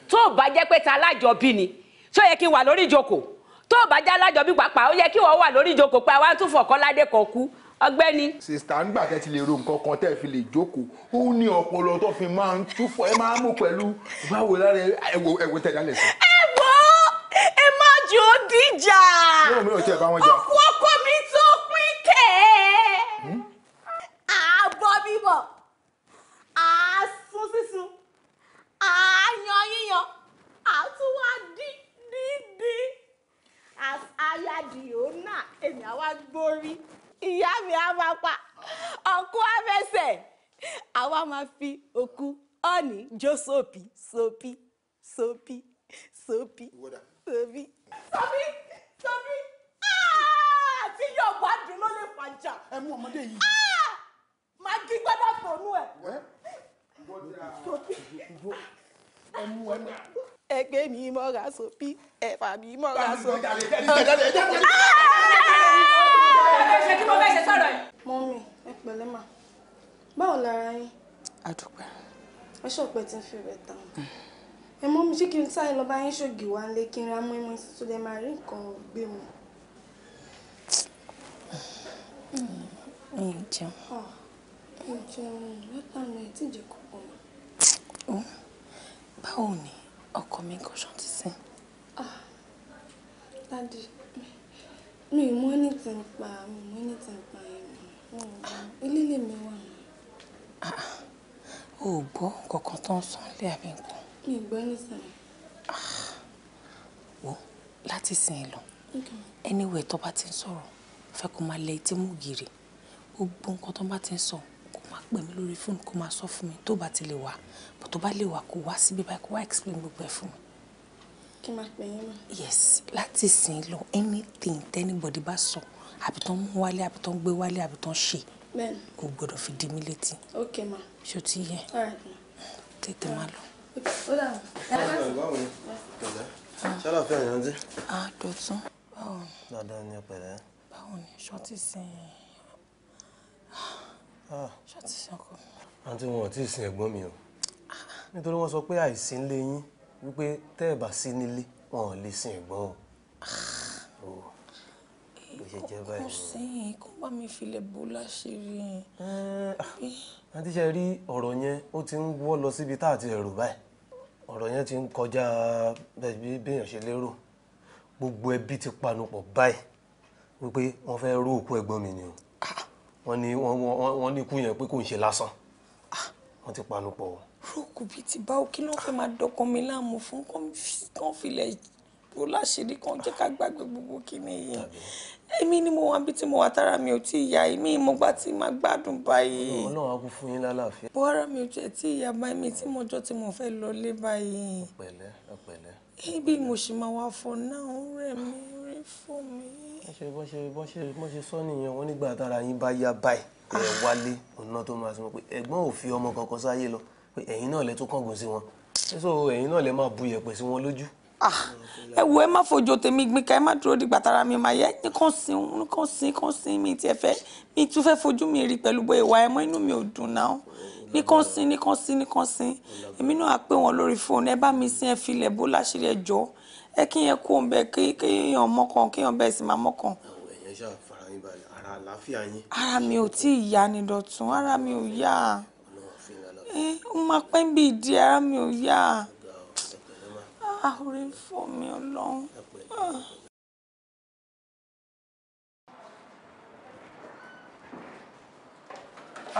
tó bá jẹ́ pé ta alájọbí ni ṣó yẹ kí n wà lórí ìjókòó tó o bá já lájọbí pàápàá ó yẹ kí wọ́n wà lórí ìjókòó pé àwa tún fọ̀kọ́ládé kan kú ọ̀gbẹ́ni. sista nígbà tẹ ti lè ro nǹkan kan tẹ fi lè jókòó ó ní ọpọlọ tó fi máa ń túfọ ẹ máa mú pẹ̀lú báwo lára ẹwọ ẹwọ tẹ dálẹ sí. ẹ wo ẹ má jò ó ọkọ ọkọ mi tó pín kẹ ẹ hmm? àbọ̀ bíbọ̀ sísun àáyan yíyan àtúwádìí orí as aya ona èmi àwa gbórí ìyá mi á máa pa ọkú afẹsẹ̀ àwa máa fi òkú ọ̀nì jó sóòpì sóòpì sóòpì sóòpì sóòpì sóòpì sóòpì ah! àti yóò bá dùn ló lè fàjà. ẹ mú ọmọdé yìí. Ah! máa gí gbọ́dọ̀ tònú ẹ. sóòpì ẹ mú ẹ mú ẹgbẹ́ mi mọ́ra sóbí ẹ̀fà mi mọ́ra sóbí. ṣé kí mo bẹ́ẹ̀ ṣe sọ̀rọ̀ yìí. mọ́mí ẹ pẹ̀lẹ́ mà báwo lára yín. a dúpẹ́. ẹ ṣọ̀pẹ́ tí ń fi rẹ̀ tán. ẹ mọ́mí ṣé kí n sáré lọ bá yín ṣògì wá lé kí n ra mú imú tuntun lè máa rí nǹkan gbé mu. ẹ̀yin jẹun. ẹ̀yin ah, jẹun látàná ẹ̀ tí ì pọ̀ mọ́. báwo ni ọkọ mi kò ṣàn ti sìn. Ah, dadi mi ì mọ̀ ní ti ń pa mi ì mọ̀ ní ti ń pa ẹ̀mí ilé lèmi wà. Ah, o ò gbọ́ kankan tó ń sọ nílé àbí nǹkan. mi ì gbọ́ nísìnyí. Ah, wo láti sìn lọ anyway tó bá ti ń sọ̀rọ̀ fẹ́ kó máa lẹ etí mú gìrì gbogbo nǹkan tó bá ti ń sọ pè mí lórí fóònù kó máa sọ fún mi tó bá ti lè wá bó tó bá lè wá kó wá síbí báyìí kó wá explain gbogbo ẹ̀ fún mi. kí máa pè yín mọ́. yes láti sìn lọ anything tẹ́nibọ̀dì bá sọ àbí tó ń mú wálé àbí tó ń gbé wálé àbí tó ń ṣe kò gbọdọ̀ fi di mí létí. ok ma. ṣó ti yẹ tètè máa lọ. ó dà wọ́n. ṣálà fẹ́ àyànjú. a ah, dọ̀tún báwo ni. dáadáa ni ọ̀pẹ̀lẹ́. báwo ni ṣọ́ọ́tì sìn. Ah ṣọ́ọ̀tì sanko. àǹtí wọn ò tí ì sin ẹ̀gbọ́n mi o nítorí wọ́n sọ pé àìsí ń lé yín wípé tẹ́ ẹ̀ bá sí nílé wọn ò lè sin ẹ̀gbọ́n o. Ah. Oh, kò sí kó bá mi filẹ̀ bó láṣìírí. Eh, ah. àǹtí ṣe rí ọ̀rọ̀ yẹn ó ti ń wọ́ lọ síbi tá àti ẹ̀rù báyìí ọ̀rọ̀ yẹn ti ń kọjá béèyàn ṣe lérò gbogbo ẹbí ti panupọ̀ báyìí wípé wọ́n fẹ́ rú òkú ẹ̀gbọ́n mi ni o. Ah wọ́n ní wọ́n ní ikú yẹn pé kò ń ṣe lásán ah. wọ́n ti panu pọ̀. rúkú bíi ti báwo kí ló fẹ́ máa dọkàn mi láàmú fún kàn filẹ̀ bó láṣìírí kan jẹ́ ká gbàgbé gbogbo kíní yẹn èmi ni mo wà níbi tí mo wà tára mi ò tí ì yá èmi ìmọ̀gbà tí màá gbádùn báyìí. ọlọ́run á kú fún yín lálàáfíà. bó ara mi ò jẹ́ tí ìyá bá mi tí mo jọ tí mo fẹ́ lọ lé báyìí. ọ̀pẹ̀lẹ́ ọ̀pẹ̀lẹ́. bí mo ṣe máa wà fọ náà ó rẹ̀ mí ṣoore fún mi. ṣe bọ́ ṣe bọ́ ṣe bọ́ ṣe sọ nìyẹn wọn nígbà tára yín bá yá báyìí ẹ wálé ọ̀nà tó máa sọ pé ẹ̀gbọ́n ò fi ọmọ kankan sáyé lọ pé ẹ̀yin náà lẹ tún kángun sí wọn ṣé ẹ̀yin náà lẹ máa bu yẹ̀pẹ̀ sí wọn lójú. Ah, ẹ wo ẹ má fojú tèmi gbin ká ẹ má dúró dìgbà tára mi máa yẹ nìkan sin nìkan sin nìkan sin mi tí ẹ fẹ́ mi tún fẹ́ fojú mi rí pẹ̀lú bó ìwà ẹ inú mi ò dùn náà nìkan sin nìkan sin nìkan sin èmi náà á pè wọn lórí fóònù ẹ bá mi sin ẹ filẹ̀ bó láṣìírí ẹ jọ̀ọ́ ẹ kí yẹn kó bẹ kí yẹn mọ́kàn kí yẹn bẹ́ẹ̀ sì máa mọ́kàn. ẹ̀yẹ́ ṣáà fara yín balẹ̀ ara àlàáfíà yín. ara mi ò tí ì yá ni dọ̀tún ara mi ò yá n máa pẹ́ bí ìdí ara mi ò yá ah, orí ń fọ́ mi ọlọ́run. Ah.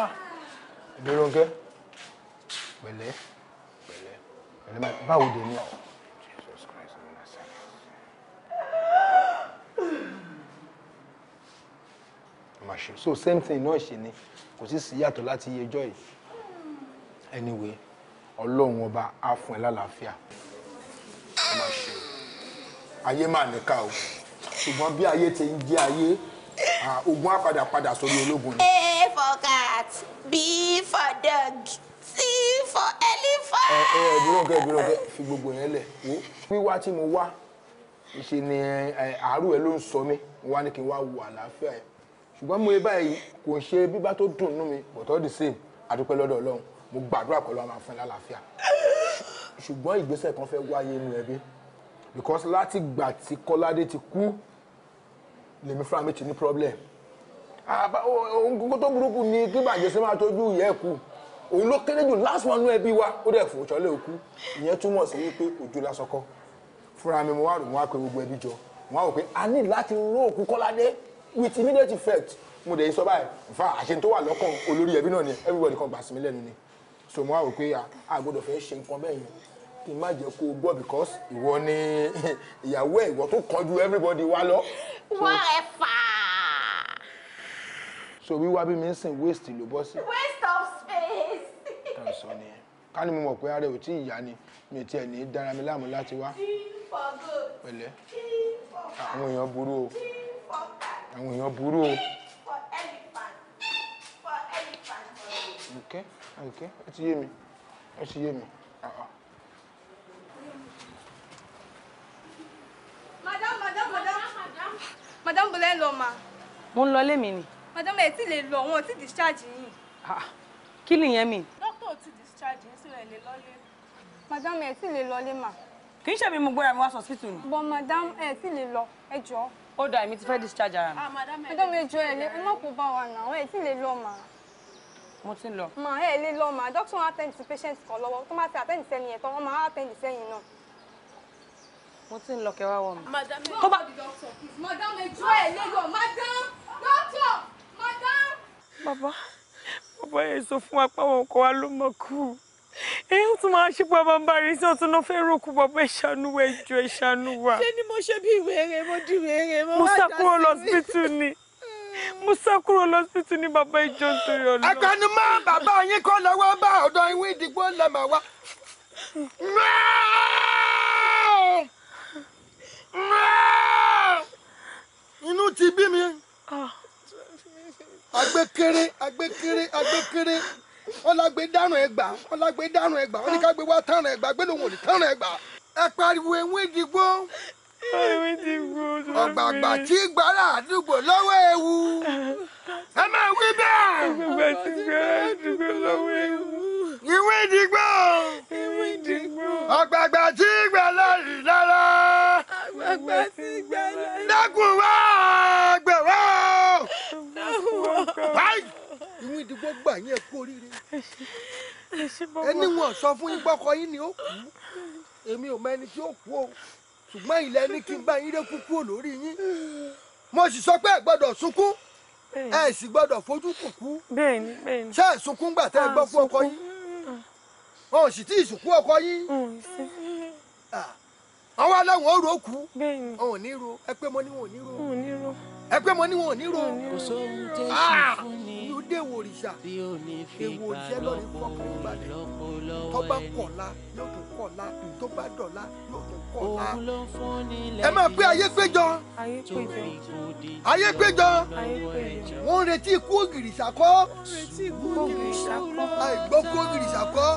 Ah, ìbéèrè oúnjẹ pẹ̀lẹ́ pẹ̀lẹ́ báwo dé ní àwọn. máa so same thing náà ṣe ni kò sí sí yàtọ̀ láti iye ọjọ́ yìí anyway ọlọ́run ọba á fún ẹ lálàáfíà ayé máa nìka o ṣùgbọ́n bí ayé ti ń jẹ́ ayé ogun á padà sórí ológun ni. a for cat b for dog c for elephant. ẹ ẹ dúró kẹ dúró kẹ fi gbogbo yẹn lẹ wo wíwá tí mo wá ìṣe ni àárò ẹ ló ń sọ mí wá ní kí n wá wo àlàáfíà yẹn ṣùgbọ́n mo yẹ báyìí kò ń ṣe bíbá tó dùn nú mi but all the same àdúpẹ́ lọ́dọ̀ ọlọ́run mo gbàdúrà pẹ̀lú àwọn afẹ́ lálàáfíà ṣùgbọ́n ìgbésẹ̀ kan fẹ́ wáyé inú ẹbí because láti gbà tí kọ́ládé ti kú lèmi fúnra mi ti ní problem ohun tó burúkú ni kí bàjẹ́ sẹ́ máa tójú ìyá ẹ̀ kú òun ló kéré jù last one nú ẹbí wa ó dẹ̀ fò ìṣọ́lẹ̀ òkú ìyẹn túmọ̀ sí wípé òjò lásán kọ́ fúnra mi mo wá rò wọ́n á pe gbogbo ẹbí jọ wọ́n á wò pé a ní láti ró òkú kọ́ládé with immediate effect mo dẹ̀ sọ báyìí nfa àṣẹ tó wà lọ́kàn olórí ẹbí náà ni everybody kan gbà sí mi lẹ́nu ni so mo wá rò pé a gbọ́dọ̀ fẹ́ ṣe nǹkan bẹ́ẹ̀ yẹn kí n má jẹ́ kó o gbọ́ because ìwọ ni [LAUGHS] ìyàwó ẹ̀ ìwọ tó kọjú everybody wá lọ. wá ẹ fà á. so wíwá bí mi ń sìn waste ló bọ́ sí. waste of space. tàn sọ ni ká ní mo mọ̀ pé ara ò tí ì yá ni mi ò tiẹ̀ ní dára mi láàmú láti wá. pẹ̀lẹ́ àwọn èèyàn burú o àwọn èèyàn burú o. okay okay ó ti yé mi ó ti yé mi. madam madam madam madam bọ́lá ẹ lọ mà. mo ń lọ lémi ni. madam ẹ ti lè lọ wọn ò ti discharge yín. kí nìyẹn mi. dókítà ò ti discharge yín sílẹ̀ lè lọ́lé. madam ẹ ti lè lọlé mà. kì í ṣe mi mo gbọ́ra mi wá sọ́sítù ni. bọ́ madam ẹ ti lè lọ ẹ jọ̀ọ́ ó dà èmi ti fẹ́ discharge ara ah, madam, ẹjọ́ mi jọ ẹ̀ ẹ má kó bá wa nà ẹ tí lè lọ mà. mo ti ń lọ. mà ẹ lè lọ mà doctor wọn attend to patient kan lọ́wọ́ tó máa ti attend sẹ́yìn ẹ̀ tán wọ́n máa attend sẹ́yìn náà. mo ti ń lọ kẹwàá wọ̀ mi. madam ẹ jọ ẹ doctor please madam ẹ jọ ẹ lè lọ madam doctor madam. bàbá bàbá yẹn sọ fún wa pé àwọn ọkọ wa ló mọ kú èyí ó tún máa ṣe bàbá ń bá rí sí ọtún náà fẹ́ẹ́ rókù bàbá ìṣàánú wa ìjọ ìṣàánú wa. ṣé ni mo ṣe bí wèrè mo di wèrè mo wá dá sí mi. mo sá kúrò lọ́sibítù ni bàbá ìjọ nítorí ọ̀nà. akanumọ bàbá yín kọ́ lọ́wọ́ bá ọ̀dọ̀ ìwé ìdìbò lẹ́mọ̀ wá. inú ti bí mi agbẹ́kẹ́rẹ́ ah. agbẹ́kẹ́rẹ́ agbẹ́kẹ́rẹ́ ọlágbé dáràn ẹgbà ọlágbé dáràn ẹgbà wọn ní ká gbé wá táràn ẹgbà gbé lòun ò ní táràn ẹgbà. ẹ pariwo ewé dìgbò. ewé dìgbò. ọ̀gbàgbà tí gbàrà àdúgbò lọ́wọ́ ewu. ẹ máa wí bẹ́ẹ̀. ọ̀gbàgbà tí gbàrà àdúgbò lọ́wọ́ ewu. ìwé dìgbò. ìwé dìgbò. ọ̀gbàgbà tí gbàrà ìlara. ọ̀gbàgbà tí gbàrà. dákun wá gbẹ̀wọ́. dákun wá. báyìí yín dìgbò gbà yín ẹ kú oríire ẹni wọn sọ fún yín gbọkọ yín ni ó kú èmi ò mọ ẹni tí ó kú o ṣùgbọ́n ilẹ̀ ní kí n bá yín rékú kúrò lórí yín mo sì sọ pé ẹ gbọ́dọ̀ sunkún ẹ sì gbọ́dọ̀ fojú kùkú ṣé ẹ sunkún gbà tẹ́ ẹ gbọ́ fún ọkọ yín wọn ò sì tí ì sùnkún ọkọ yín àwọn aláwọ̀ ọ̀rọ̀ kú wọn ní ro ẹ pé mo ní wọn ò ní ro ẹ pé mo ní wọn ò ní ro. kò sóhun tẹ́ ṣe fún ni dèwò òrìṣà èwò òrìṣà lọ́ọ̀rì fọkàn ìbàdàn tó bá kọ̀ọ̀la yóò tún kọ̀ọ̀la tó bá dọ̀la yóò tún kọ̀ọ̀la. ẹ máa pé ayé péjọ ayé péjọ wọ́n ń retí ikú ògìrìṣà kọ́ àìgbọ́ ògìrìṣà kọ́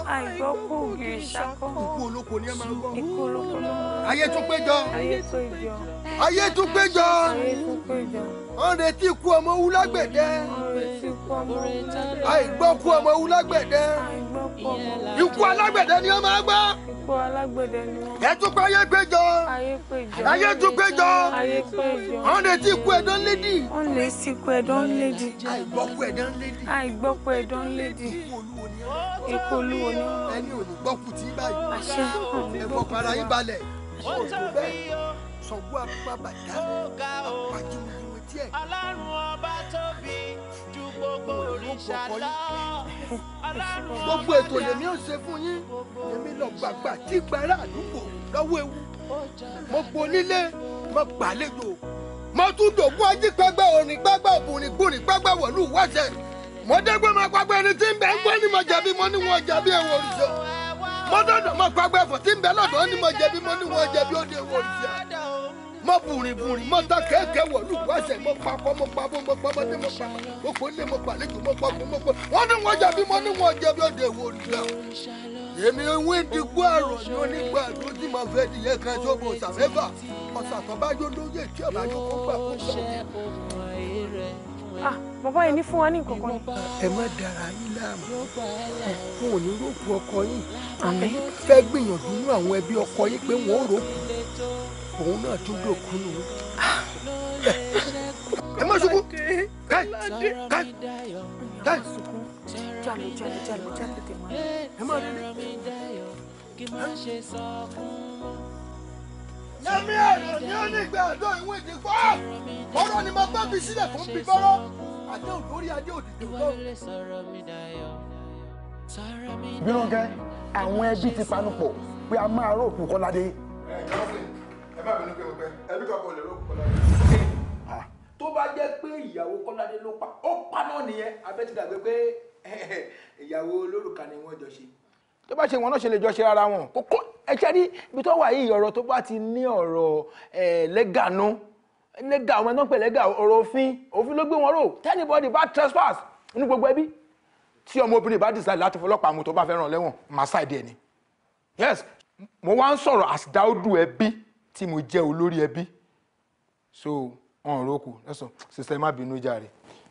ikú olóko ni ẹ máa ń gbọ́ ayé tún péjọ ayé tún péjọ wọ́n retí ikú ọmọ wú lágbẹ̀dẹ àìgbọ́ kú ọmọ wú lágbẹ̀dẹ ikú alágbẹ̀dẹ ni wọ́n máa gbọ́ ẹ tún pé ayé péjọ ayé tún péjọ wọ́n retí ikú ẹ̀dán lédì. wọ́n lè sí ikú ẹ̀dán lédì. àìgbọ́ kú ẹ̀dán lédì. àìgbọ́ kú ẹ̀dán lédì. ikú olúwo ni wọ́n. ẹni ò ní gbọ́ kú tí báyìí. àṣẹ ẹ fọkàn ara yín balẹ̀. sọ̀gbọ́n apá bàtà apájú díẹ̀. ọlọ́run ọba tóbi ju gbogbo òrìṣà lọ. gbogbo ètò lèmi ò ṣe fún yín èmi lọ gbàgbà tí gbàrà àdúgbò lọ́wọ́ ewu mo gbonílé mo gbàlejò mo tún dògún ají pẹgbẹ orin pẹgbẹ òbùnrin gbùnrin pẹgbẹ wọlú wọsẹ mo dégbé mo pàgbẹ ẹni tí ń bẹ ń gbọ́ ni mo jẹ̀bi mo ní wọn jẹ̀bi ẹ̀wọ̀n òrìṣà mo dọ̀dọ̀ mo pàgbẹ ẹ̀fọ́ tí ń bẹ lọ́dọ̀ ni mo jẹ̀bi mo ní wọn jẹ̀bi ó dé òrìṣà mọ bùrìbùrì mọ tán kẹ́kẹ́ wọ̀lú wáṣẹ mọ pakọ mọ pabọ mọ pabọdé mọ pa gbogbo ilé mọ pàlejò mọ pọkùn mọ pọ wọn ní wọn jẹ̀bi mọ ní wọn jẹ̀bi ọdẹ wo nìyà èmi wí digbó àrò ní onígbà tó ti mọ fẹ nìyẹn kan tó bò sàfẹ́fà ọ̀sàtọ̀bájọ́ lóye tí ọ̀bájọ́ kó gbà kó gbà ah bàbá yìí ní fún wa ní nǹkan kan. ẹ má dara yín láàmú n ò ní rògbò ọkọ yín àmì fẹ́ gbìyànjú nínú àwọn ẹbí ọkọ yín pé wọ́n rògbò òun náà tún dòkú nù. ẹ má sunkún káì káì káì. jalo jalo jalo jalo tètè máa ẹ má rí rí. Yẹ́mi ẹ̀rọ ni ó nígbà àdó ìwé ti fọ́. Ọ̀rọ̀ ni mo bá fi sílẹ̀ fún bíbọ́rọ́. Àdéhùn lórí adé òdìdó náà bírúkẹ́ àwọn ẹbí ti panupọ̀ pé a máa rò òkú kọ́ládé ẹ má bínú pé mo pẹ́ ẹbí kan kò lè ró kọ́ládé. Ah. Ah. tó bá jẹ́ pé ìyàwó kọ́ládé ló pa ó pa náà nìyẹn abẹ́ ti dàgbé pé [LAUGHS] ìyàwó olórùka ni wọ́n jọ ṣe. tó bá ṣe wọn náà ṣe lè jọ ṣe ara wọn kókó ẹ ṣe rí ibi tó wà yìí ọ̀rọ̀ tó bá ti ní ọ̀rọ̀ lẹ́gànú lẹ́gà ọmọ ẹ̀dán lẹ́gà ọ̀rọ̀ òfin òfin ló gbé wọn rò tẹ́nibọ́dì bá trespass nínú gbogbo ẹbí tí ọmọ bá decide láti fọlọ́pàá mu tó bá fẹ́ràn lẹ́wọ̀n màá ṣàìdí ni yes mo wá ń sọ̀rọ̀ as ẹbí tí mo jẹ́ olórí ẹbí so wọn ò rókù lọ́sọ̀ sísẹ má bínú jàre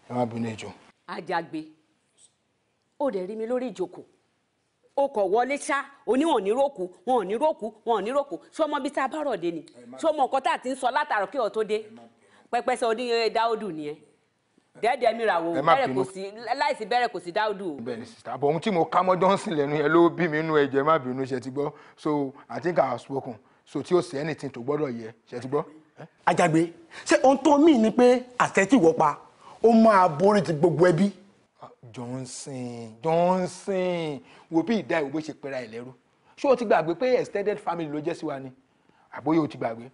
ẹ má bínú ẹjọ́. Àjàgbé ó dẹ̀ rí mi lórí ìjókòó ó kọ̀ wọlé ṣá oníwọ̀n ní rókù wọn ò ní rókù wọn ò ní rókù ṣé ọmọ bíi tá a bá rọ̀ dé ni ṣé ọmọ nǹkan tá a ti ń sọ látàrọ kí ọ tó dé pẹpẹsẹ oníyanye eh, dáódù nìyẹn dẹ́ẹ̀dẹ́ mi ràwọ̀ bẹ́rẹ̀ kò sí láìsí bẹ́rẹ̀ kò sí dáódù o. bẹ́ẹ̀ni sista àbọ̀ ohun tí mo ká mọ́ johnson lẹ́nu yẹn ló bí mi inú ẹ̀jẹ̀ má bínú ṣe ti gbọ́ so I think I have spoken so tí ó ṣe anything tó gbọ́dọ̀ yẹ ṣe ti gbọ́. Àjàgbé ṣé ohun tó mì ni pé àṣẹ tí ìwọ pa ó máa borí ti gbogbo ẹbí. Ah, Johnson Johnson wo bí ìdá ìwé ṣe pera ẹ lẹ́rú ṣé o ti gbàgbé pé extended family ló jẹ́ sí wa ni àbóyè o ti gbàgbé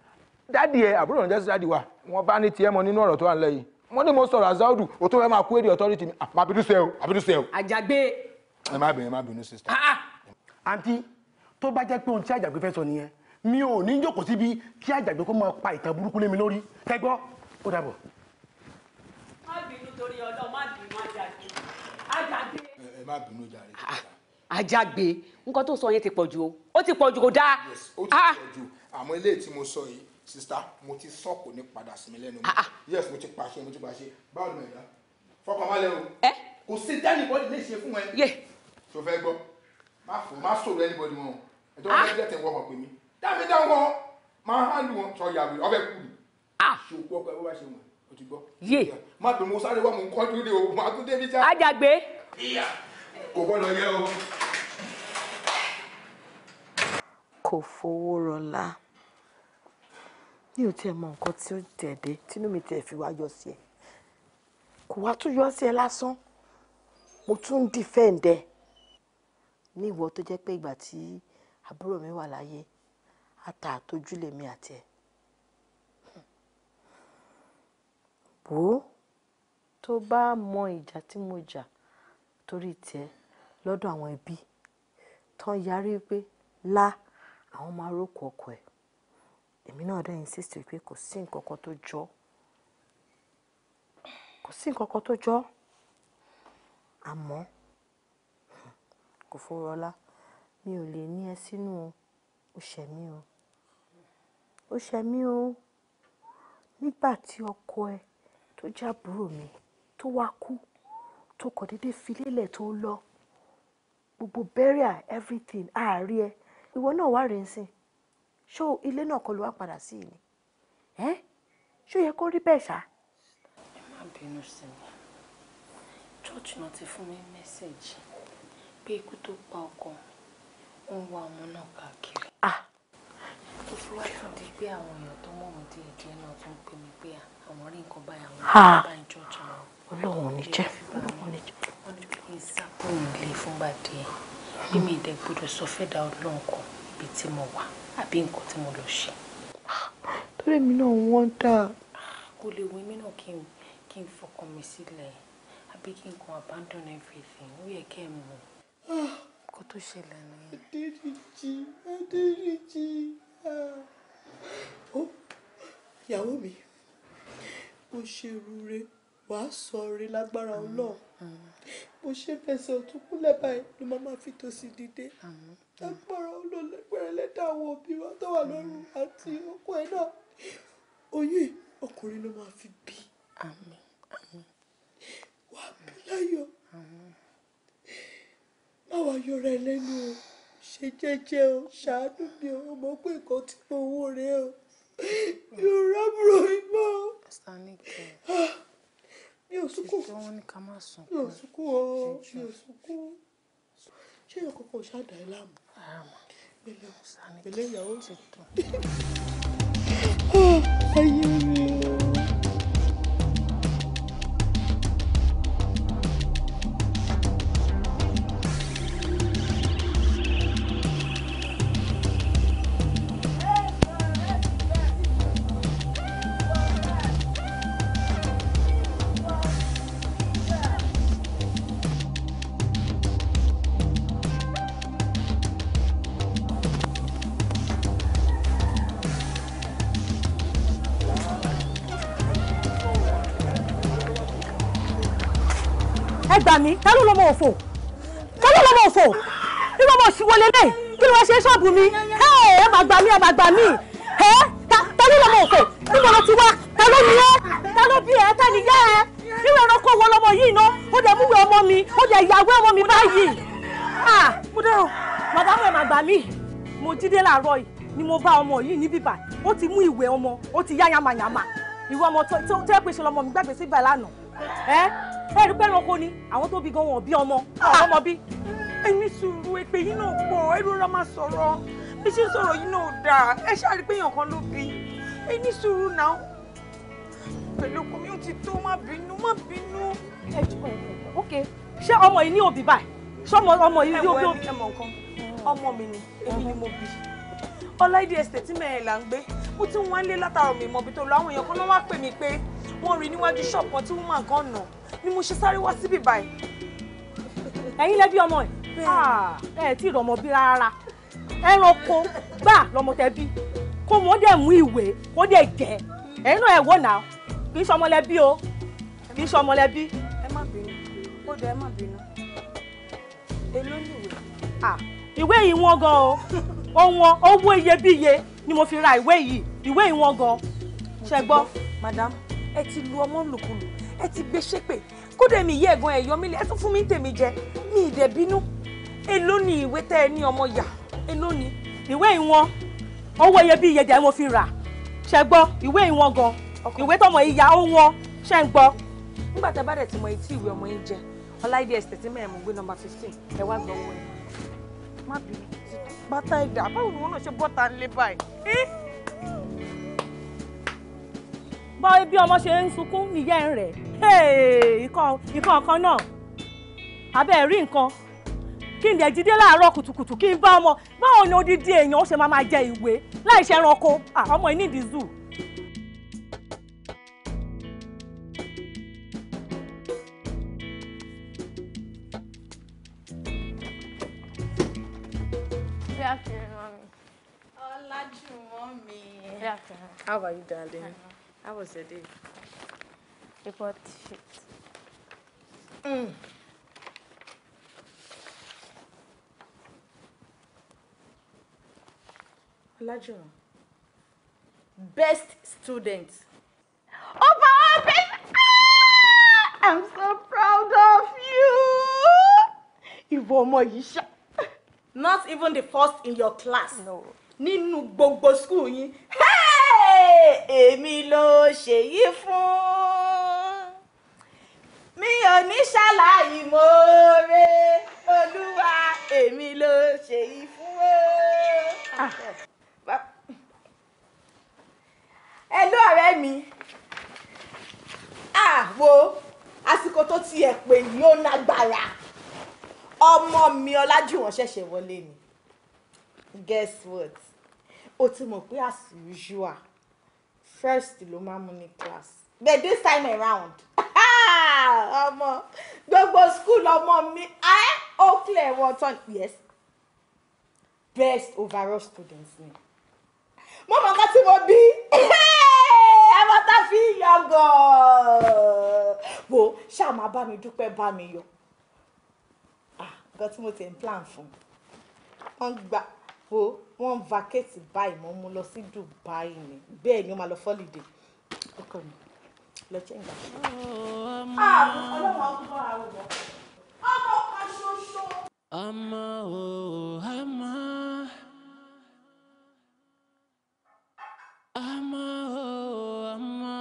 dádì ẹ àbúrò ló jẹ́ sí dádì wa wọn bá ní tiẹ́ mọ nínú ọ̀rọ̀ tó wà nílẹ̀ yìí mo ní mo sọ̀rọ̀ azaudu o tó fẹ́ máa kú èdè authority mi àmà ah, bínú sí ẹ o àbínú sí ẹ o. Àjàgbé. ẹ má bínú ẹ má bínú sister. àǹtí ah, tó bá jẹ́ pé ohun tí Àjàgbé fẹ́ sọ nìyẹn mi ò ní jókòó síbi kí àjàgbé kó máa pa ìtàn burúkú lé mi lórí tẹ́gbọ́ ó dàbọ̀. má bínú torí ọlọ́ọ̀ má bínú àjàgbé àjàgbé. ẹ má bínú jàre ah, ah, àjàgbé nǹkan tó sọ yẹn ti pọ̀ jù o ó ti pọ̀ jù kò dáa. yes ó ti ah, pọ̀ jù àmọ́ eléyìí tí mo sọ yìí sista mo ti sọ kò ní padà sí mi lẹ́nu mi yes mo ti pàṣẹ mo ti pàṣẹ báwo ni ẹ̀dá fọkàn má lẹ́rù eh? kò sí tẹ́nìbọ́dì lè ṣe fún ẹ tó fẹ́ gbọ́ má fò má sọ̀rọ̀ ẹnìbọ́dì o ẹ̀dọ́ wọn dábì dá wọn máa hàn wọn sọ yàwé ọbẹ̀ kù ní. ṣòkú ọkọ ẹ bó bá ṣe wọn o ti gbọ́. yé má dùn mo sáré wá mo ń kọ́jú ní o má tún débi sá. ajagbe. ìyá kò gbọ́dọ̀ yẹ o. kò fowó rọlá mi ò tiẹ̀ mọ nǹkan tí ó dẹ̀dẹ̀ tínú mi tiẹ̀ fi wá yọ sí ẹ kò wá tún yọ sí ẹ lásán mo tún ń dìfẹ́ǹdẹ̀ ní ìwọ tó jẹ́ pé ìgbà tí àbúrò mi wà láyé ata àtọ́jú lèmi àti ẹ̀. wò ó tó bá mọ ìjà tí mo jà torí tiẹ̀ lọ́dọ̀ àwọn ẹbí tán yarí pé lá àwọn máa rókò ọkọ ẹ̀ èmi náà dẹ́ insist pé kò sí nǹkan kan tó jọ kò sí nǹkan kan tó jọ àmọ́ kò fọwọ́ rọlá mi ò lè ní ẹ sínú ọṣẹ mi o. Ó ṣẹ mí o Nígbà tí ọkọ ẹ tó jẹ́ àbúrò mi tó wá kú, tó kọ̀ dédé fi tó lọ, gbogbo burial everything, a rí ẹ. Ìwọ náà wà rẹ́ nsìn. Ṣé ilé náà kọ́ ló wá padà sí ni? Ẹ́! yẹ kó rí bẹ́ẹ̀ ṣá? Ẹ má bínú sí mi. Church náà ti fún mi message pé ikú tó pa ọkọ ń wá ọmọ náà káàkiri. Ah! tó fi wá tún di pé àwọn èèyàn tó mọ̀ mí díẹ̀ díẹ̀ náà tún pè mí pé àwọn rí nǹkan báyìí àwọn nǹkan báyìí jọjọ. ọlọ́run ní jẹ́ ọlọ́run ní jẹ́. wọ́n ní kí n sápòrò ilé fúngbà díẹ̀ bí mi ìdẹ gbọ́dọ̀ sọ mo wà àbí ah. nǹkan tí mo lọ ṣe. torí kò tó ṣẹlẹ̀ nìyẹn. adéríjì adéríjì ó ìyàwó mi bó ṣe rure wàá sọ rí lágbára ọlọ́run bó ṣe fẹsẹ̀ ọ̀tún kúnlẹ̀ báyìí ló máa máa fi tòsí dìde lágbára olólùgbẹ̀rẹ̀ lẹ́dà àwọn òbí wa tó wà lọ́rùn àti ọkọ ẹ̀ náà oyún ọkùnrin ló máa fi bí wàá bí láyọ̀ má wàá yọra ẹ lẹ́nu o ṣe jẹ́jẹ́ o ṣàánú mi o mo pé nǹkan tí mo wò rèé o yóò rábùrò mi mọ́ o. mi ò eh, sunkún mi ò sunkún o mi ò sunkún ṣé ìyá kọkọ ṣáàdà láàmú pẹ̀lẹ́ ìyàwó ah, ayé ẹ gbà mí ta ló lọ́mọ òfò ta ló lọ́mọ òfò irú ọmọ òsì wọlé lè kí ni wọ́n ṣe ṣọ́ọ̀bù mi ẹ máa gbà mí ẹ máa gbà mí ẹ ta ló lọ́mọ òfò níbo ló ti wá ta ló ní ẹ ta ló bí ẹ ta ni yá ẹ irú ẹranko wo lọmọ yìí ná ó dẹ̀ múwèé ọmọ mi ó dẹ̀ ìyàwó ọmọ mi báyìí ah mo dẹ́rọ màdàmú ẹ máa gbà mí mo jíde láàárọ̀ yìí ni mo bá ọmọ yìí ní bíbà ó ti mú ìwé ọmọ ó ti yá yamayama ìwé ọmọ tó jẹ́ pé ṣe lọmọ mi gbàgbé sí bàlánà ẹ́ ẹ̀rí pẹ́ ẹranko ni àwọn tó bí gan wọn bí ọmọ ọmọ bí. ẹni sùúrù èpè yìí náà pọ̀ ẹrú ọ̀rọ̀ máa sọ̀rọ̀ bí ṣe ń sọ̀rọ̀ yìí náà dáa ẹ ṣáàrí pé èèyàn kan ló bí ẹni sùúrù náà pẹ̀lú ọkọ mi ó ti tó má bínú má bínú. ẹ jọ ok ṣé ọmọ yìí ní òbí báyìí ṣọmọ ọmọ yìí ní òbí òbí. ẹ wọ ẹ mọ nǹkan mm. ọmọ mi ni èmi ni mm-hmm. mo bí ọláìdí estate mẹ́rin là ń gbé mo ti ń wá lé látara mi mọ̀ bí tó lọ àwọn èèyàn kan ló wá pè mí pé wọ́n rí níwájú ṣọ́ọ̀pù kan tí woman kan nà ni mo ṣe sáré wá síbí báyìí. ẹ̀yin lẹ́bí ọmọ ah. ẹ̀ ẹ̀ tí ìrọ̀mọ bí rárá ẹranko gbà lọmọ tẹ bí kó wọ́n dẹ̀ mú ìwé kó dẹ̀ gẹ̀ ẹ̀yin náà ẹ̀ wò náà kì í ṣọmọlẹ́bí o kì í ṣọmọlẹ́bí. ẹ má bínú ó dẹ ẹ má bínú èló ni ìwé. Ah, ìwé yìí wọ́n gan o ó wọ́n ó wó iyebíye ni mo fi ra ìwé yìí ìwé yìí wọ́n gan ṣe gbọ́. madam ẹ ti lu ọmọ lùkulù ẹ ti gbé ṣépè kódà mi yé ẹ̀gbọ́n ẹ̀yọ́ mi ẹ tún fún mi tèmi jẹ ní ìdẹ̀bínú èló ni ìwé tẹ́ ẹ ní ọmọ yà èló ni. ìwé yìí wọ́n owó iyebíye dẹ̀ mo fi rà ṣe gbọ́ ìwé yìí gan ìwé tọmọ yìí ó wọ́n ṣe ń gbọ́. nígbà tá a bá dẹ̀ ti mọ etí ìwé ọmọ yìí jẹ ọláìdí ẹ̀sìtẹ̀tì mẹ́rin mo gbé nọmba fifteen ẹ wá gbọ́ owó ẹ̀ má bínú bàtà ìdá báwo ni wọn náà ṣe bọ́ta nílé báyìí. bọ́ ibi ọmọ ṣe ń sunkún ìyá ẹ̀ rẹ̀ ìkan kan náà abẹ́ rí nǹkan kí n lè jíde láàárọ̀ kùtùkùtù kí n bá ọmọ báwo ni odidi èèyàn ó ṣe máa máa jẹ ìwé láì ṣe ẹranko ọmọ yìí nídìí zoo afternoon, mommy. Ọlájú, mommy. Good afternoon. How are you, darling? Hello. How was your day? Report. was shit. Mm. Ọlájú, best student. Oh, my best! I'm so proud of you. Ìwọ ọmọ not even the first in your class No. nínú gbogbo school yín èmi ló ṣèyí fún mi ò ní ṣàlàyé mọ́ọ́rẹ́ olúwa èmi ló ṣèyí fún o. ẹ̀lú ah. ọ̀rẹ́ mi àwo ah, àsìkò tó tiẹ̀ pè yóò nágbára ọmọ mi ọlájúwọ̀n ṣẹ̀ṣẹ̀ wọlé ni guess what o ti mọ̀ pé as usual first ló máa mú ní class but this time around [LAUGHS] ọmọ gbogbo school ọmọ mi ẹ ó clear wọ́n tán yes best overall students ni mo mọ̀ nǹkan tí mo bí [LAUGHS] ẹ mọ̀ tá fi yọ̀ gan-an wo ṣáà máa bá mi dúpẹ́ bá mi yọ̀ nǹkan tí mo ti ń plan fún wọ́n gba wo wọ́n vacate báyìí mo mú lọ sí Dubai ni bẹ́ẹ̀ ni ó máa lọ fọ́lìdè ọkọ mi lọ jẹ́ ah, ìgbà. ọmọ kan ṣoṣo. ọmọ o ọmọ. ọmọ o ọmọ.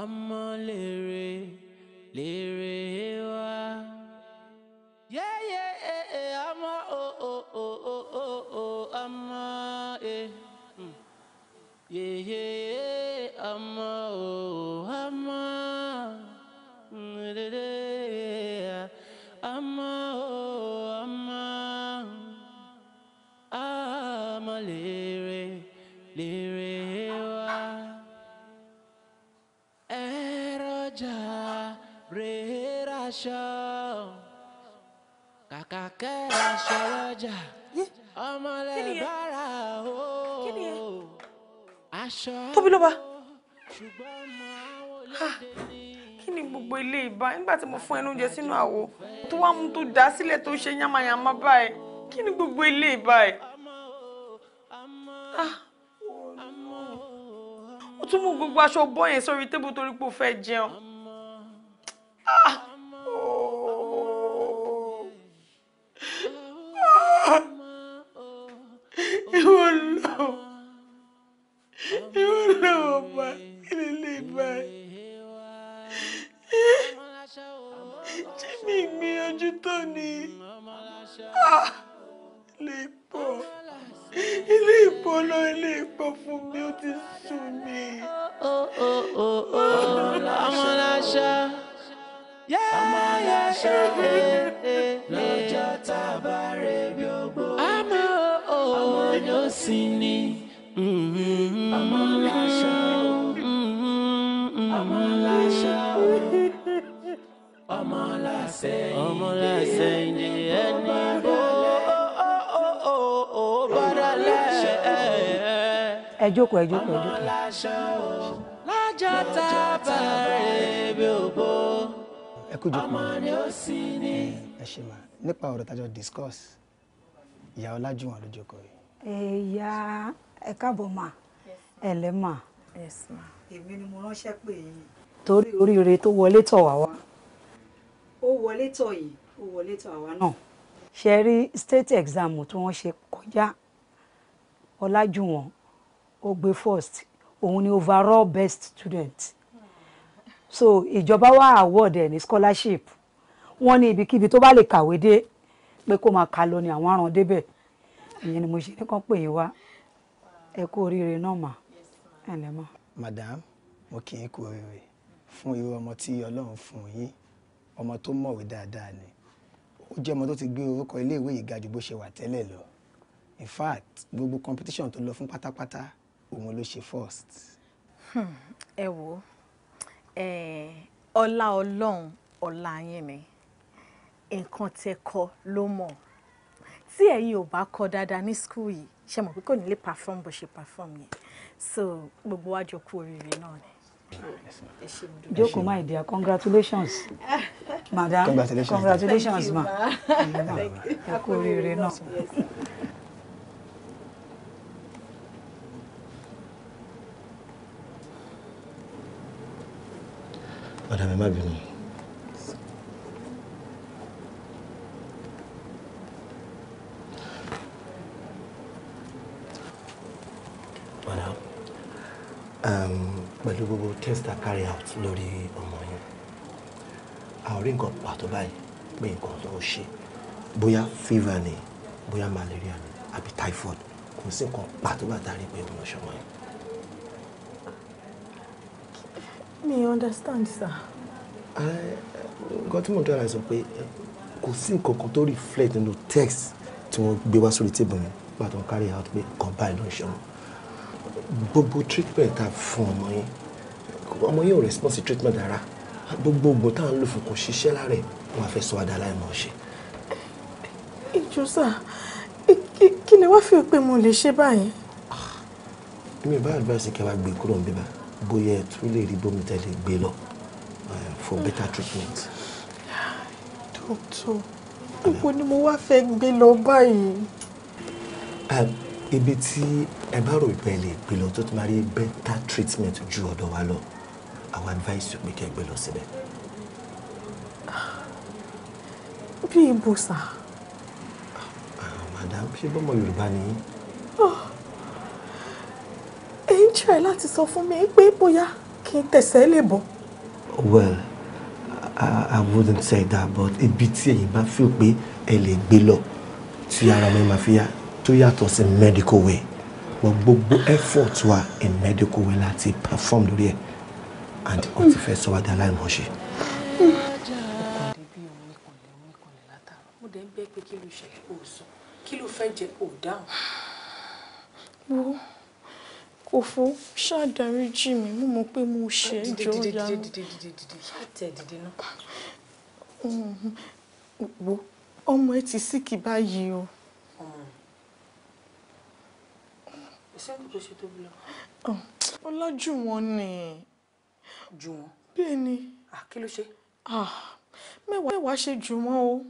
ọmọ lèrè lèrè wá. Ehe ama o ama nrere ama o ama ama eroja rerasha kàkà kẹrẹ aṣọ lọjà tóbi ló bá kí ni gbogbo ilé ìbá nígbà tí mo fún ẹnu oúnjẹ sínú àwo tó wá mú tó dá sílẹ̀ tó ṣe yánmayànmá báyìí kí ni gbogbo ilé ìbá ẹ̀ ó tún mú gbogbo aṣọ bọ́ sórí tébù torí pé fẹ́ jẹun. jókòó ẹ jókòó ẹ jókòó. lọ́jọ́ tá a bá rẹ̀ bí òbó ọmọ ni ó sì ní. ẹ ṣe mà nípa ọ̀rọ̀ tájọ discuss ìyá ọlájúwọ̀n ló jókòó yìí. ẹ̀yà ẹ káàbọ̀ mà ẹ lẹ́ mà. èmi ni mo ránṣẹ́ pè yín. torí oríire tó wọlé tọ̀ wá wá. ó wọlé tọ̀ yìí ó wọlé tọ̀ àwa náà. ṣe rí state exam tí wọ́n ṣe kọjá ọlájúwọ̀n ó gbé first òun ni overall best student so ìjọba wa award ẹ̀ ní scholarship wọ́n ní ibikíbi tó bá lè kàwé dé pé kó máa kà lọ ni àwọn aràn débẹ̀ ìyẹn ni mo ṣe ní kàn pè yín wá ẹ kú oríire náà mà ẹ lẹ mọ. madam mo kì í kú oríire fún irú ọmọ tí ọlọ́run fún yín ọmọ tó mọ̀wé dáadáa ni ó jẹ́ ọmọ tó ti gbé orúkọ iléèwé yìí ga ju bó ṣe wà tẹ́lẹ̀ lọ in fact gbogbo competition tó lọ fún pátápátá òun ló ṣe first. Hmm, ẹ wo ọlá ọlọ́run ọlá yín ni nǹkan tẹ kọ ló mọ̀ tí ẹ̀yin ò bá kọ dáadáa ní skul yìí ṣe mọ̀ pé kò ní perform bó ṣe perform yẹn so gbogbo wa jọ kú oríire náà ni. Joko my dear, congratulations. [LAUGHS] Madam, congratulations, congratulations ma. Ẹ kú oríire náà. madam ẹ má bínú. madam um, pẹ̀lú gbogbo test carry out lórí ọmọ yẹn àwọn orí nǹkan pàtó báyìí pé nǹkan tó ṣe bóyá fever ni bóyá malaria ni àbí typhoid kò sí nǹkan pàtó bá darí pé òun ṣọmọ yẹn. mi understand sir. nǹkan tí mo dára sọ pé kò sí nǹkan kan tó reflect nínú text tí wọ́n gbé wá sórí tèbọn mi nígbà tó ń carry out pé nǹkan báyìí ló ń ṣe wọn gbogbo treatment tá fún ọmọ yẹn ọmọ yẹn ò response treatment rárá gbogbo oògùn tá à ń lò fún kò ṣiṣẹ́ lára ẹ̀ wọ́n á fẹ́ sọ adá láì mọ̀ ṣe. ìjọ sà kí ni wàá fi pé mo lè ṣe báyìí. èmi ò bá advice kí wàá gbé kúrò ń bíbá bóyá ẹ tún lè rí bómi tẹ́ lè gbé lọ eh, for better treatment. dókítà níbo ni mo wá fẹ́ gbé lọ báyìí. Eh, ibi tí ẹ bá rò ìgbà ẹ lè gbé lọ tó ti máa rí better treatment ju ọ̀dọ̀ wa lọ àwọn advice yóò pé kẹ́ ẹ gbé lọ síbẹ̀. bí ibo ah, madam ṣé bọ́mọ yorùbá ni. Oh try láti sọ fún mi pé bóyá kí n tẹ̀sẹ̀ lè bọ̀. well I, I wouldn't say that but ibi tí èyí bá feel pé ẹ lè gbé lọ tí ara mi máa fi yá tó yàtọ̀ sí medical way wọ́n gbogbo effort wa in medical way láti perform lórí ẹ̀ and ó ti fẹ́ sọ wá di aláìmọ̀ọ́ṣe. kí ló fẹ́ jẹ kó dáhùn òfò ṣàdáríjì mi mo mọ̀ pé mo ṣe ẹjọ́ ìyá mi. ṣàtẹ̀ dìde náà. wo ọmọ ẹ ti síkì báyìí o. ìṣẹ́gun tó ṣe tóbi lọ. ọlọ́jù wọn ni. jù wọn. bẹ́ẹ̀ ni. kí ló ṣe. mẹ́wàá ṣe jù wọ́n o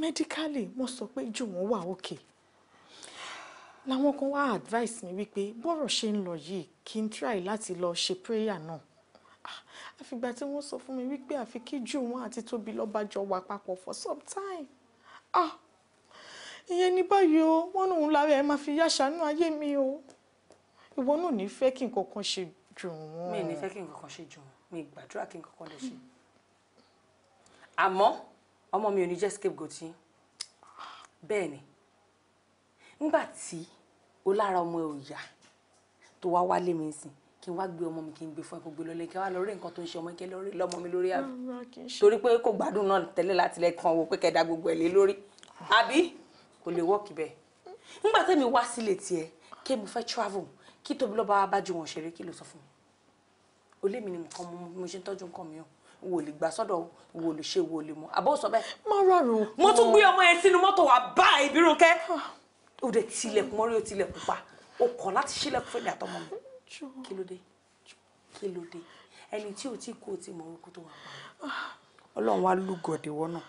mẹ́díkálì wọ́n sọ pé jù wọ́n wà òkè. Okay làwọn kan wá advice mi wípé bọ́rọ̀ ṣe ń lọ yìí kí n try láti lọ ṣe prayer náà ah, àfìgbà tí wọ́n sọ fún mi wípé àfi kí jù wọn àti tóbi lọ́ba jọ wà papọ̀ for some time ah ìyẹn ní báyìí o wọ́n náà ń lára ẹ máa fi yáṣánú ayé mi o ìwọ náà ní fẹ́ kí nǹkan kan ṣe jù wọ́n. mi ò ní fẹ́ kí nǹkan ṣe jù wọ́n mi gbàdúrà kí nǹkan lè ṣe àmọ́ ọmọ mi ò ní jẹ́ scapegoat yín bẹ́ẹ̀ ni nígbà tí o lára ọmọ ẹ ò yá tó wá wálé mi sìn kí n wá gbé ọmọ mi kí n gbé fún ẹ kó gbé lọlé kí n wá lọ rí nǹkan tó ń ṣe ọmọ kí n lọmọ mi lórí àbí torí pé kò gbádùn náà tẹ́lẹ̀ láti lẹ́kàn wò pé kẹ̀dá gbogbo ẹ̀ lé lórí àbí kò lè wọ́ọ̀kì bẹ́ẹ̀ nígbà tẹ́mi wá sílé tiẹ̀ kí mo fẹ́ travel kí tóbi lọ́ba wa bá ju wọn ṣeré kí ló sọ fún mi ó lé mi ni nǹkan mo ṣe ń tọ́jú nǹkan mi o wò lè gbà sọ́dọ̀ wò lè ṣe wò lè mọ́ àbọ̀ sọ bẹ́ẹ̀. má rọrùn. mo tún gbé ọmọ yẹn sínú mọ́tò wá bá ìbírúnkẹ́ ah ó dẹ̀ tilẹ̀kùn mọ́rí ó tilẹ̀kùn pa ó kọ̀ láti ṣílẹ̀kùn fún ìgbà tọmọ mi kí ló dé kí ló dé ẹni tí ò tí kú ò tí mọ orúkú tó wà pa ọlọ́run wá lúgọ̀dẹ̀ wọ́n náà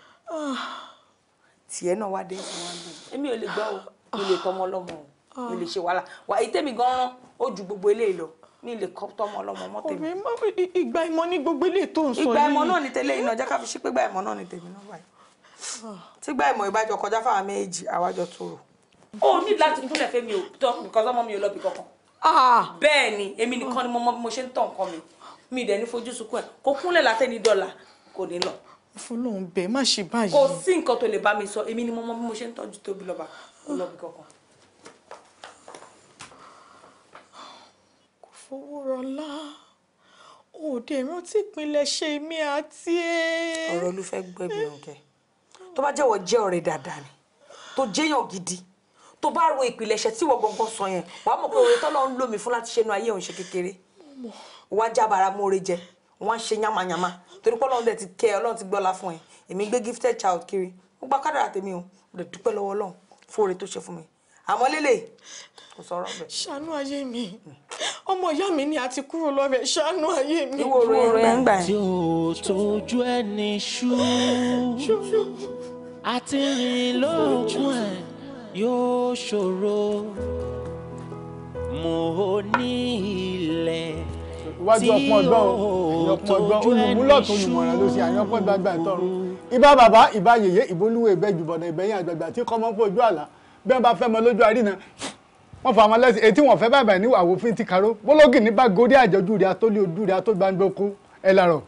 náà wá dé sí wọn lù èmi ò lè gbọ́ o mi lè tọmọ ọlọ́mọ o mi lè ṣe wàhálà wà èyí tèmi gan-an ó ju gbogbo eléyìí lọ mi lè kọ́ tọmọ ọlọ́mọ mọ́ tèmi. ọ̀rẹ́ mọ́ ìgbà ìmọ̀ ní gbogbo eléyìí tó ń sọ yìí. ìgbà ìmọ̀ náà ni tẹ́lẹ̀ iná jẹ́ ká fi ṣí pé ìgbà ìmọ̀ náà ni tèmi náà báyìí. tígbà ìmọ̀ ìbájọ kọjá fáwọn méjì àwájọ tó rò. Oh, ní láti gúnlẹ̀ fẹ́ mi ò tọ́ because ọmọ mi ò lọ bí kankan. Ah. bẹ́ẹ̀ ni èmi nìkan ni mo mọ bí mo ṣe ń tàn nǹkan mi mi ìdẹ́ni fojú sunkún ẹ̀ kó kúnlẹ̀ látẹ́ni dọ́là kò ní lọ. fọlọ́run bẹ́ẹ̀ má ṣe báyìí. kò sí nǹkan tó lè bá mi sọ èmi ni mo mọ bí mo ṣe ń tọ́jú tóbi lọ́ba kò lọ bí kankan. kò fowó rọlá òde ìrántí ìpínlẹ̀ ṣe mí àti ẹ̀. ọ̀rọ̀ olúfẹ́ gbọ́ ibi òǹkẹ́ tó bá jẹ́wọ́ jẹ́ ọ̀rẹ́ dáadáa ni tó jẹ́yàn gidi tó bá ro ìpìlẹ̀ṣẹ̀ tí wọ́n gbọ̀ngàn sọ yẹn wàá mọ̀ pé oore tọ́lọ́ ń lò fún láti ṣe inú ayé òun ṣe kékeré wàá jábàárà mọ́re jẹ wọ́n ṣe yánmayánmá torí pé ọlọ́run dẹ̀ ti kẹ́ ọlọ́run ti gbọ́lá fún ẹ èmi gbé gifted child kiri mo gba kádàrà tèmi o mo dúpẹ́ lọ́wọ́ ọlọ́run fún oore tó ṣe fún mi àmọ́ lélẹ̀ kò sọ̀rọ̀ bẹ̀. ṣàánú ayé mi ọmọ ìyá mi ni a ti kúrò lọ́rẹ̀ ṣàánú ayé mi. ìwọ orin ń gbà yẹn. tí o tójú ẹni ṣú àti rìn lóògùn ẹ̀ yóò ṣòro mo ní ilẹ̀ tí ó tọ́jú ẹni ṣòro. ìbà bàbá ìbà yèyé ìbólúwé ìbẹ́jú ìbẹ́yìn àgbàgbà tí kọ́mọ́ fojú àlà bí wọ́n bá fẹ́ mọ lójú àríná wọ́n fa àwọn lẹ́sìn etí wọ́n fẹ́ bàbá ní àwòfin ti kàró bólógì ní bá gorí àjọjú rẹ̀ atóli ojú rẹ̀ atógbangboko ẹ̀ làrọ̀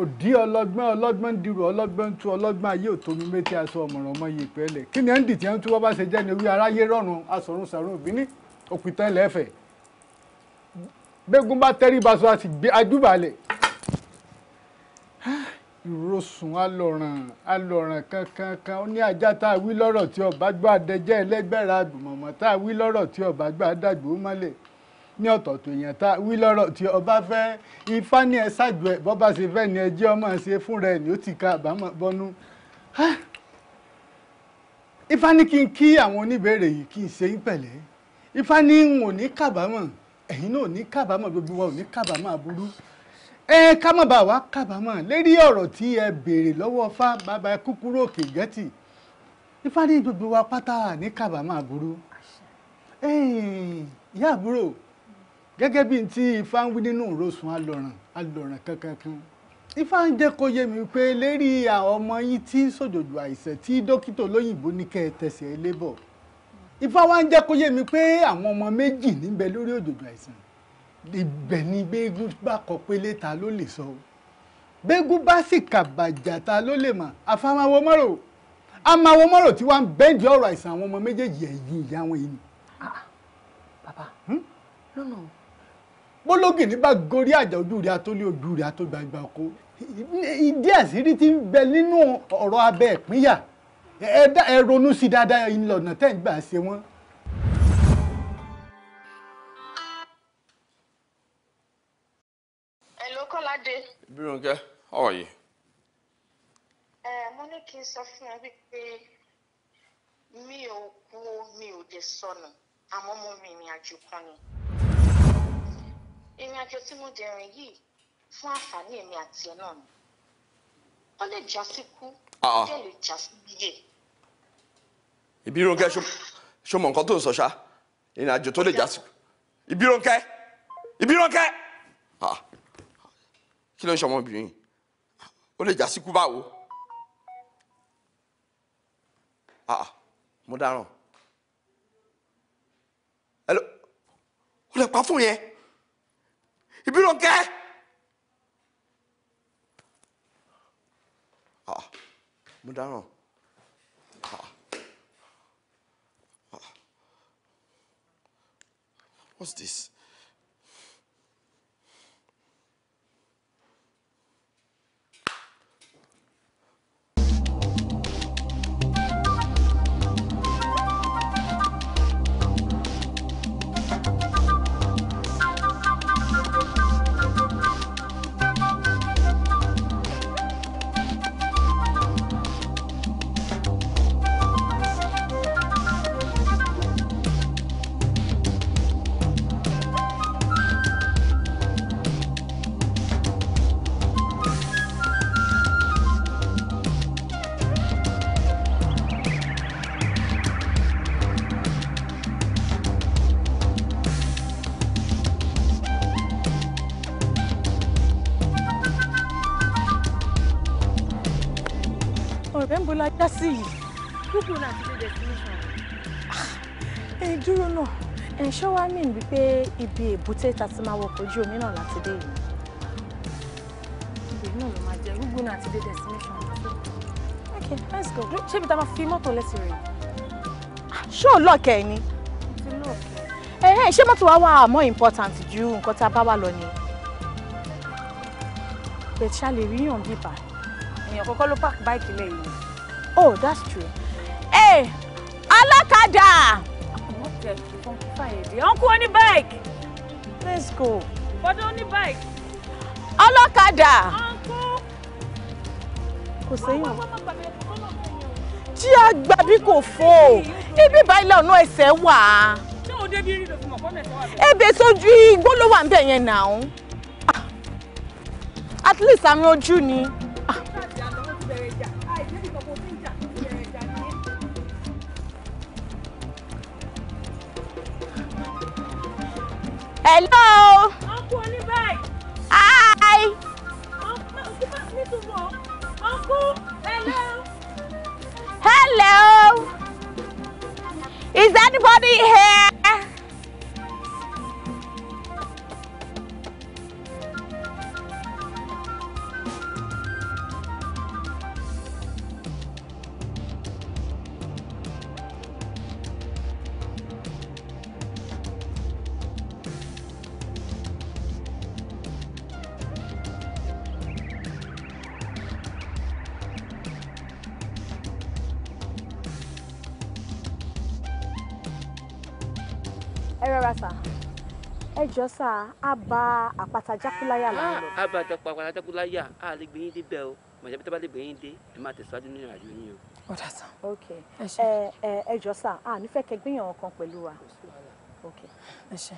òdí ọlọ́gbọ́n ọlọ́gbọ́n ń dirò ọlọ́gbọ́n ń tú ọlọ́gbọ́n ayé òtomi méjì aṣọ ọmọràn ọmọ yìí pẹ́lẹ̀ kí ni ẹ̀ ń dì tí ẹ̀ ń tú wọ́n bá ṣe jẹ́ ni orí aráyé rọ̀rùn asọ̀run sàrún òbí ní òpìtàn ilẹ̀ ẹ̀fẹ̀ gbẹ́gun bá tẹ́rí baṣọ àti gbé ajúbalẹ̀ ah, ìrosùn alọ̀ràn alọ̀ràn kankankan ó ní ajá tá a wí lọ́rọ̀ tí ọ̀bá gbọ́ adẹ́jẹ́ ẹlẹ́gbẹ̀rẹ̀ àdùmọ̀mọ̀ tá a wí lọ́rọ̀ tí ọ̀bá gbọ́ adágbò mọ́lẹ̀ ní ọ̀tọ̀ọ̀tọ̀ èèyàn tá wí lọ́rọ̀ tí ọba fẹ́ ifá ní ẹ ṣáàjú ẹ bọ́ba ṣe fẹ́ ni ẹjẹ́ ọmọ ṣe fún rẹ ni ó ti ka àbámọ̀ bọ́nú. ifá ní kí n kí àwọn oníbèrè yìí kí n ṣe ń pẹ̀lẹ́ ifá ní n ò ní kábàámọ̀ ẹ̀yin náà ò ní kábàámọ̀ gbogbo wa ò ní kábàámọ̀ aburú. ẹ ká má bàa wá kábàámọ̀ lérí ọ̀rọ̀ tí ẹ béèrè lọ́wọ́ fá bàbá kúkúrú òkè gẹ́tì ifá ní gbogbo wa pátá ní kábàámọ̀ aburú. ìyá àbúrò gẹ́gẹ́ bí ti ifá ń wí nínú ìrosùn alọ̀ràn alọ̀ràn kankankan ifá ń jẹ́ kó yé mi pé lérí àwọn ọmọ yín tí sòjòjò àìsàn tí dókítà olóyìnbó ní kẹ́ ẹ tẹ̀sẹ̀ ẹ lébọ̀ ifá wa ń jẹ́ kó yé mi pé àwọn ọmọ méjì níbẹ̀ lórí òjòjò àìsàn ibẹ̀ ni gbẹ́gùn bá kọ pé léta ló lè sọ gbẹ́gùn bá sì kàbàjà ta ló lè mà àfàmàwọ̀ mọ́rò àmàwọ̀ mọ́rò tí wàá bẹ́ẹ̀dì ọ̀rọ̀ àìsàn àwọn ọmọ méjèèjì ẹ̀yìn ìyá wọn yìí. Ah, bàbá lọ́nà hmm? o bólógì ní bá gorí àjà ojú rẹ̀ atólé ojú rẹ̀ atógbàgbà kó ìdí àṣírí ti ń bẹ nínú ọ̀rọ̀ abẹ ìpínyà ẹ ronú sí dáadáa ìlànà tẹ́ ń gbà ṣe wọ́n. Hello Kọ́ládé. Bírúnkẹ́, how are you? Ẹ mo ní kí n sọ fún ẹ wípé mi ò kú mi ò dé sọnù àmọ́ mo rìnrìn àjò kan ni ìrìn àjò tí mo dẹ̀ rìn yìí fún àǹfààní èmi àti ẹ̀ náà ni ó lè já sí kú ó lè já sí yíyẹ. ìbírúnkẹ́ ṣó mọ nǹkan tó ń sọ ṣá ìrìn àjò tó lè já sí kú ìbírúnkẹ́ ìbírúnkẹ́ ah, kí ló ń ṣọmọbìnrin ó lè já sí kú báwo ah, mo dáràn ẹ lọ ó lè pa fún yẹn. If you don't care, ah, mo ah. ah, what's this? ibo la já sí yìí. kúkú náà ti dé destination. Ah, ẹ dúró náà ẹ ṣọ́ wá mí wípé ibi èbúté ta ti máa wọkọ̀ ojú omi náà láti dé yìí. ibè náà ló máa jẹ gbogbo náà ti dé destination. ok let's go ṣé ibi tá a máa fi mọ́tò lẹ́sìn rẹ̀ ah, ṣé ò lọ́ọ̀kẹ́ ẹ̀ ni. ẹ ẹ eh, eh, ṣé mọ́tò wa wà more important ju nǹkan tá a bá wà lọ ni. pẹ̀ṣá lè ríyàn bíbá èèyàn kọ́kọ́ ló pààkì báìkì lẹ́yìn. Oh, that's true. Hey, Alakada! Uncle on bike. Let's go. But only bike. Alakada! Uncle! What's sẹ́yìn o. Tí a gbà bí kò fò, ibi báyìí lọ́nà ẹsẹ̀ wà. Ṣé o débi rí lọ fún mọ̀ fọ́nà ẹ̀sẹ̀ wà bẹ́ẹ̀? Ebè ah, At least I'm ojú ni. hello. ọkọ oní báyìí. hi. ọkọ hello. hello. is anybody here? ìjọsà á ba àpáta jákúláyà lánàá. á ba àpáta jákúláyà á lè gbé yín débẹ̀ o mọ̀jẹ́ bí tó bá lè gbé yín dé ẹ máa tẹ̀síwájú nínú ìrìnàjò yín o. ọ̀dà sàn. ok ẹ ẹ ẹ jọsà a nífẹ̀ẹ́ kẹgbẹ́yàn ọkàn pẹ̀lú wa. ok ẹ ṣe.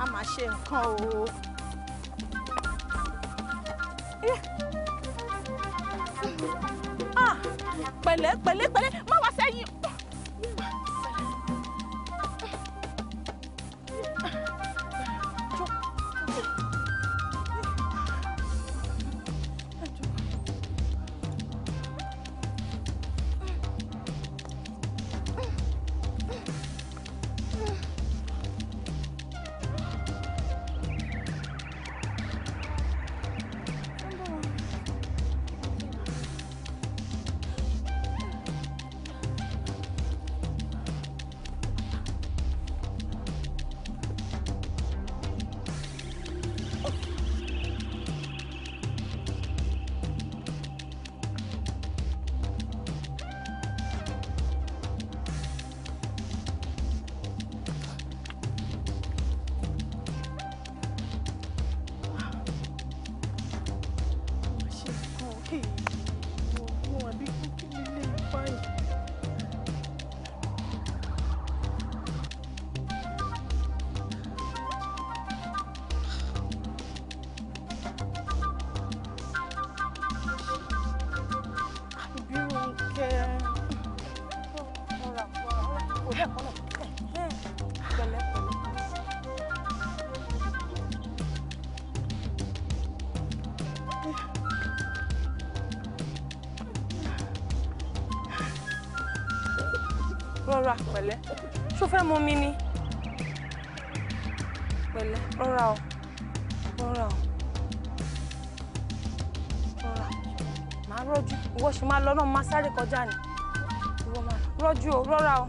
a máa ṣe nǹkan o. Ah, pẹ̀lẹ́ pẹ̀lẹ́ rọra pẹ̀lẹ́ ṣó fẹ́ mọ mi ni pẹ̀lẹ́ rọra o rọra o rọra màá rọjú ìwọ ṣì máa lọ náà máa sáré kọjá ni ìwọ máa rọjú o rọra o.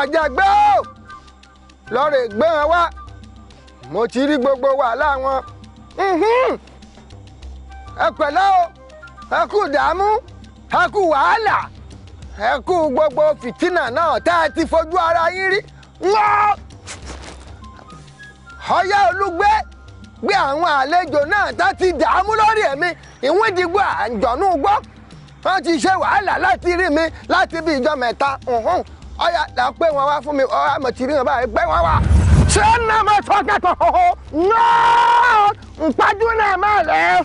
àjàgbé o lọ́ọ̀rẹ́ gbé wọn wá mo ti rí gbogbo wàhálà wọn ẹ pẹ̀lẹ́ o ẹ kú dààmú ẹ kú wàhálà ẹ kú gbogbo fìtínà náà tá a ti fojú ara yín rí wọ́n ọ̀yá olúgbé gbé àwọn àlejò náà tá ti dààmú lórí ẹ̀mí ìwíndìgbò àjọ̀nú gbọ́ wọ́n ti ṣe wàhálà láti rí mi láti bí ìjọ mẹ́ta ọ̀yà là ń pè wọ́n wá fún mi ọ̀yà mọ̀ tìrí wọn báyìí pé wọ́n wá. ṣé náà máa sọ kẹtọ ọ̀hún náà ntọ́jú náà máa lẹ̀ ẹ́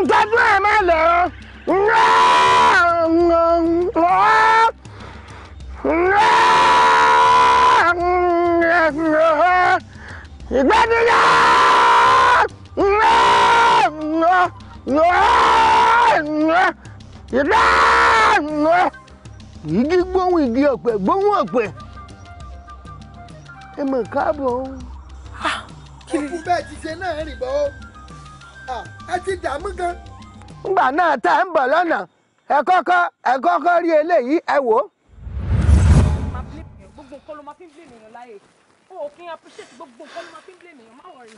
ntọ́jú náà máa lẹ̀ ẹ́ náà ìgbẹ́niyà ìgbẹ́ ìgbẹ́ igi gbóhùn igi ọ̀pẹ gbóhùn ọ̀pẹ ẹ mọ̀ káàbọ̀ o. òkú ah, bẹ́ẹ̀ ti ṣe náà rìn bọ́ ah, ẹ ti dààmú gan. ngbà náà tá ẹ ń bọ̀ lọ́nà ẹ kọ́kọ́ ẹ kọ́kọ́ rí eléyìí ẹ wò ó. gbogbo nǹkan ló máa fi ń blame èèyàn láàyè o ò kí n gbogbo nǹkan ló máa fi ń blame èèyàn má wọ̀rì.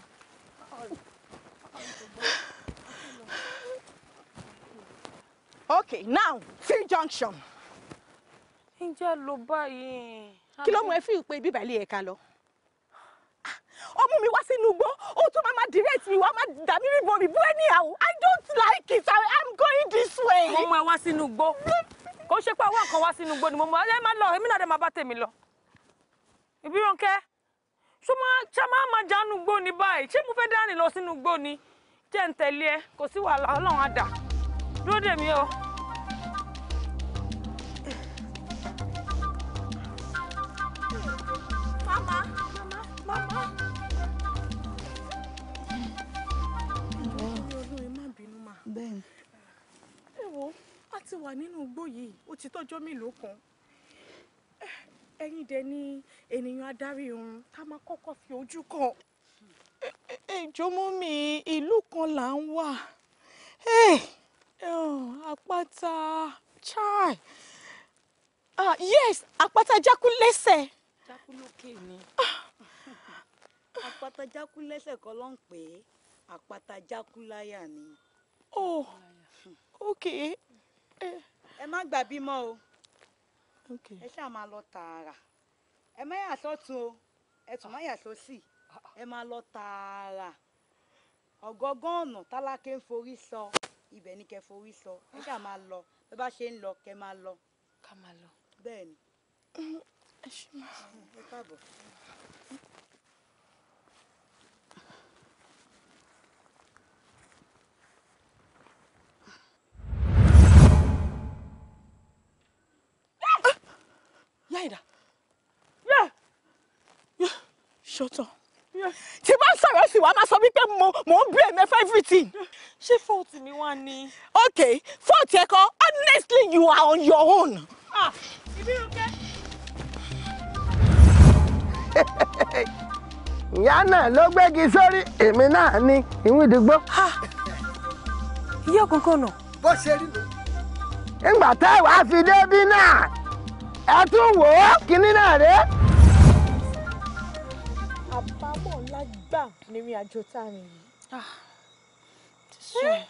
Okay, now, Free Junction ǹjẹ́ ló báyìí. kí ló mú ẹ fíìlù pé bíbá ilé ẹ̀ka lọ. Ah, ọmú mi wá sínú igbó ó tún máa máa direct mi wá máa dà mí rìbọn rìbú anyhow I don't like it I am going this way. mo mú ẹ wá sínú igbó kò ṣe pé àwọn kan wá sínú igbó ni mo mú ẹ má lọ èmi náà dé máa bá tèmi lọ. Ìbírónkẹ́ ṣó máa máa máa jánu gbó ni báyìí ṣé mo fẹ́ dárìn lọ sínú gbó ni jẹ́ ń tẹ̀lé ẹ kò sí wàhálà ọlọ́run á dà dúró dèmi o. Mama, mama, mama. Bẹ́ẹ̀ni. Ẹ wo, a ti wà nínú igbó yìí, ó ti tọ́jọ́ mélòó kan. Ẹ̀yin dẹ̀ ni ènìyàn adarí oorun ká máa kọ́kọ́ fi ojú kàn. Ẹjọ́ mú mi, ìlú kan là ń wà. Àpáta chai. Ah, yes, àpáta jákú lẹ́sẹ̀. jákú ni àpáta ló ni. ó oh, ok. Eh. ẹ má gbà bímọ o ẹ ṣáà máa lọ tààrà ẹ má yà sọ́tún o ẹ tún má yà sósì ẹ máa lọ tààrà ọ̀gọ́gán ọ̀nà tálákè ń forí sọ ibẹ̀ ni kẹ́ forí sọ ẹ ṣáà máa lọ bí bá ṣe lọ kẹ́ ẹ ṣe máa. ẹ káàbọ̀. Yaida. Ṣọ́tọ̀. Tí bá sọ̀rọ̀ sí wa, máa sọ wípé mo mo ń blame for everything. Ṣé fọ́ọ̀tì mi wá ni? Okay, fọ́ọ̀tì ẹ̀kọ́, honestly you are on your own. Ah, ìbí rúkẹ́ ìyá náà ló gbégi sórí èmi náà ni ìwín ìdìgbò. iye kankan nà. bó ṣe rí mi. ńgbà tá ẹ wàá fi débi náà ẹ tún wò ó kinní náà rè é. àbámọ̀ ńlá gbà ní ìrìn àjò tá a rìn yìí. Ah, ti sún ẹ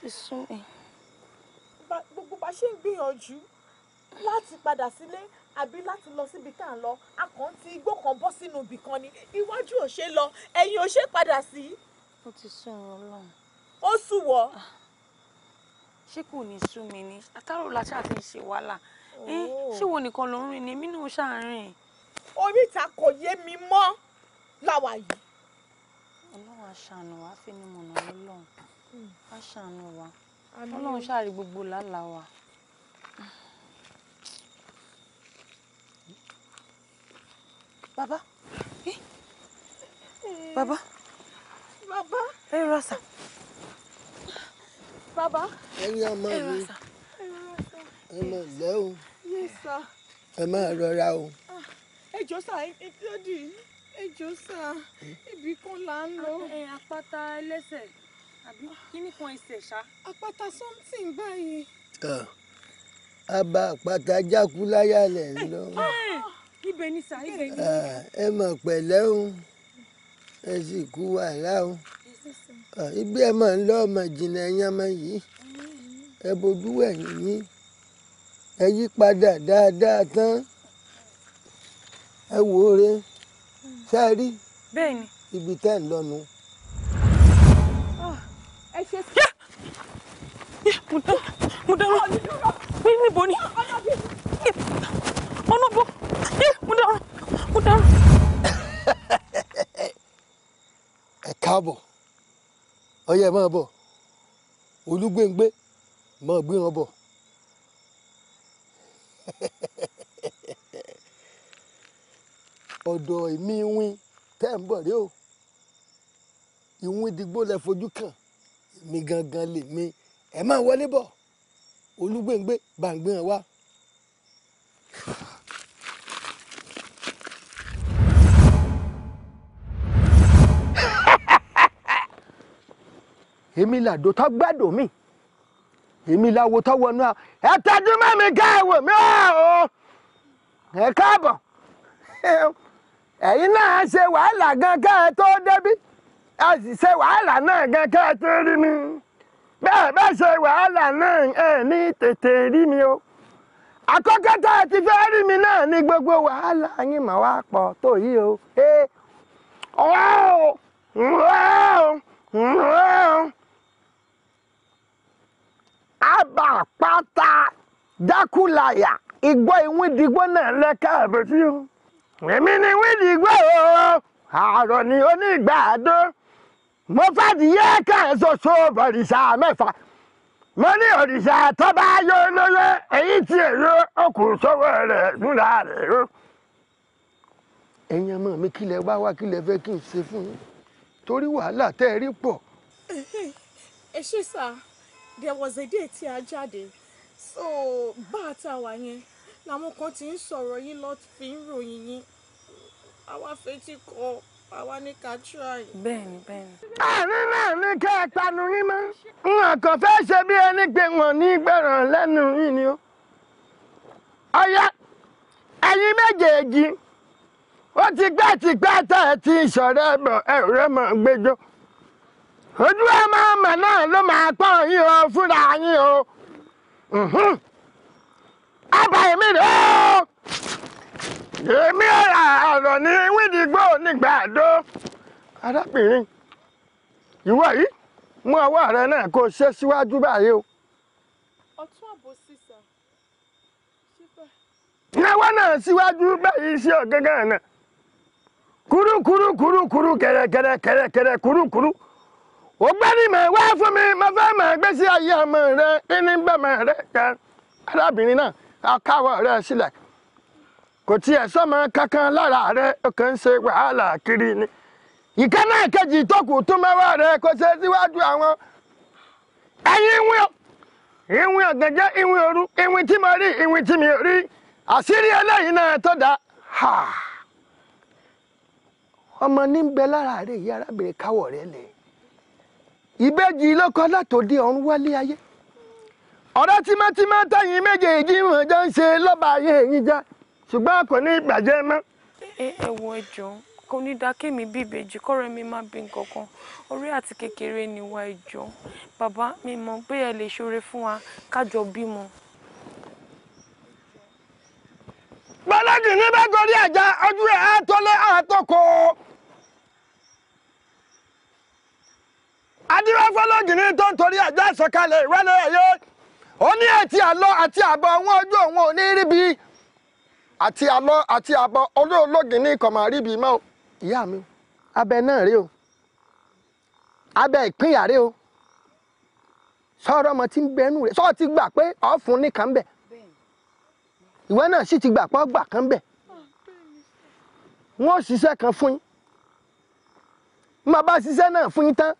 ti sún ẹ. gbogbo bá ṣe ń gbìyànjú láti padà sílé àbí láti lọ síbi tá à ń lọ a kàn ti igbó kan bọ́ sínú ibì kan ni iwájú ò ṣe lọ ẹ̀yìn ò ṣe padà sí. ó ti sún ìwọ Ọlọ́run. ó sùn wọ. Ah. ṣé kò ní sú mi ni àtàrò la ṣáà ti ń ṣe wàhálà oh. ṣé wo nìkan ló ń rìn ni èmi náà ṣáà ń rìn. oríta kò yé mi mọ́ láwa yìí. Ọlọ́run aṣàánú wa fẹ́ni mọ̀nà Ọlọ́run aṣàánú hmm. wa Ọlọ́run ṣáà rí gbogbo làálàá wa. bàbá bàbá bàbá ẹ rà sà bàbá ẹ rà sà ẹ rà sà ẹ mọ̀ lẹ́ o ẹ máa rọra o. Ah, ẹ jọ sà apata, lese, ẹ jọ sà ibì kan apata ń lọ. ẹ ah, eh, àpáta ẹlẹ́sẹ̀ àbí kíní kan ẹsẹ̀ ṣá. àpáta something báyìí. Ah, a bá àpáta jákú láyà lẹ̀ ń ibẹ̀ ni sà ibẹ̀ ni. ẹ mọ̀ pẹ̀lẹ́ o ẹ sì kú wàhálà o ibi ẹ mọ̀ ń lọ ọmọ jìnnà ẹ̀yàn ọmọ yìí ẹ bojú ẹ̀yìn yín ẹ yí padà dáadáa tán ẹ wò ó re ṣe é rí ibi tẹ́ ń lọ́nu. Ah, ẹ ṣe sí mo dáná mo dáná níbo ni ọ̀nà bò mo dárò mo dárò. ẹ káàbọ̀ ọyẹ máa bọ̀ olúgbéǹgbé máa gbé wọn bọ̀. ọ̀dọ̀ èmi wín tẹ́ ń bọ̀ rí o ìwín dìgbò lẹ fojú kàn èmi gangan lèmi ẹ máa wọlé bọ̀ olúgbéǹgbé bá ń gbé wọn wá. èmi làdó tó gbẹ́dọ̀ mi èmi làwo tó wọnú à ẹ tẹ́jú mẹ́mi ká ẹ wò mí o ẹ káàbọ̀ ẹ̀yin náà ṣe wàhálà gan ká ẹ tó débí ẹ sì ṣe wàhálà náà gan ká ẹ tó rí mi bẹ́ẹ̀ bẹ́ẹ̀ ṣe wàhálà náà ẹ ní tètè rí mi o àkọ́kọ́ tá ẹ ti fẹ́ rí mi náà ní gbogbo wàhálà yín mà wá pọ̀ tó yí o ọ̀hún ọ̀hún ọ̀hún àbá pátá dákúláyà igbó ìwídìgbó náà lẹ́ka àbẹ̀tí o. èmi ni wídìgbó o àrò ni onígbàdó mo fàdíyé kan ṣoṣo bọ̀rìṣà mẹ́fà mo ní òrìṣà tó bá yọ èyí tí èrò okùn sọ́wọ́ rẹ̀ múra rẹ̀ o. ẹ̀yin ọmọ mi kílẹ̀ wá wá kílẹ̀ fẹ́ kí n ṣe fún yín torí wàhálà tẹ́ ẹ rí pọ̀. ẹ ṣe sá. there was a day tí a jáde so bá a ta wà yẹn làwọn kan ti ń sọ̀rọ̀ yín fi ń ròyìn yín awa fetí kọ awa ní ká try. ní ẹ kan fẹ́ ṣe bí ẹni ní lẹ́nu yìí ni ó. ọ̀yá ó ti ti ojú ẹ máa mọ̀ náà ló máa pọ̀ yín o fúnra yín o ọba èmi rè o èmi ọ̀rà ọ̀rọ̀ ní wídìgbò nígbà àdó arábìnrin ìwọ yìí mú ọwọ́ rẹ náà kó o ṣe síwájú báyìí o. ọ̀tún àbò sísà síbẹ̀. náà síwájú báyìí ọ̀gángan náà kúrú kúrú kúrú kúrú kẹrẹkẹrẹ kẹrẹkẹrẹ kúrú kúrú. ó gbẹ́ni mà wá fún mi mo fẹ́ mà gbèsè ayé ọmọ rẹ kí ni bẹ́ẹ̀mọ rẹ arábìnrin náà akáwọ̀ rẹ sílẹ̀ kò tiẹ̀ sọ́mọ kankan lára rẹ ó kàn ṣe wàhálà kiri ni ìka náà kejì tókù rẹ ṣe síwájú àwọn ẹ̀yin ìwìn ọ̀gànjẹ́ ìwìn òru ìwìn tí mo rí ìwìn tí mi rí àṣírí eléyìí náà tó ọmọ ní ń bẹ ìbejì lọ́kọ látòdì ọ̀run wálé ayé ọ̀rẹ́ tímọ́tímọ́ tẹ̀yìn méjèèjì wọn jọ ń ṣe lọ́ba ayé yìí já ṣùgbọ́n kò ní ìbàjẹ́ mọ́. ẹ ẹ wo ẹjọ́ kò ní dá bí ìbejì kọ́rẹ́ mi má bí nǹkan kan orí àti kékeré ni wá bàbá mi mọ̀ pé ẹ lè ṣoore fún wa kájọ bímọ. bọ́lájì ní bá gorí àjà ojú ẹ̀ á tọ́lé àtọkọ̀ọ́. adíwáfọ́ lógìnrin tó ń torí àjọ àsọkalẹ̀ ìwálẹ̀ ẹ̀yọ́ ó ní àti àlọ àti àbọ̀ wọn ojú òun ò ní ríbi àti àlọ àti àbọ̀ olóòlógìnrin kò máa ríbi o ìyá mi abẹ náà rí o abẹ ìpínyà rí o sọ̀rọ̀ ọmọ tí ń bẹnu rẹ̀ sọ́ọ́ ti gbà pé ọ̀fun nìkan bẹ̀ ìwọ náà sì ti gbà pé ọgbà kan bẹ̀ wọn ò ṣiṣẹ́ kan fún yín má bá ṣiṣẹ́ náà fún yín tán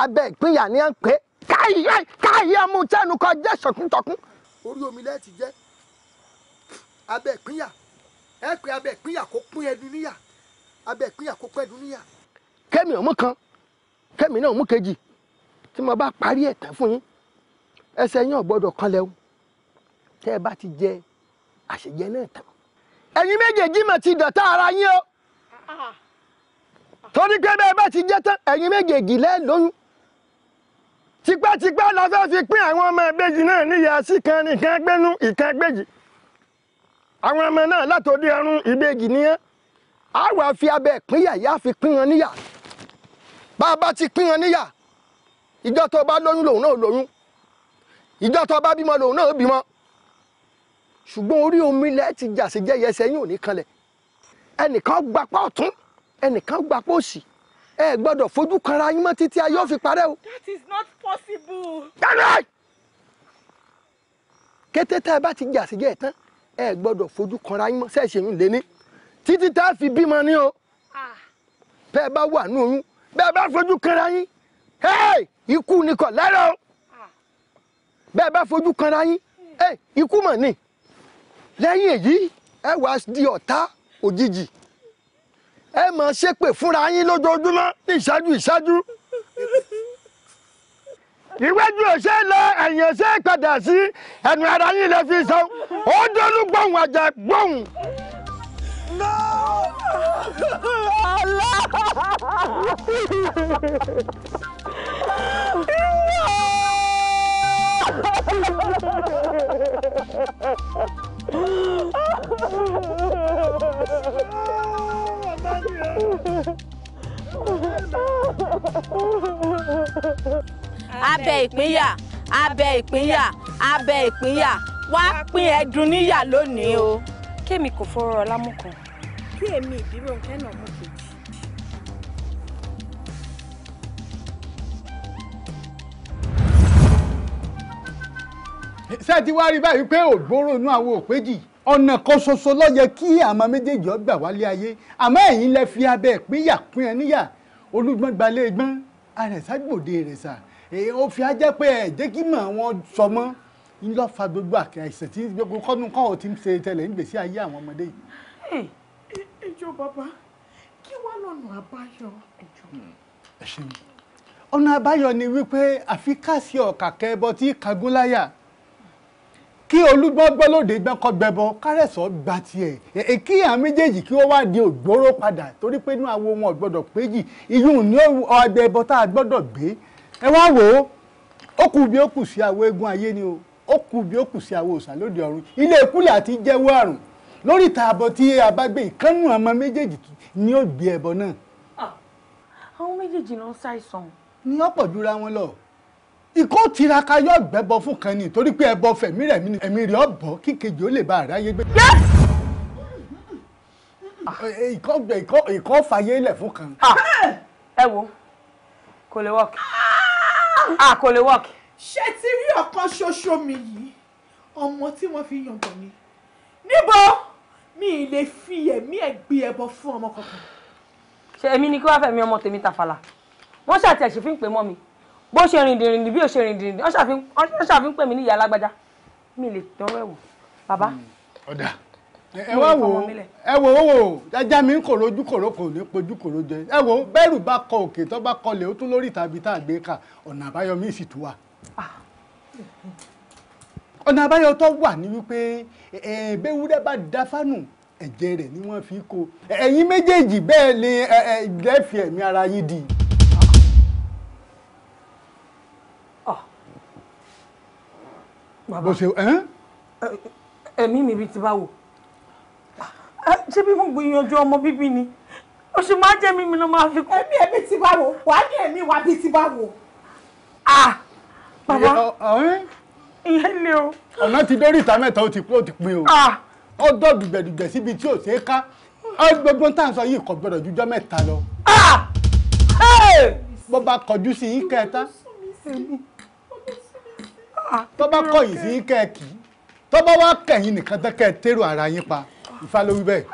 abẹ́ ìpínyà ni à ń pè é káyé káyé amúntẹ́nu kan jẹ́ sọ̀kúntọ̀kún. orí omi lẹ́ẹ̀tì jẹ́ abẹ́ ìpínyà ẹ pé abẹ́ ìpínyà kó pín ẹnu níyà abẹ́ ìpínyà kó pín ẹnu níyà. kẹ́mi ọ̀mú kan kẹ́mi náà mú kejì tí mo bá parí ẹ̀ tán fún yín ẹsẹ̀ yín ò gbọ́dọ̀ kan lẹ́wọ́ tẹ́ ẹ bá ti jẹ àṣejẹ náà tán. ẹ̀yin méjèèjì mà ti dọ̀tá ara yín o ah, ah, ah. torí pé bẹ́ẹ̀ bá ti jẹ tán ẹ̀yin méjèèjì lẹ́ẹ̀ tipẹ́tipẹ́ la fẹ́ fi pín àwọn ọmọ ìbejì náà níyà sí kan nìkan gbénú ìkan gbèjì àwọn ọmọ náà látòdì ọrùn ìbejì nìyẹn a wá fi abẹ ìpínyà yá fi pín wọn níyà bá a bá ti pín wọn níyà ìjọ tó bá lóyún lòun náà lóyún ìjọ tó bá bímọ lòun náà bímọ ṣùgbọ́n orí omi ilẹ̀ ti jà sí jẹ́yẹsẹ̀ yín ò ní kanlẹ̀ ẹnìkan gbapá ọ̀tún ẹnìkan gbapá òsì ẹ gbọ́dọ̀ fojú kanra yín mọ́ títí ayé ó fi parẹ́ o. that is not possible. gbẹ́rẹ́ kété tá ẹ bá ti jà síjẹ́ tán ẹ gbọ́dọ̀ fojú kanra yín mọ́ sẹ́ẹ̀sì yín lé ní títí tá a fi bímọ ní o ah. bẹ́ẹ̀ bá wà ní oyún bẹ́ẹ̀ bá fojú kanra yín ikú ni kọ̀ lẹ́rọ̀ o ah. bẹ́ẹ̀ bá fojú kanra yín ikú mọ̀ ni lẹ́yìn èyí ẹ wá di ọ̀tá òjijì ẹ máa ṣépè fúnra yín lójoojúmọ́ ní ìṣáájú ìṣáájú ìwájú ọ̀sẹ̀ lọ ẹ̀yìn ọ̀sẹ̀ padà sí ẹnu ara yín lè fi sọ ó dọ́lú gbóhùn ọ̀jà gbóhùn. Oh abẹ ìpínyà abẹ ìpínyà abẹ ìpínyà wá pín ẹdun níyà lónìí o. kémi kò fọ̀rọ̀ ọlá mú kan. kí èmi ìbírò kẹ́nà mú kejì. ṣé ti wá rí báyìí pé ògbóró inú àwọn òpéjì ọ̀nà kan ṣoṣo ló yẹ kí àmọ́ méjèèjì ó gbà wálé ayé àmọ́ ẹ̀yin lẹ fi abẹ́ ìpínyà pín ẹ níyà olúgbọ́n gbalẹ̀ gbọ́n àrẹ̀sà gbòde rẹ̀ sà ó fi ajẹ́ pé ẹ̀ jẹ́ kí mọ̀ wọn sọ mọ́ ńlọ fa gbogbo àìsàn tí gbogbo kọ́nù kọ́ọ̀ ti ń ṣe tẹ̀lé nígbèsí ayé àwọn ọmọdé yìí. ìjọ bàbá kí wàá lọ́nà àbáyọ ìjọ. Hmm, ọ̀nà àbáyọ ni wípé àfi ká sí ọ̀kàkẹ́ tí kagúnláyà kí olúgbọ́gbọ́ lóde gbẹ́kọ́ gbẹbọ kárẹ̀sọ́ gba tiẹ̀ kí àwọn méjèèjì kí ó wá di ògbóró padà torí pé inú àwọn ohun ọ̀gbọ́dọ̀ péjì iyún ní ọgbẹ́ ẹbọ tá a gbọ́dọ̀ gbé ẹ wá wò ó ó kù bí ó kù sí àwọn eégún ayé ni o ó kù bí ó kù sí àwọn òòṣà lóde ọ̀run ilé ìkúlẹ̀ àti jẹ́wọ́ àrùn lórí ìta àbọ̀ tí a bá gbé ìkánnù ọmọ méjèèjì ni ó gbé ẹbọ náà. Ah, àwọn méjèèjì ló ń ṣàìsàn. ni ọ̀pọ̀ jura wọn lọ ikọ́ tiraka yóò gbẹ́bọ fún kan ni torí pé ẹbọ fẹ̀mí rẹ̀ mi ẹ̀mí rẹ̀ ọ̀bọ̀ kíkejì ó lè ba àráyé gbé. ikọ́ gbẹ ikọ́ ikọ́ fàyè lẹ̀ fún kan. Ah! ẹ wo kò lè wọ́ọ̀kì ah, kò lè wọ́ọ̀kì. ṣé ti rí ọ̀kan ṣoṣo mi yìí ọmọ tí wọ́n fi yangàn mi níbo mi ì lè fi ẹ̀mí ẹ̀ gbé ẹbọ fún ọmọ kankan. ṣe èmi ni kí wàá fẹ̀mí ọmọ tèmi tàfàlà wọ́n ṣàtẹ̀ ṣe fi ń pè mi bó ṣe rìn dìrìn bí ó ṣe rìn dìrìn ó ṣàfihàn pè mí ní ìyá alágbájá mi lè dánwò ẹ̀wò bàbá. Hmm, ọ̀dà ẹ wá wò ó ẹ wò ó wò ó ẹja mi ń kò lójú kòró kò ní pojú kòró jẹ ẹ wò ó bẹ́rù bá kọ òkè tó bá kọlẹ̀ ó tún lórí tàbí tá a gbé kà ọ̀nà àbáyọ mi sì tún wà. Ah. ọ̀nà àbáyọ tó wà ní wípé ẹ̀ẹ́dẹ́wúrẹ́ bá da fánù ẹ̀jẹ̀ rẹ̀ ni wọ́n fi kó ẹ̀yin méjèèjì bẹ́ẹ̀ ni ẹ̀ẹ́dẹ́fì ẹ̀mí ara yín di. bó ṣe ẹ́. ẹ̀mí mi bíi ti báwo ṣé bí mo gbìyànjú ọmọ bíbí ni ó ṣe máa jẹ́ mímí ló máa fi kú. ẹ̀mí ẹ̀mí ti báwo wà á ní ẹ̀mí wa bíi ti báwo. bàbá ìyẹn lé o. ọ̀nà ti dórí ìta mẹ́ta ó ti pé ó ti pín o ó dọ̀dùgbẹ̀dùgbẹ̀ síbi tí ò ṣeé ká gbogbo tá à ń sọ yìí kò gbọdọ̀ jújọ́ mẹ́ta lọ. bó bá kọjú sí yìí kẹta. Ah, tó bá kọ̀yìn sí kẹ́ẹ̀kì tó bá wá kẹ̀yìn nìkan tán kẹ́ẹ̀ tẹ́rù ara yín pa Ifá ló wí bẹ́ẹ̀.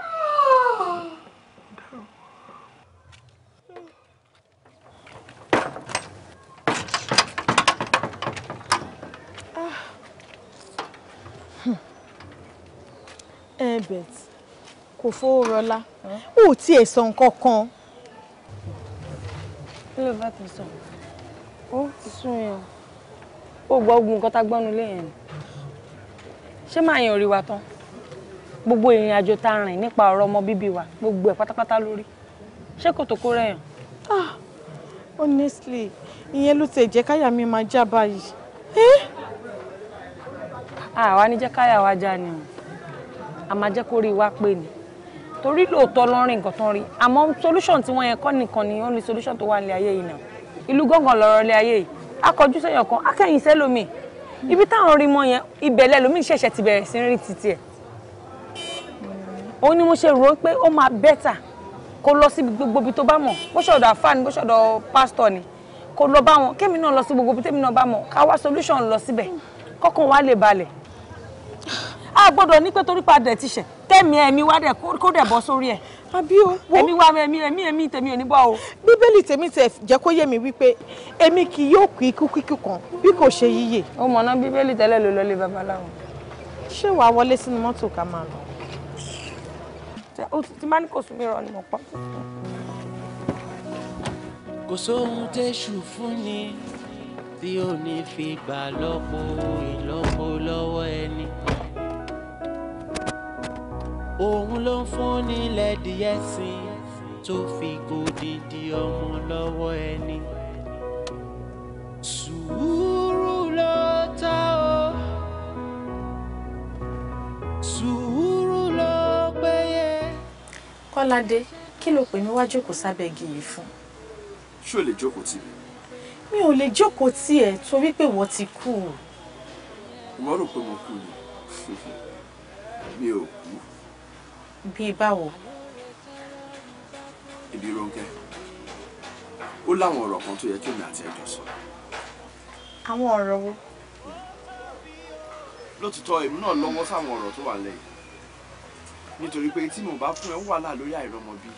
Herbert ah. eh, kò fowó rọlá ó tí ẹ sọ nǹkan kan. kí ló bá ti sọ ó ti sún yẹn ó gbọ́ ogun nǹkan tá gbọ́nu lé yẹn ṣé máa yan orí tán gbogbo ìrìn àjò tá a rìn nípa ọ̀rọ̀ ọmọ bíbí wa gbogbo ẹ̀ pátápátá lórí ṣé kò tó kó rẹ̀yàn. ah honestly ìyẹn ló ti jẹ́ káyà mi máa já báyìí. àwa ní jẹ́ káyà wa já ni o a máa jẹ́ kó rí wa pé ni torí lóòótọ́ ló ń rìn nǹkan tó ń rí àmọ́ solution tí wọ́n yẹn kọ́ nìkan ni only solution tó wà nílé ayé yìí náà ìlú gángan lọ̀rọ̀ ilé ayé yìí akọjú sẹ́yìn kan akẹ́yìn sẹ́lómi ibi táwọn rí mọ́ yẹn ibẹ̀ lẹ́lómi ṣẹ̀ṣẹ̀ ti bẹ̀rẹ̀ sí rí títí ẹ̀ òun ni mo ṣe rò ó pé ó máa bẹ́tà kó lọ sí gbogbo ibi tó bá mọ̀ bó ṣọ̀dọ̀ àfáà ni bó ṣọ̀dọ̀ pásítọ̀ ni kó lọ bá wọn kémi náà lọ sí gbogbo ibi tèmi náà bá mọ̀ ká solution lọ síbẹ̀ kọ́kàn wá lè balẹ̀ a gbọ́dọ̀ ní pé torí padà ti ṣẹ̀ kẹ́mi ẹ̀mí wá dẹ̀ kó dẹ̀ bọ́ sórí ẹ̀. àbí o wo ẹ̀mí wá ẹ̀mí ẹ̀mí ẹ̀mí tèmi ò ní bọ́ o. bíbélì tèmi tẹ jẹ́ kó yé mi wípé èmi kì yóò kú ikú kíkú kan bí kò ṣe yíyè. ó mọ̀nà bíbélì tẹ́lẹ̀ ló lọ́lé babaláwo. ṣé wàá wọlé sínú mọ́tò ká máa lọ. o ti máa ní kò sún mi rọ ni mo pọ́. kò sóhun téṣù fún ni tí ò ní fi gbà lọ́pọ̀ ìlọ́pọ̀ lọ́wọ́ ẹni òun ló ń fún nílẹ̀ díẹ̀ sí i tó fi gòdìdì ọmọ lọ́wọ́ ẹni. sùúrù ló ta o sùúrù ló péye. kọ́ládé kí ló pè mí wá jókòó sábẹ́ igi yìí fún. ṣé o lè jókòó tì mí. mi ò lè jókòó tì ẹ torí pé wọ́n ti kú. ìwọ rò pé mo kú ni [LAUGHS] mi ò bíi báwo. ibi Rónkẹ́ ó láwọn ọ̀rọ̀ kan tó yẹ kí èmi àti ẹjọ́ sọ. àwọn ọ̀rọ̀ wo. lótìtọ́ èmi náà lọ́wọ́ sáwọn ọ̀rọ̀ tó wà lẹ́yìn nítorí pé tí mo bá fún ẹ wàhálà lórí àìrọ́mọbí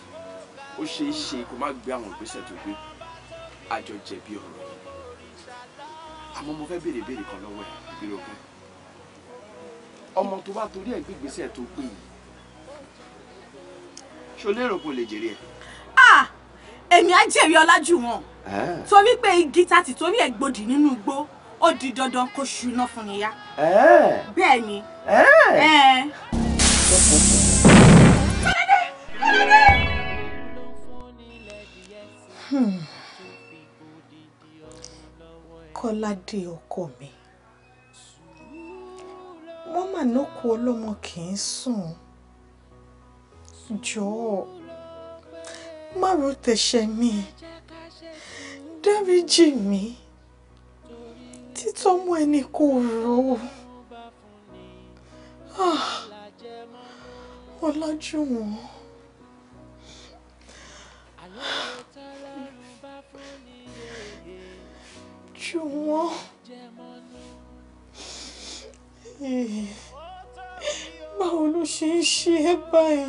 ó ṣe é ṣe kó má gbé àwọn ìgbésẹ̀ tó gbé àjọ jẹ̀bi ọ̀rọ̀ àmọ́ mo fẹ́ béèrè béèrè kan lọ́wọ́ ẹ̀ ìgbéròkun ọmọ tó bá torí ẹ̀ gbé ìgbésẹ̀ tó gbé yìí ṣo lérò kó lè jèrè ẹ. ah èmi á jèrè ọlájú wọn eh. torí pé igi ta ti torí ẹ̀ gbòdì nínú igbó ó di dandan kó ṣúná fún ni yá. Eh. bẹ́ẹ̀ ni. Eh. Hmm. kọ́ládé ọkọ mi wọ́n mà nókò ọlọ́mọ kì í sùn jọ̀ọ́ má ro tẹ̀ṣẹ̀ mi dáríjì mi títọ́ mú ẹni kò rò ó ah, ọlájúwọ̀n jùwọ́n eh, báwo ló ṣe ń ṣe é báyìí.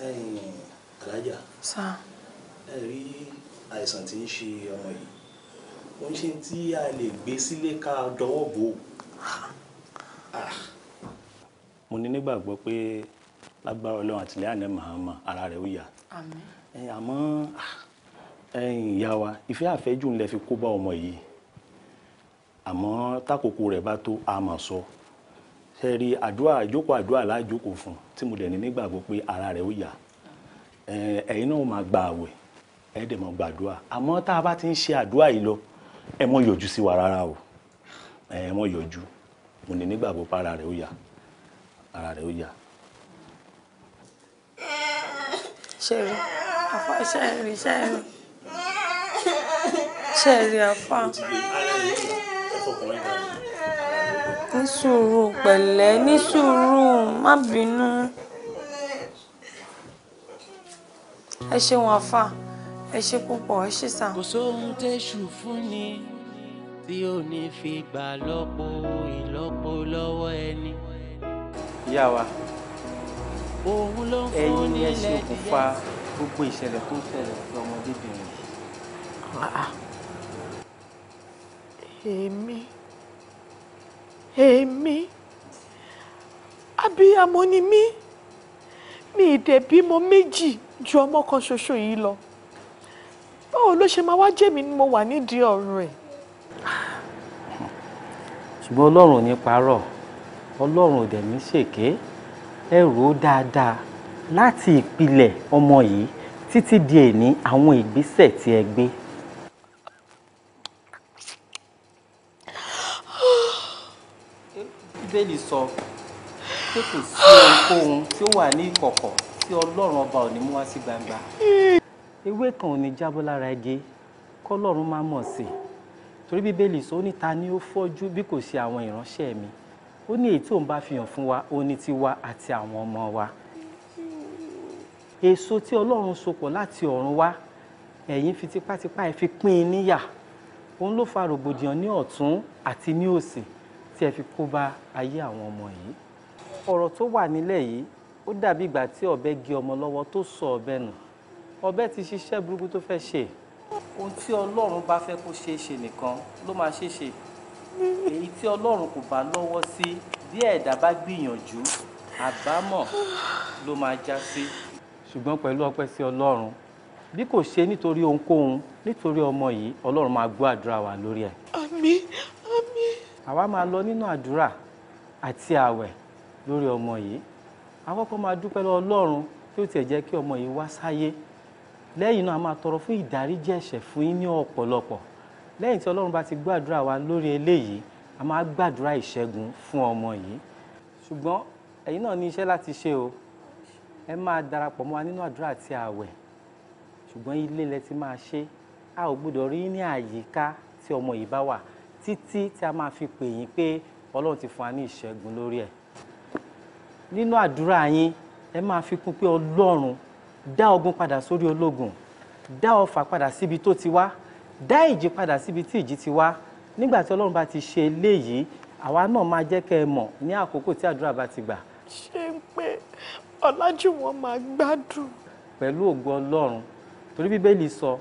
alájà ẹ rí àìsàn tí ń ṣe ọmọ yìí ó ń ṣe tí a lè gbé sílé ká dọwọ́ bò ó. Ah. Ah. mo ní nígbàgbọ́ pé lágbára ọlọ́run àtìlẹ́yìn àná mahama ara rẹ̀ ó yá àmọ́ ah, ìyá wa ìfẹ́ àfẹ́jù ńlẹ̀ fi kó bá ọmọ yìí àmọ́ tákòkò rẹ̀ bá tó a máa sọ. So tẹ́rí àdúrà ìjókòó àdúrà lájókòó fún tí mo dẹ̀ ní nígbàgbọ́ pé ara rẹ̀ ó yá ẹ̀yin náà máa gba àwẹ̀ ẹ dẹ̀ máa gbàdúrà àmọ́ tá a bá ti ń ṣe àdúrà yìí lọ ẹ mọ́ yọjú sí wa rárá o ẹ mọ́ yọjú mo ní nígbàgbọ́ pé ara rẹ̀ ó yá ara rẹ̀ ó yá. ṣe rí àfa ṣe rí ṣe rí ṣe rí àfa ní sùúrù pẹ̀lẹ́ ní sùúrù má bínú. ẹ ṣeun àfà ẹ ṣe púpọ̀ ẹ ṣe sàn. kò sóhun téṣù fún ni tí ò ní fi gbà lọ́pọ̀ ìlọ́pọ̀ lọ́wọ́ ẹni. ìyá wa ẹ̀yin ni ẹ ṣe òkùnfà gbogbo ìṣẹ̀lẹ̀ tó ṣẹlẹ̀ sí ọmọdébìnrin. èmi èmi abiyamọ ni mí mi ìdè bímọ méjì ju ọmọ kan ṣoṣo yìí lọ báwo ló ṣe máa wá jẹ́mi ni mo wà nídìí ọ̀run ẹ̀. ṣùgbọ́n ọlọ́run ò ní parọ́ ọlọ́run ò dẹ̀ ní ṣèké ẹ rò ó dáadáa láti ìpìlẹ̀ ọmọ yìí títí di èní àwọn ìgbésẹ̀ tí ẹ gbé. bíbélì sọ pé kò sí ohunkóhun tí ó wà ní ìkọ̀kọ̀ tí ọlọ́run ọba ò ní mú wá sí gbangba ewé kan ò ní jábọ́ lára igi kọ́lọ́run má mọ̀ sí torí bíbélì sọ ó ní ta ni ó fọ́jú bí kò ṣe àwọn ìránṣẹ́ mi ó ní èyí tí òun bá fi fún wa ó ní tiwa àti àwọn ọmọ wa èso tí ọlọ́run sopọ̀ láti ọ̀run wá ẹ̀yin fi tipátipá ẹ fi pín in níyà òun ló fa rògbòdìyàn ní ọ̀tún àti ní òsì tí ẹ fi kó bá ayé àwọn ọmọ yìí ọ̀rọ̀ tó wà nílẹ̀ yìí ó dàbí ìgbà tí ọ̀bẹ gé ọmọ lọ́wọ́ tó sọ ọ̀bẹ nù ọ̀bẹ ti ṣiṣẹ́ burúkú tó fẹ́ ṣe ohun tí ọlọ́run bá fẹ́ kó ṣeé ṣe nìkan ló máa ṣeé ṣe èyí tí ọlọ́run kò bá lọ́wọ́ sí bí ẹ̀dá bá gbìyànjú àbámọ̀ ló máa já sí. ṣùgbọ́n pẹ̀lú ọpẹ́ sí ọlọ́run bí kò ṣe nítorí ohunkóhun nítorí ọmọ yìí ọlọ́run máa gbọ́ àdúrà wa lórí ẹ̀. àmín àmín àwa máa lọ nínú àdúrà àti àwẹ̀ lórí ọmọ yìí àkọ́kọ́ máa dúpẹ́ lọ ọlọ́run tí ó tiẹ̀ jẹ́ kí ọmọ yìí wá sáyé lẹ́yìn náà a máa tọrọ fún ìdáríjì ẹ̀ṣẹ̀ fún yín ní ọ̀pọ̀lọpọ̀ lẹ́yìn tí ọlọ́run bá ti gbàdúrà wa lórí eléyìí a máa gbàdúrà ìṣẹ́gun fún ọmọ yìí ṣùgbọ́n ẹ̀yin náà ní iṣẹ́ láti ṣe o ẹ máa darapọ̀ mọ́ wa nínú àdúrà àti àwẹ̀ ṣùgbọ́n ilé lẹ ti máa ṣe a ò gbọ́dọ̀ rí ní àyíká tí ọmọ yìí bá wà títí tí a máa fi pè yín pé ọlọ́run ti fún wa ní ìṣẹ́gun lórí ẹ̀ nínú àdúrà yín ẹ máa fi kún pé ọlọ́run dá ogun padà sórí ológun dá ọfà padà síbi tó ti wá dá ìjì padà síbi tí ìjì ti wá nígbà tí ọlọ́run bá ti ṣe eléyìí àwa náà máa jẹ́ kẹ́ ẹ mọ̀ ní àkókò tí àdúrà bá ti gbà. ṣé ń pé ọlájúwọ̀n máa gbádùn. pẹ̀lú ògo ọlọ́run torí bíbélì sọ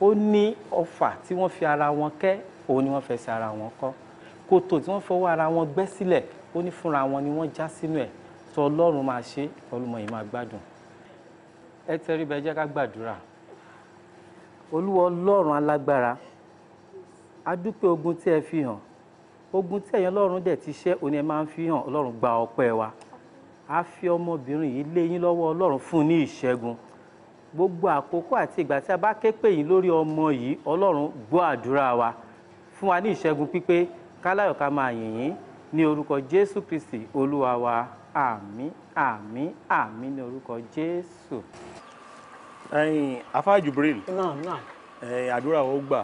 ó ní ọfà tí wọ́n fi ara wọn kẹ́ òun ni wọ́n fẹsẹ̀ ara wọn kọ́ kòtò tí wọ́n fọwọ́ ara wọn gbẹ́ sílẹ̀ ó ní fúnra wọn ni wọ́n já sínú ẹ̀ sọ ọlọ́run máa ṣe ọlọ́mọ yìí máa gbádùn ẹ tẹrí bẹ jẹ́ ká gbàdúrà olúwa ọlọ́run alágbára a dúpẹ́ ogun tí ẹ fi hàn ogun tí ẹ̀yin ọlọ́run dẹ̀ ti ṣẹ́ òní ẹ máa ń fi hàn ọlọ́run gba ọpẹ́ wa a fi ọmọbìnrin yìí lé yín lọ́wọ́ ọlọ́run fún ní ìṣẹ́gun gbogbo àkókò àti ìgbà tí a bá ké pè yín lórí ọmọ yìí ọlọ́run gbọ́ àdúrà wa fún wa ní ìṣẹ́gun pípé káláyọ̀ ká máa yìn yín ní orúkọ jésù kristi olúwa wa àmín àmín àmín ní orúkọ jésù. ẹyin afáà Jubril àdúrà ó gbà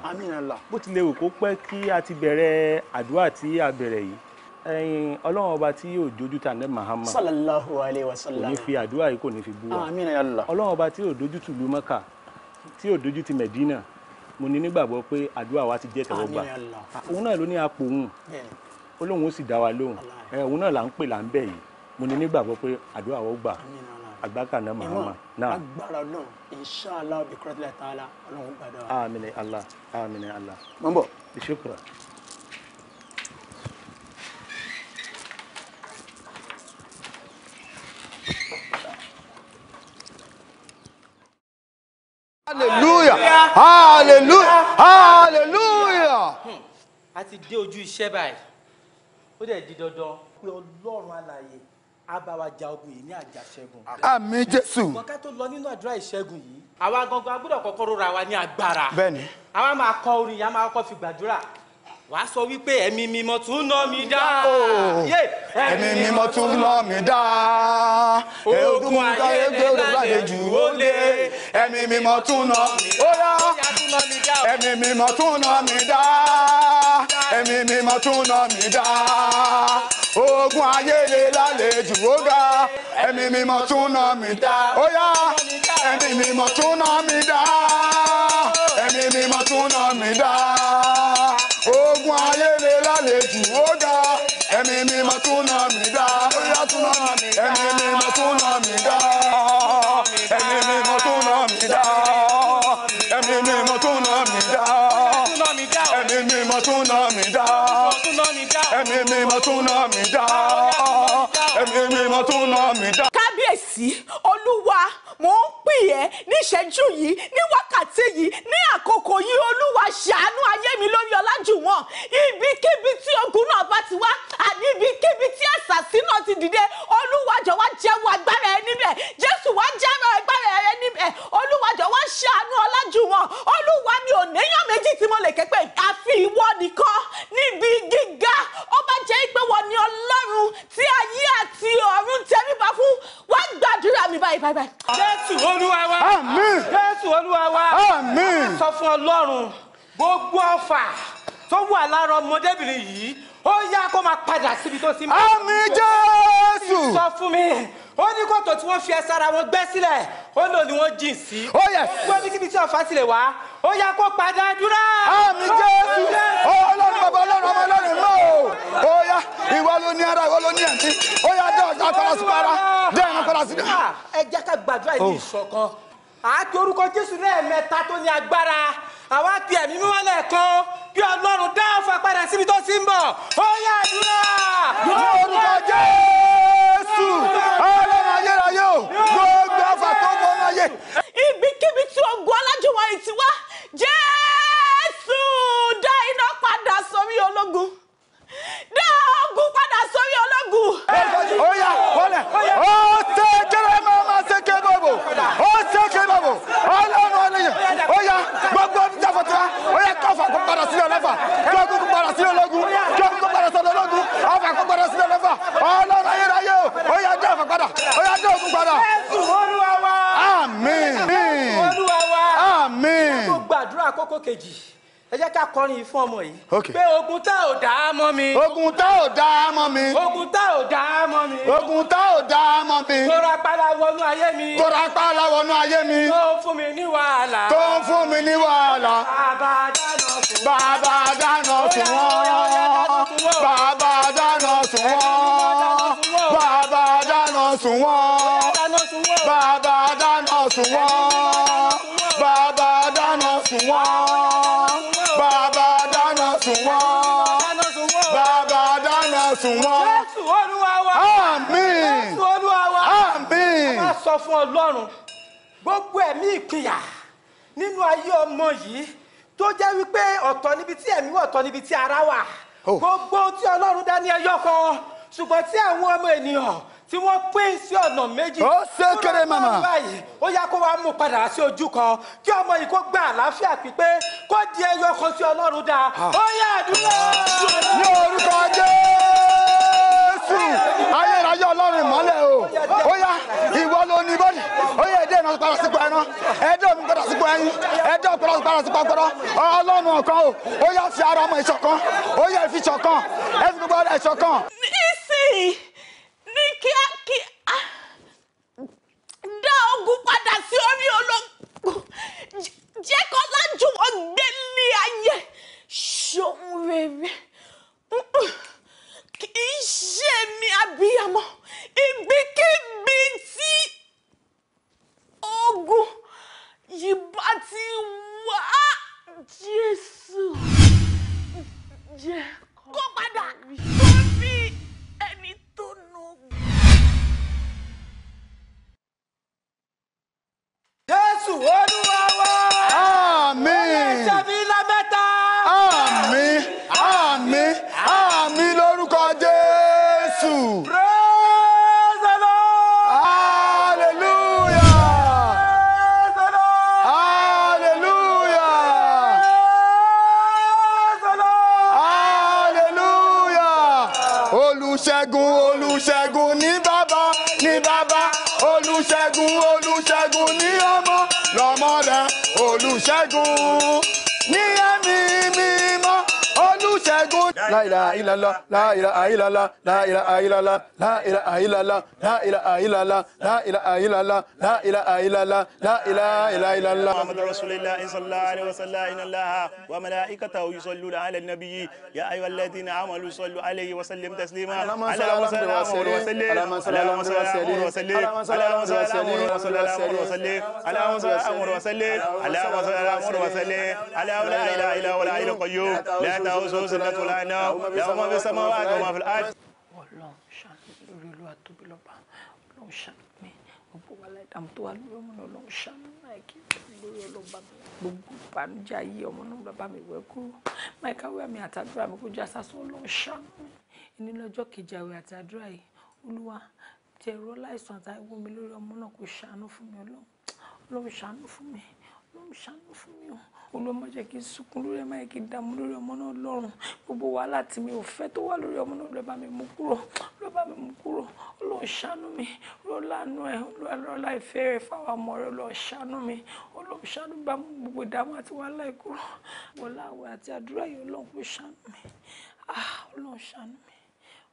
bó tilẹ̀ wù kó pẹ́ kí a ti bẹ̀rẹ̀ àdúrà tí a bẹ̀rẹ̀ yìí ẹyin ọlọ́run ọba tí yóò dojú tà ní mahama kò ní fi àdúrà yìí kò ní fi bú wa ọlọ́run ọba tí yóò dojú tìlú mẹ́kà tí yóò dojú ti mẹ̀dínà mo ní nígbàgbọ́ pé àdúrà wa ti jẹ́ tẹ̀wọ́ gbà òun náà ló ní apò òun ó lóun ó sì dá wa lóhùn òun náà là ń pè là ń bẹ̀ yìí mo ní nígbàgbọ́ pé àdúrà wa ó gbà agbáka náà mahama náà. agbára náà inṣàlá bí kúrẹ́tìlẹ̀ tààlà ọlọ́run gbàdúrà. amina allah amina allah. mọ̀ n bọ̀. ìṣèkùrà. hallelujah hallelujah hallelujah. Hmm. a ti dé ojú iṣẹ́ báyìí ó dẹ̀ di dandan pé ọlọ́run alààyè á ogun yìí ní àjàṣẹ́gun. àmín jésù. kọ́ká tó lọ nínú àdúrà ìṣẹ́gun yìí àwa gangan a kọ́kọ́ rora wa ní agbára. bẹ́ẹ̀ni. àwa máa kọ orin yìí a máa kọ́ fi gbàdúrà wà á sọ wípé ẹ̀mí mímọ́ tún ná mi dá. ẹ̀mí mímọ́ tún ná mi dá. ogun ayé gbèrò lálejò ó lé. ẹ̀mí mímọ́ tún ná mi dá. ẹ̀mí mímọ́ tún ná mi dá. ẹ̀mí mímọ́ tún ná mi dá. ogun ayé lè lálejò ó ga. ẹ̀mí mímọ́ tún ná mi dá. ẹ̀mí mímọ́ tún ná mi dá. ẹ̀mí mímọ́ tún ná mi dá. ẹ̀mí mímọ́ tún nà mí dá ẹ̀mí mímọ́ tún nà mí dá ẹ̀mí mímọ́ tún nà mí dá ẹ̀mí mímọ́ tún nà mí dá ẹ̀mí mímọ́ tún nà mí dá ẹ̀mí mímọ́ tún nà mí dá ẹ̀mí mímọ́ tún nà mí dá. kábíyèsí olúwa mò pè ẹ́ níṣẹ́jú yìí ní wákàtí yìí ní àkókò yìí olúwa ṣàánú ayé mi lórí ọlájùwọ̀n ibikíbi tí ogun náà bá ti wá àní ibikíbi tí àṣàsí náà ti dìde olúwa jọ̀ọ́ wá jẹ́wọ́ agbára ẹ níbẹ̀ jésù wá jẹ́wọ́ agbára ẹ níbẹ̀ olúwa jọ̀ọ́ wá ṣàánú ọlájùwọ̀n olúwa mi ò níyàn méjì tí mo lè ké pè àfi ìwọ nìkan níbi gíga ó bá jẹ́ pé wọ́n ní ọlọ́run tí ayé àti ọ̀run tẹríba fún wá gbàdúrà mi báyìí báyìí báyìí. jésù ó olúwa wa. àmín. jésù olúwa wa. àmín. sọ fún ọlọ́run gbogbo ọfà tó wà lára ọmọdébìnrin yìí ó yá kó máa padà síbi tó sì máa. àmín jésù. sọ fún mi ó ní kòtò tí wọ́n fi ẹsẹ̀ ara wọn gbẹ́ sílẹ̀ ó lò ní wọ́n jìn sí. ó yẹ ó gbé níbi tí ọ̀fà tilẹ̀ wá ó yá kó padà dúrà. àmì jésù ọlọ́run bàbá ọlọ́run ọmọ ọlọ́run mọ́ o ó yá ìwọ ló ní ara ìwọ ló ní ẹ̀mí ó yá dé ọ̀dà padà sí para dé ẹ̀mí padà sí. ẹ jẹ́ ká gbàdúrà ní oh. ìṣọ̀kan àti orúkọ jésù lẹ́ẹ̀mẹ́ta tó ní agbára àwa ti ẹ̀mí mímọ́ lẹ́ẹ̀kan bí ọlọ́run dá ọ̀fà padà síbi tó ti ń bọ̀ ó yá dúrà. lórúkọ jésù ọlọ́run ayérayé o gbogbo ọfà tó ń wọnú ayé. ibikíbi tí ogun alájùmọ̀ yìí ti wá jésù dá iná padà sórí ológun dá ogun padà sórí ológun. ó yá ó lẹ̀ ó tẹ́ jẹ́rẹ́ capable ó ṣe capable ọlọ́run ọlẹ́yìn ó yá gbogbo ń jáfọ̀tì wa ó yá kí ọ̀fà kó padà sílẹ̀ lẹ́fà kí ọ̀gùn kó padà sílẹ̀ lọ́gùn kí ọ̀gùn kó padà sílẹ̀ lọ́gùn ọ̀fà kó padà sílẹ̀ lẹ́fà ọlọ́run ayérayé o ó yá dé ọ̀fà padà ó yá dé ògùn padà. àmín àmín àmín. gbàdúrà àkókò kejì ẹ jẹ́ ká kọrin yìí fún ọmọ yìí. pé ogun tá ò dá a mọ́ mi. ogun tá ò dá a mọ́ mi. ogun tá ò dá a mọ́ mi. ogun tá ò dá a mọ́ mi. tó ra pálá wọnú ayé mi. tó ra pálá wọnú ayé mi. tó ń fún mi ní wàhálà. tó ń fún mi ní wàhálà. bàbá dáná fún wọn. bàbá dáná fún wọn. bàbá dáná fún wọn. bàbá dáná fún wọn. ọlọ́run gbogbo ẹ̀mí ìpínyà nínú ayé ọmọ yìí tó jẹ́ wípé ọ̀tọ̀ níbi tí ẹ̀mí ọ̀tọ̀ níbi tí ara wà oh. gbogbo tí ọlọ́run dá ẹyọ kan ṣùgbọ́n tí àwọn ọmọ ènìyàn tí wọ́n pín sí ọ̀nà méjì. ó ṣe kéré màmá. báyìí ó yá kó wàá mú padà sí ojú kan kí ọmọ yìí kó gba àlàáfíà pípé kó di ẹyọ kan sí ọlọ́run dáa ah. ó yá àdúrà. ní orúkọ jẹ́ jésù ayérayé ọlọ́run ìmọ́lẹ̀ o ó yá ìwọ ló ní bọ́dì ó yẹ ẹdẹ ìrànṣẹ́ padà sípò ẹran ẹdẹ òmù padà sípò ẹyin ẹdẹ òpàdà padà sípò ọpọlọ ọlọ́run ọ̀kan o ó yá fi ara ọmọ ìṣọ̀kan ó yá fi ṣọ̀kan ẹ gbogbo ọ̀rẹ́ ṣọ̀kan. nísìnyí ní kíákíá dá ogun padà sí orí ológun jẹ́ kó lájú wọn gbélé ayé ṣòun rere kì í ṣe mi abiyamọ ìgbékègbé tí ogun yìí bá ti wá Jésù jẹ́ kó padà kó bí ẹni tó nù. Jésù Olúwa wá. go. لا إله إلا الله لا إله إلا الله لا إله إلا الله لا إله إلا الله لا إله إلا الله لا إله إلا الله لا إله إلا الله لا إله إلا الله محمد رسول الله صلى الله عليه وسلم إن الله وملائكته يصلون على النبي يا أيها الذين آمنوا صلوا عليه وسلم تسليما على من صلى الله عليه وسلم على من صلى الله عليه وسلم على من صلى الله عليه وسلم على من صلى الله عليه وسلم على من صلى الله عليه وسلم على من صلى الله عليه وسلم على لا إله إلا هو الحي القيوم لا تأخذه سنة ولا نوم yàwó máa fi sẹ́mọ́ wá àjọ máa fi láàjì. ọlọ́run ṣàánú lórí olúwa tóbi lọ́ba ọlọ́run ṣàánú mi gbogbo wa láì dààmú tó wà lórí ọmọ náà ọlọ́run ṣàánú náà kí lórí ọlọ́ba mi gbogbo ìbànújẹ́ ayé ọmọ náà bàbá mi wẹ̀ kúrò máìka wíwá mi àtàdúrà mi kó jẹ́ àsásùn ọlọ́run ṣàánú mi ní kejì àwẹ̀ àtàdúrà yìí olúwa jẹ́ ìrọ́lá ìsàn àtàwọn mi lórí ọmọ náà kó ṣàánú fún mi ọlọ́run ṣàánú fún mi ló ń ṣàánú fún mi o olóò má jẹ́ kí n sunkún lórí ẹ̀ má yẹ kí n dààmú lórí ọmọ náà lọ́rùn gbogbo wa tí mi ò fẹ́ tó wà lórí ọmọ náà lọ́ọ́ mi mú kúrò lọ́ọ́ mi mú kúrò olóò ṣàánú mi olóò ẹ̀ olóò láìfẹ́ rẹ̀ fáwọn ọmọ rẹ̀ olóò ṣàánú mi olóò ṣàánú bá mú gbogbo ìdààmú àti wàhálà ẹ̀ kúrò wọlá àwẹ̀ àti àdúrà yìí olóò kó ṣàánú mi ah olóò ṣàánú mi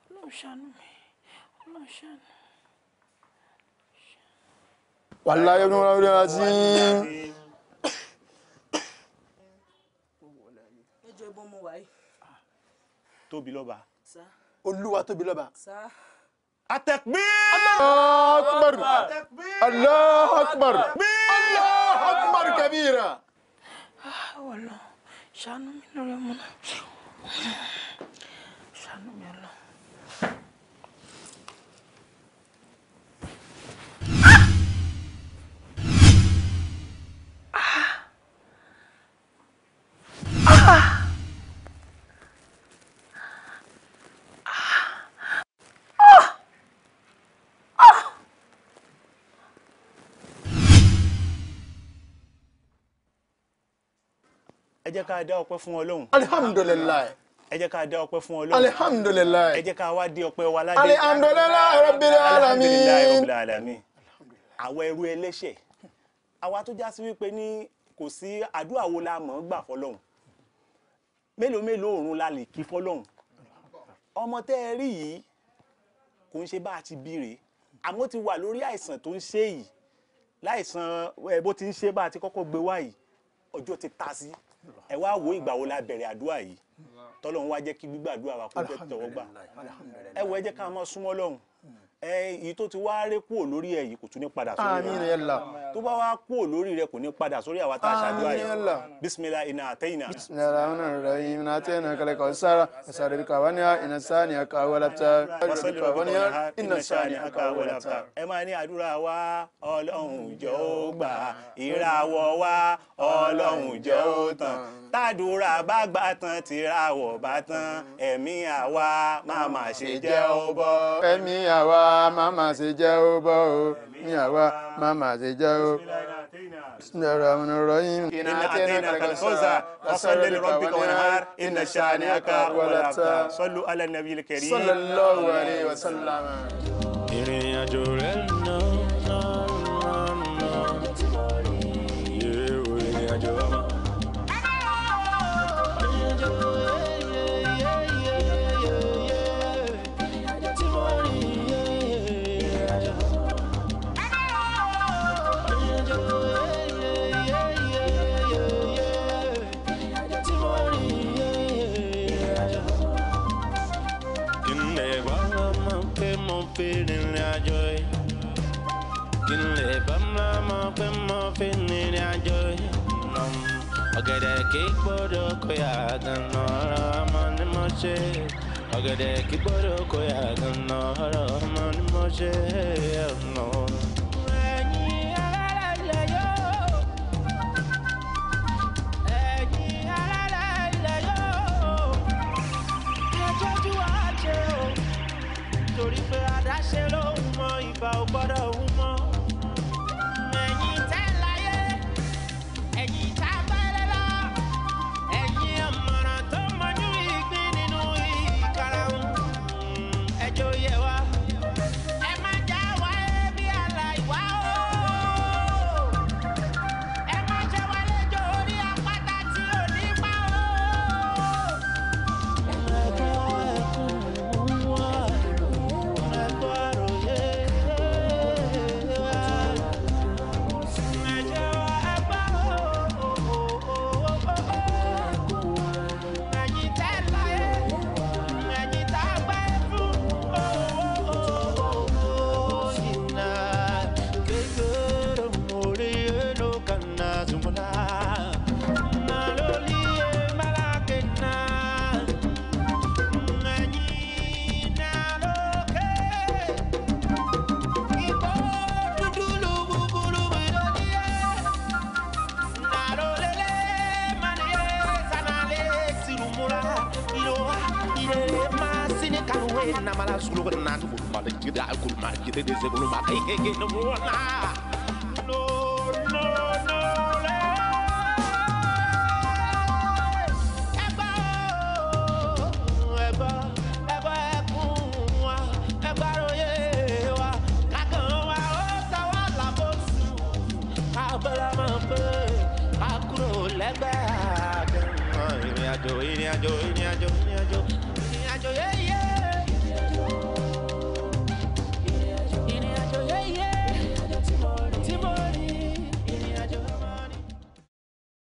olóò ṣàánú mi olóò ṣàánú mi. wàlá yóò ní wọn lọ tóbi lọ́ba olúwa tóbi lọ́ba atẹ̀kpí. Allahu akbar Allahu akbar Allahu akbar kabira. Ah, Ọlọ́run ṣàánú mi lórí ọmọ jẹ́ ká dá ọpẹ́ fún Ọlọ́run. alihamudulilayi. ẹ ká dá ọpẹ́ fún Ọlọ́run. alihamudulilayi. ẹ ká wá dé ọpẹ́ wa ládé. alihamudulilayi rabbil alamin. rabbil alamin. àwa ẹrú ẹlẹ́ṣẹ̀ àwa tó já sí wípé ní kò sí àdúrà wo la mọ̀ ọ́n gbà fọlọ́run mélòó mélòó òrun la lè kí fọlọ́run ọmọ tẹ́ ẹ rí yìí kò ń ṣe bá a ti bí rèé àmọ́ ti wà lórí àìsàn tó ń ṣe yìí láìsàn bó ti ń ṣe bá a ti kọ́kọ́ gbé wá yìí ọjọ́ ti ta sí ẹ wá wo ìgbà wo la bẹ̀rẹ̀ àdúrà yìí tọ́lọ́run wá jẹ́ kí gbígbàdúrà wa kó tẹ́ tọ̀wọ́ gbà ẹ wọ ẹ èyí tó ti wá ré kúrò lórí ẹ yìí kò tún ní padà sórí rẹ tó bá wá kúrò lórí rẹ kò ní padà sórí àwa tá a ṣàdúrà yìí bisimilá iná àtẹyìnà. bisimilá iná rẹ iná àtẹyìnà kẹlẹkọ sára ẹsàrẹ bí kàwáníà iná sáni àká wẹlẹpútà ẹsàrẹ bí kàwáníà iná sáni àká wẹlẹpútà. ẹ máa ní àdúrà wa ọlọ́run jẹ́ ó gbà ìràwọ̀ wa ọlọ́run jẹ́ ó tàn tàdúrà bá gbà tán tìràwọ̀ bá tán ẹ̀mí àwa má má ṣe jẹ́ ó bọ́. ẹ̀mí àwa màmá ṣe jẹ́ ó bọ́ ó ní àwa màmá ṣe jẹ́ ó. بسم الله الرحمن الرحيم إن أعطيناك الكوثر فصل لربك وانهار إن شانئك هو الأبتر صلوا على النبي الكريم صلى الله عليه وسلم fẹ́ mọ fi nìrìn àjò ìnà ọ̀gẹ̀dẹ̀ kì í gbọ́dọ̀ kó yàgànà ọ̀rọ̀ ọmọ ni mo ṣe ọ̀gẹ̀dẹ̀ kì í gbọ́dọ̀ kó yàgànà ọ̀rọ̀ ọmọ ni mo ṣe ọ̀nà. torí pé adáṣe ló ń mọ ìbà ò gbọ́dọ̀ wù.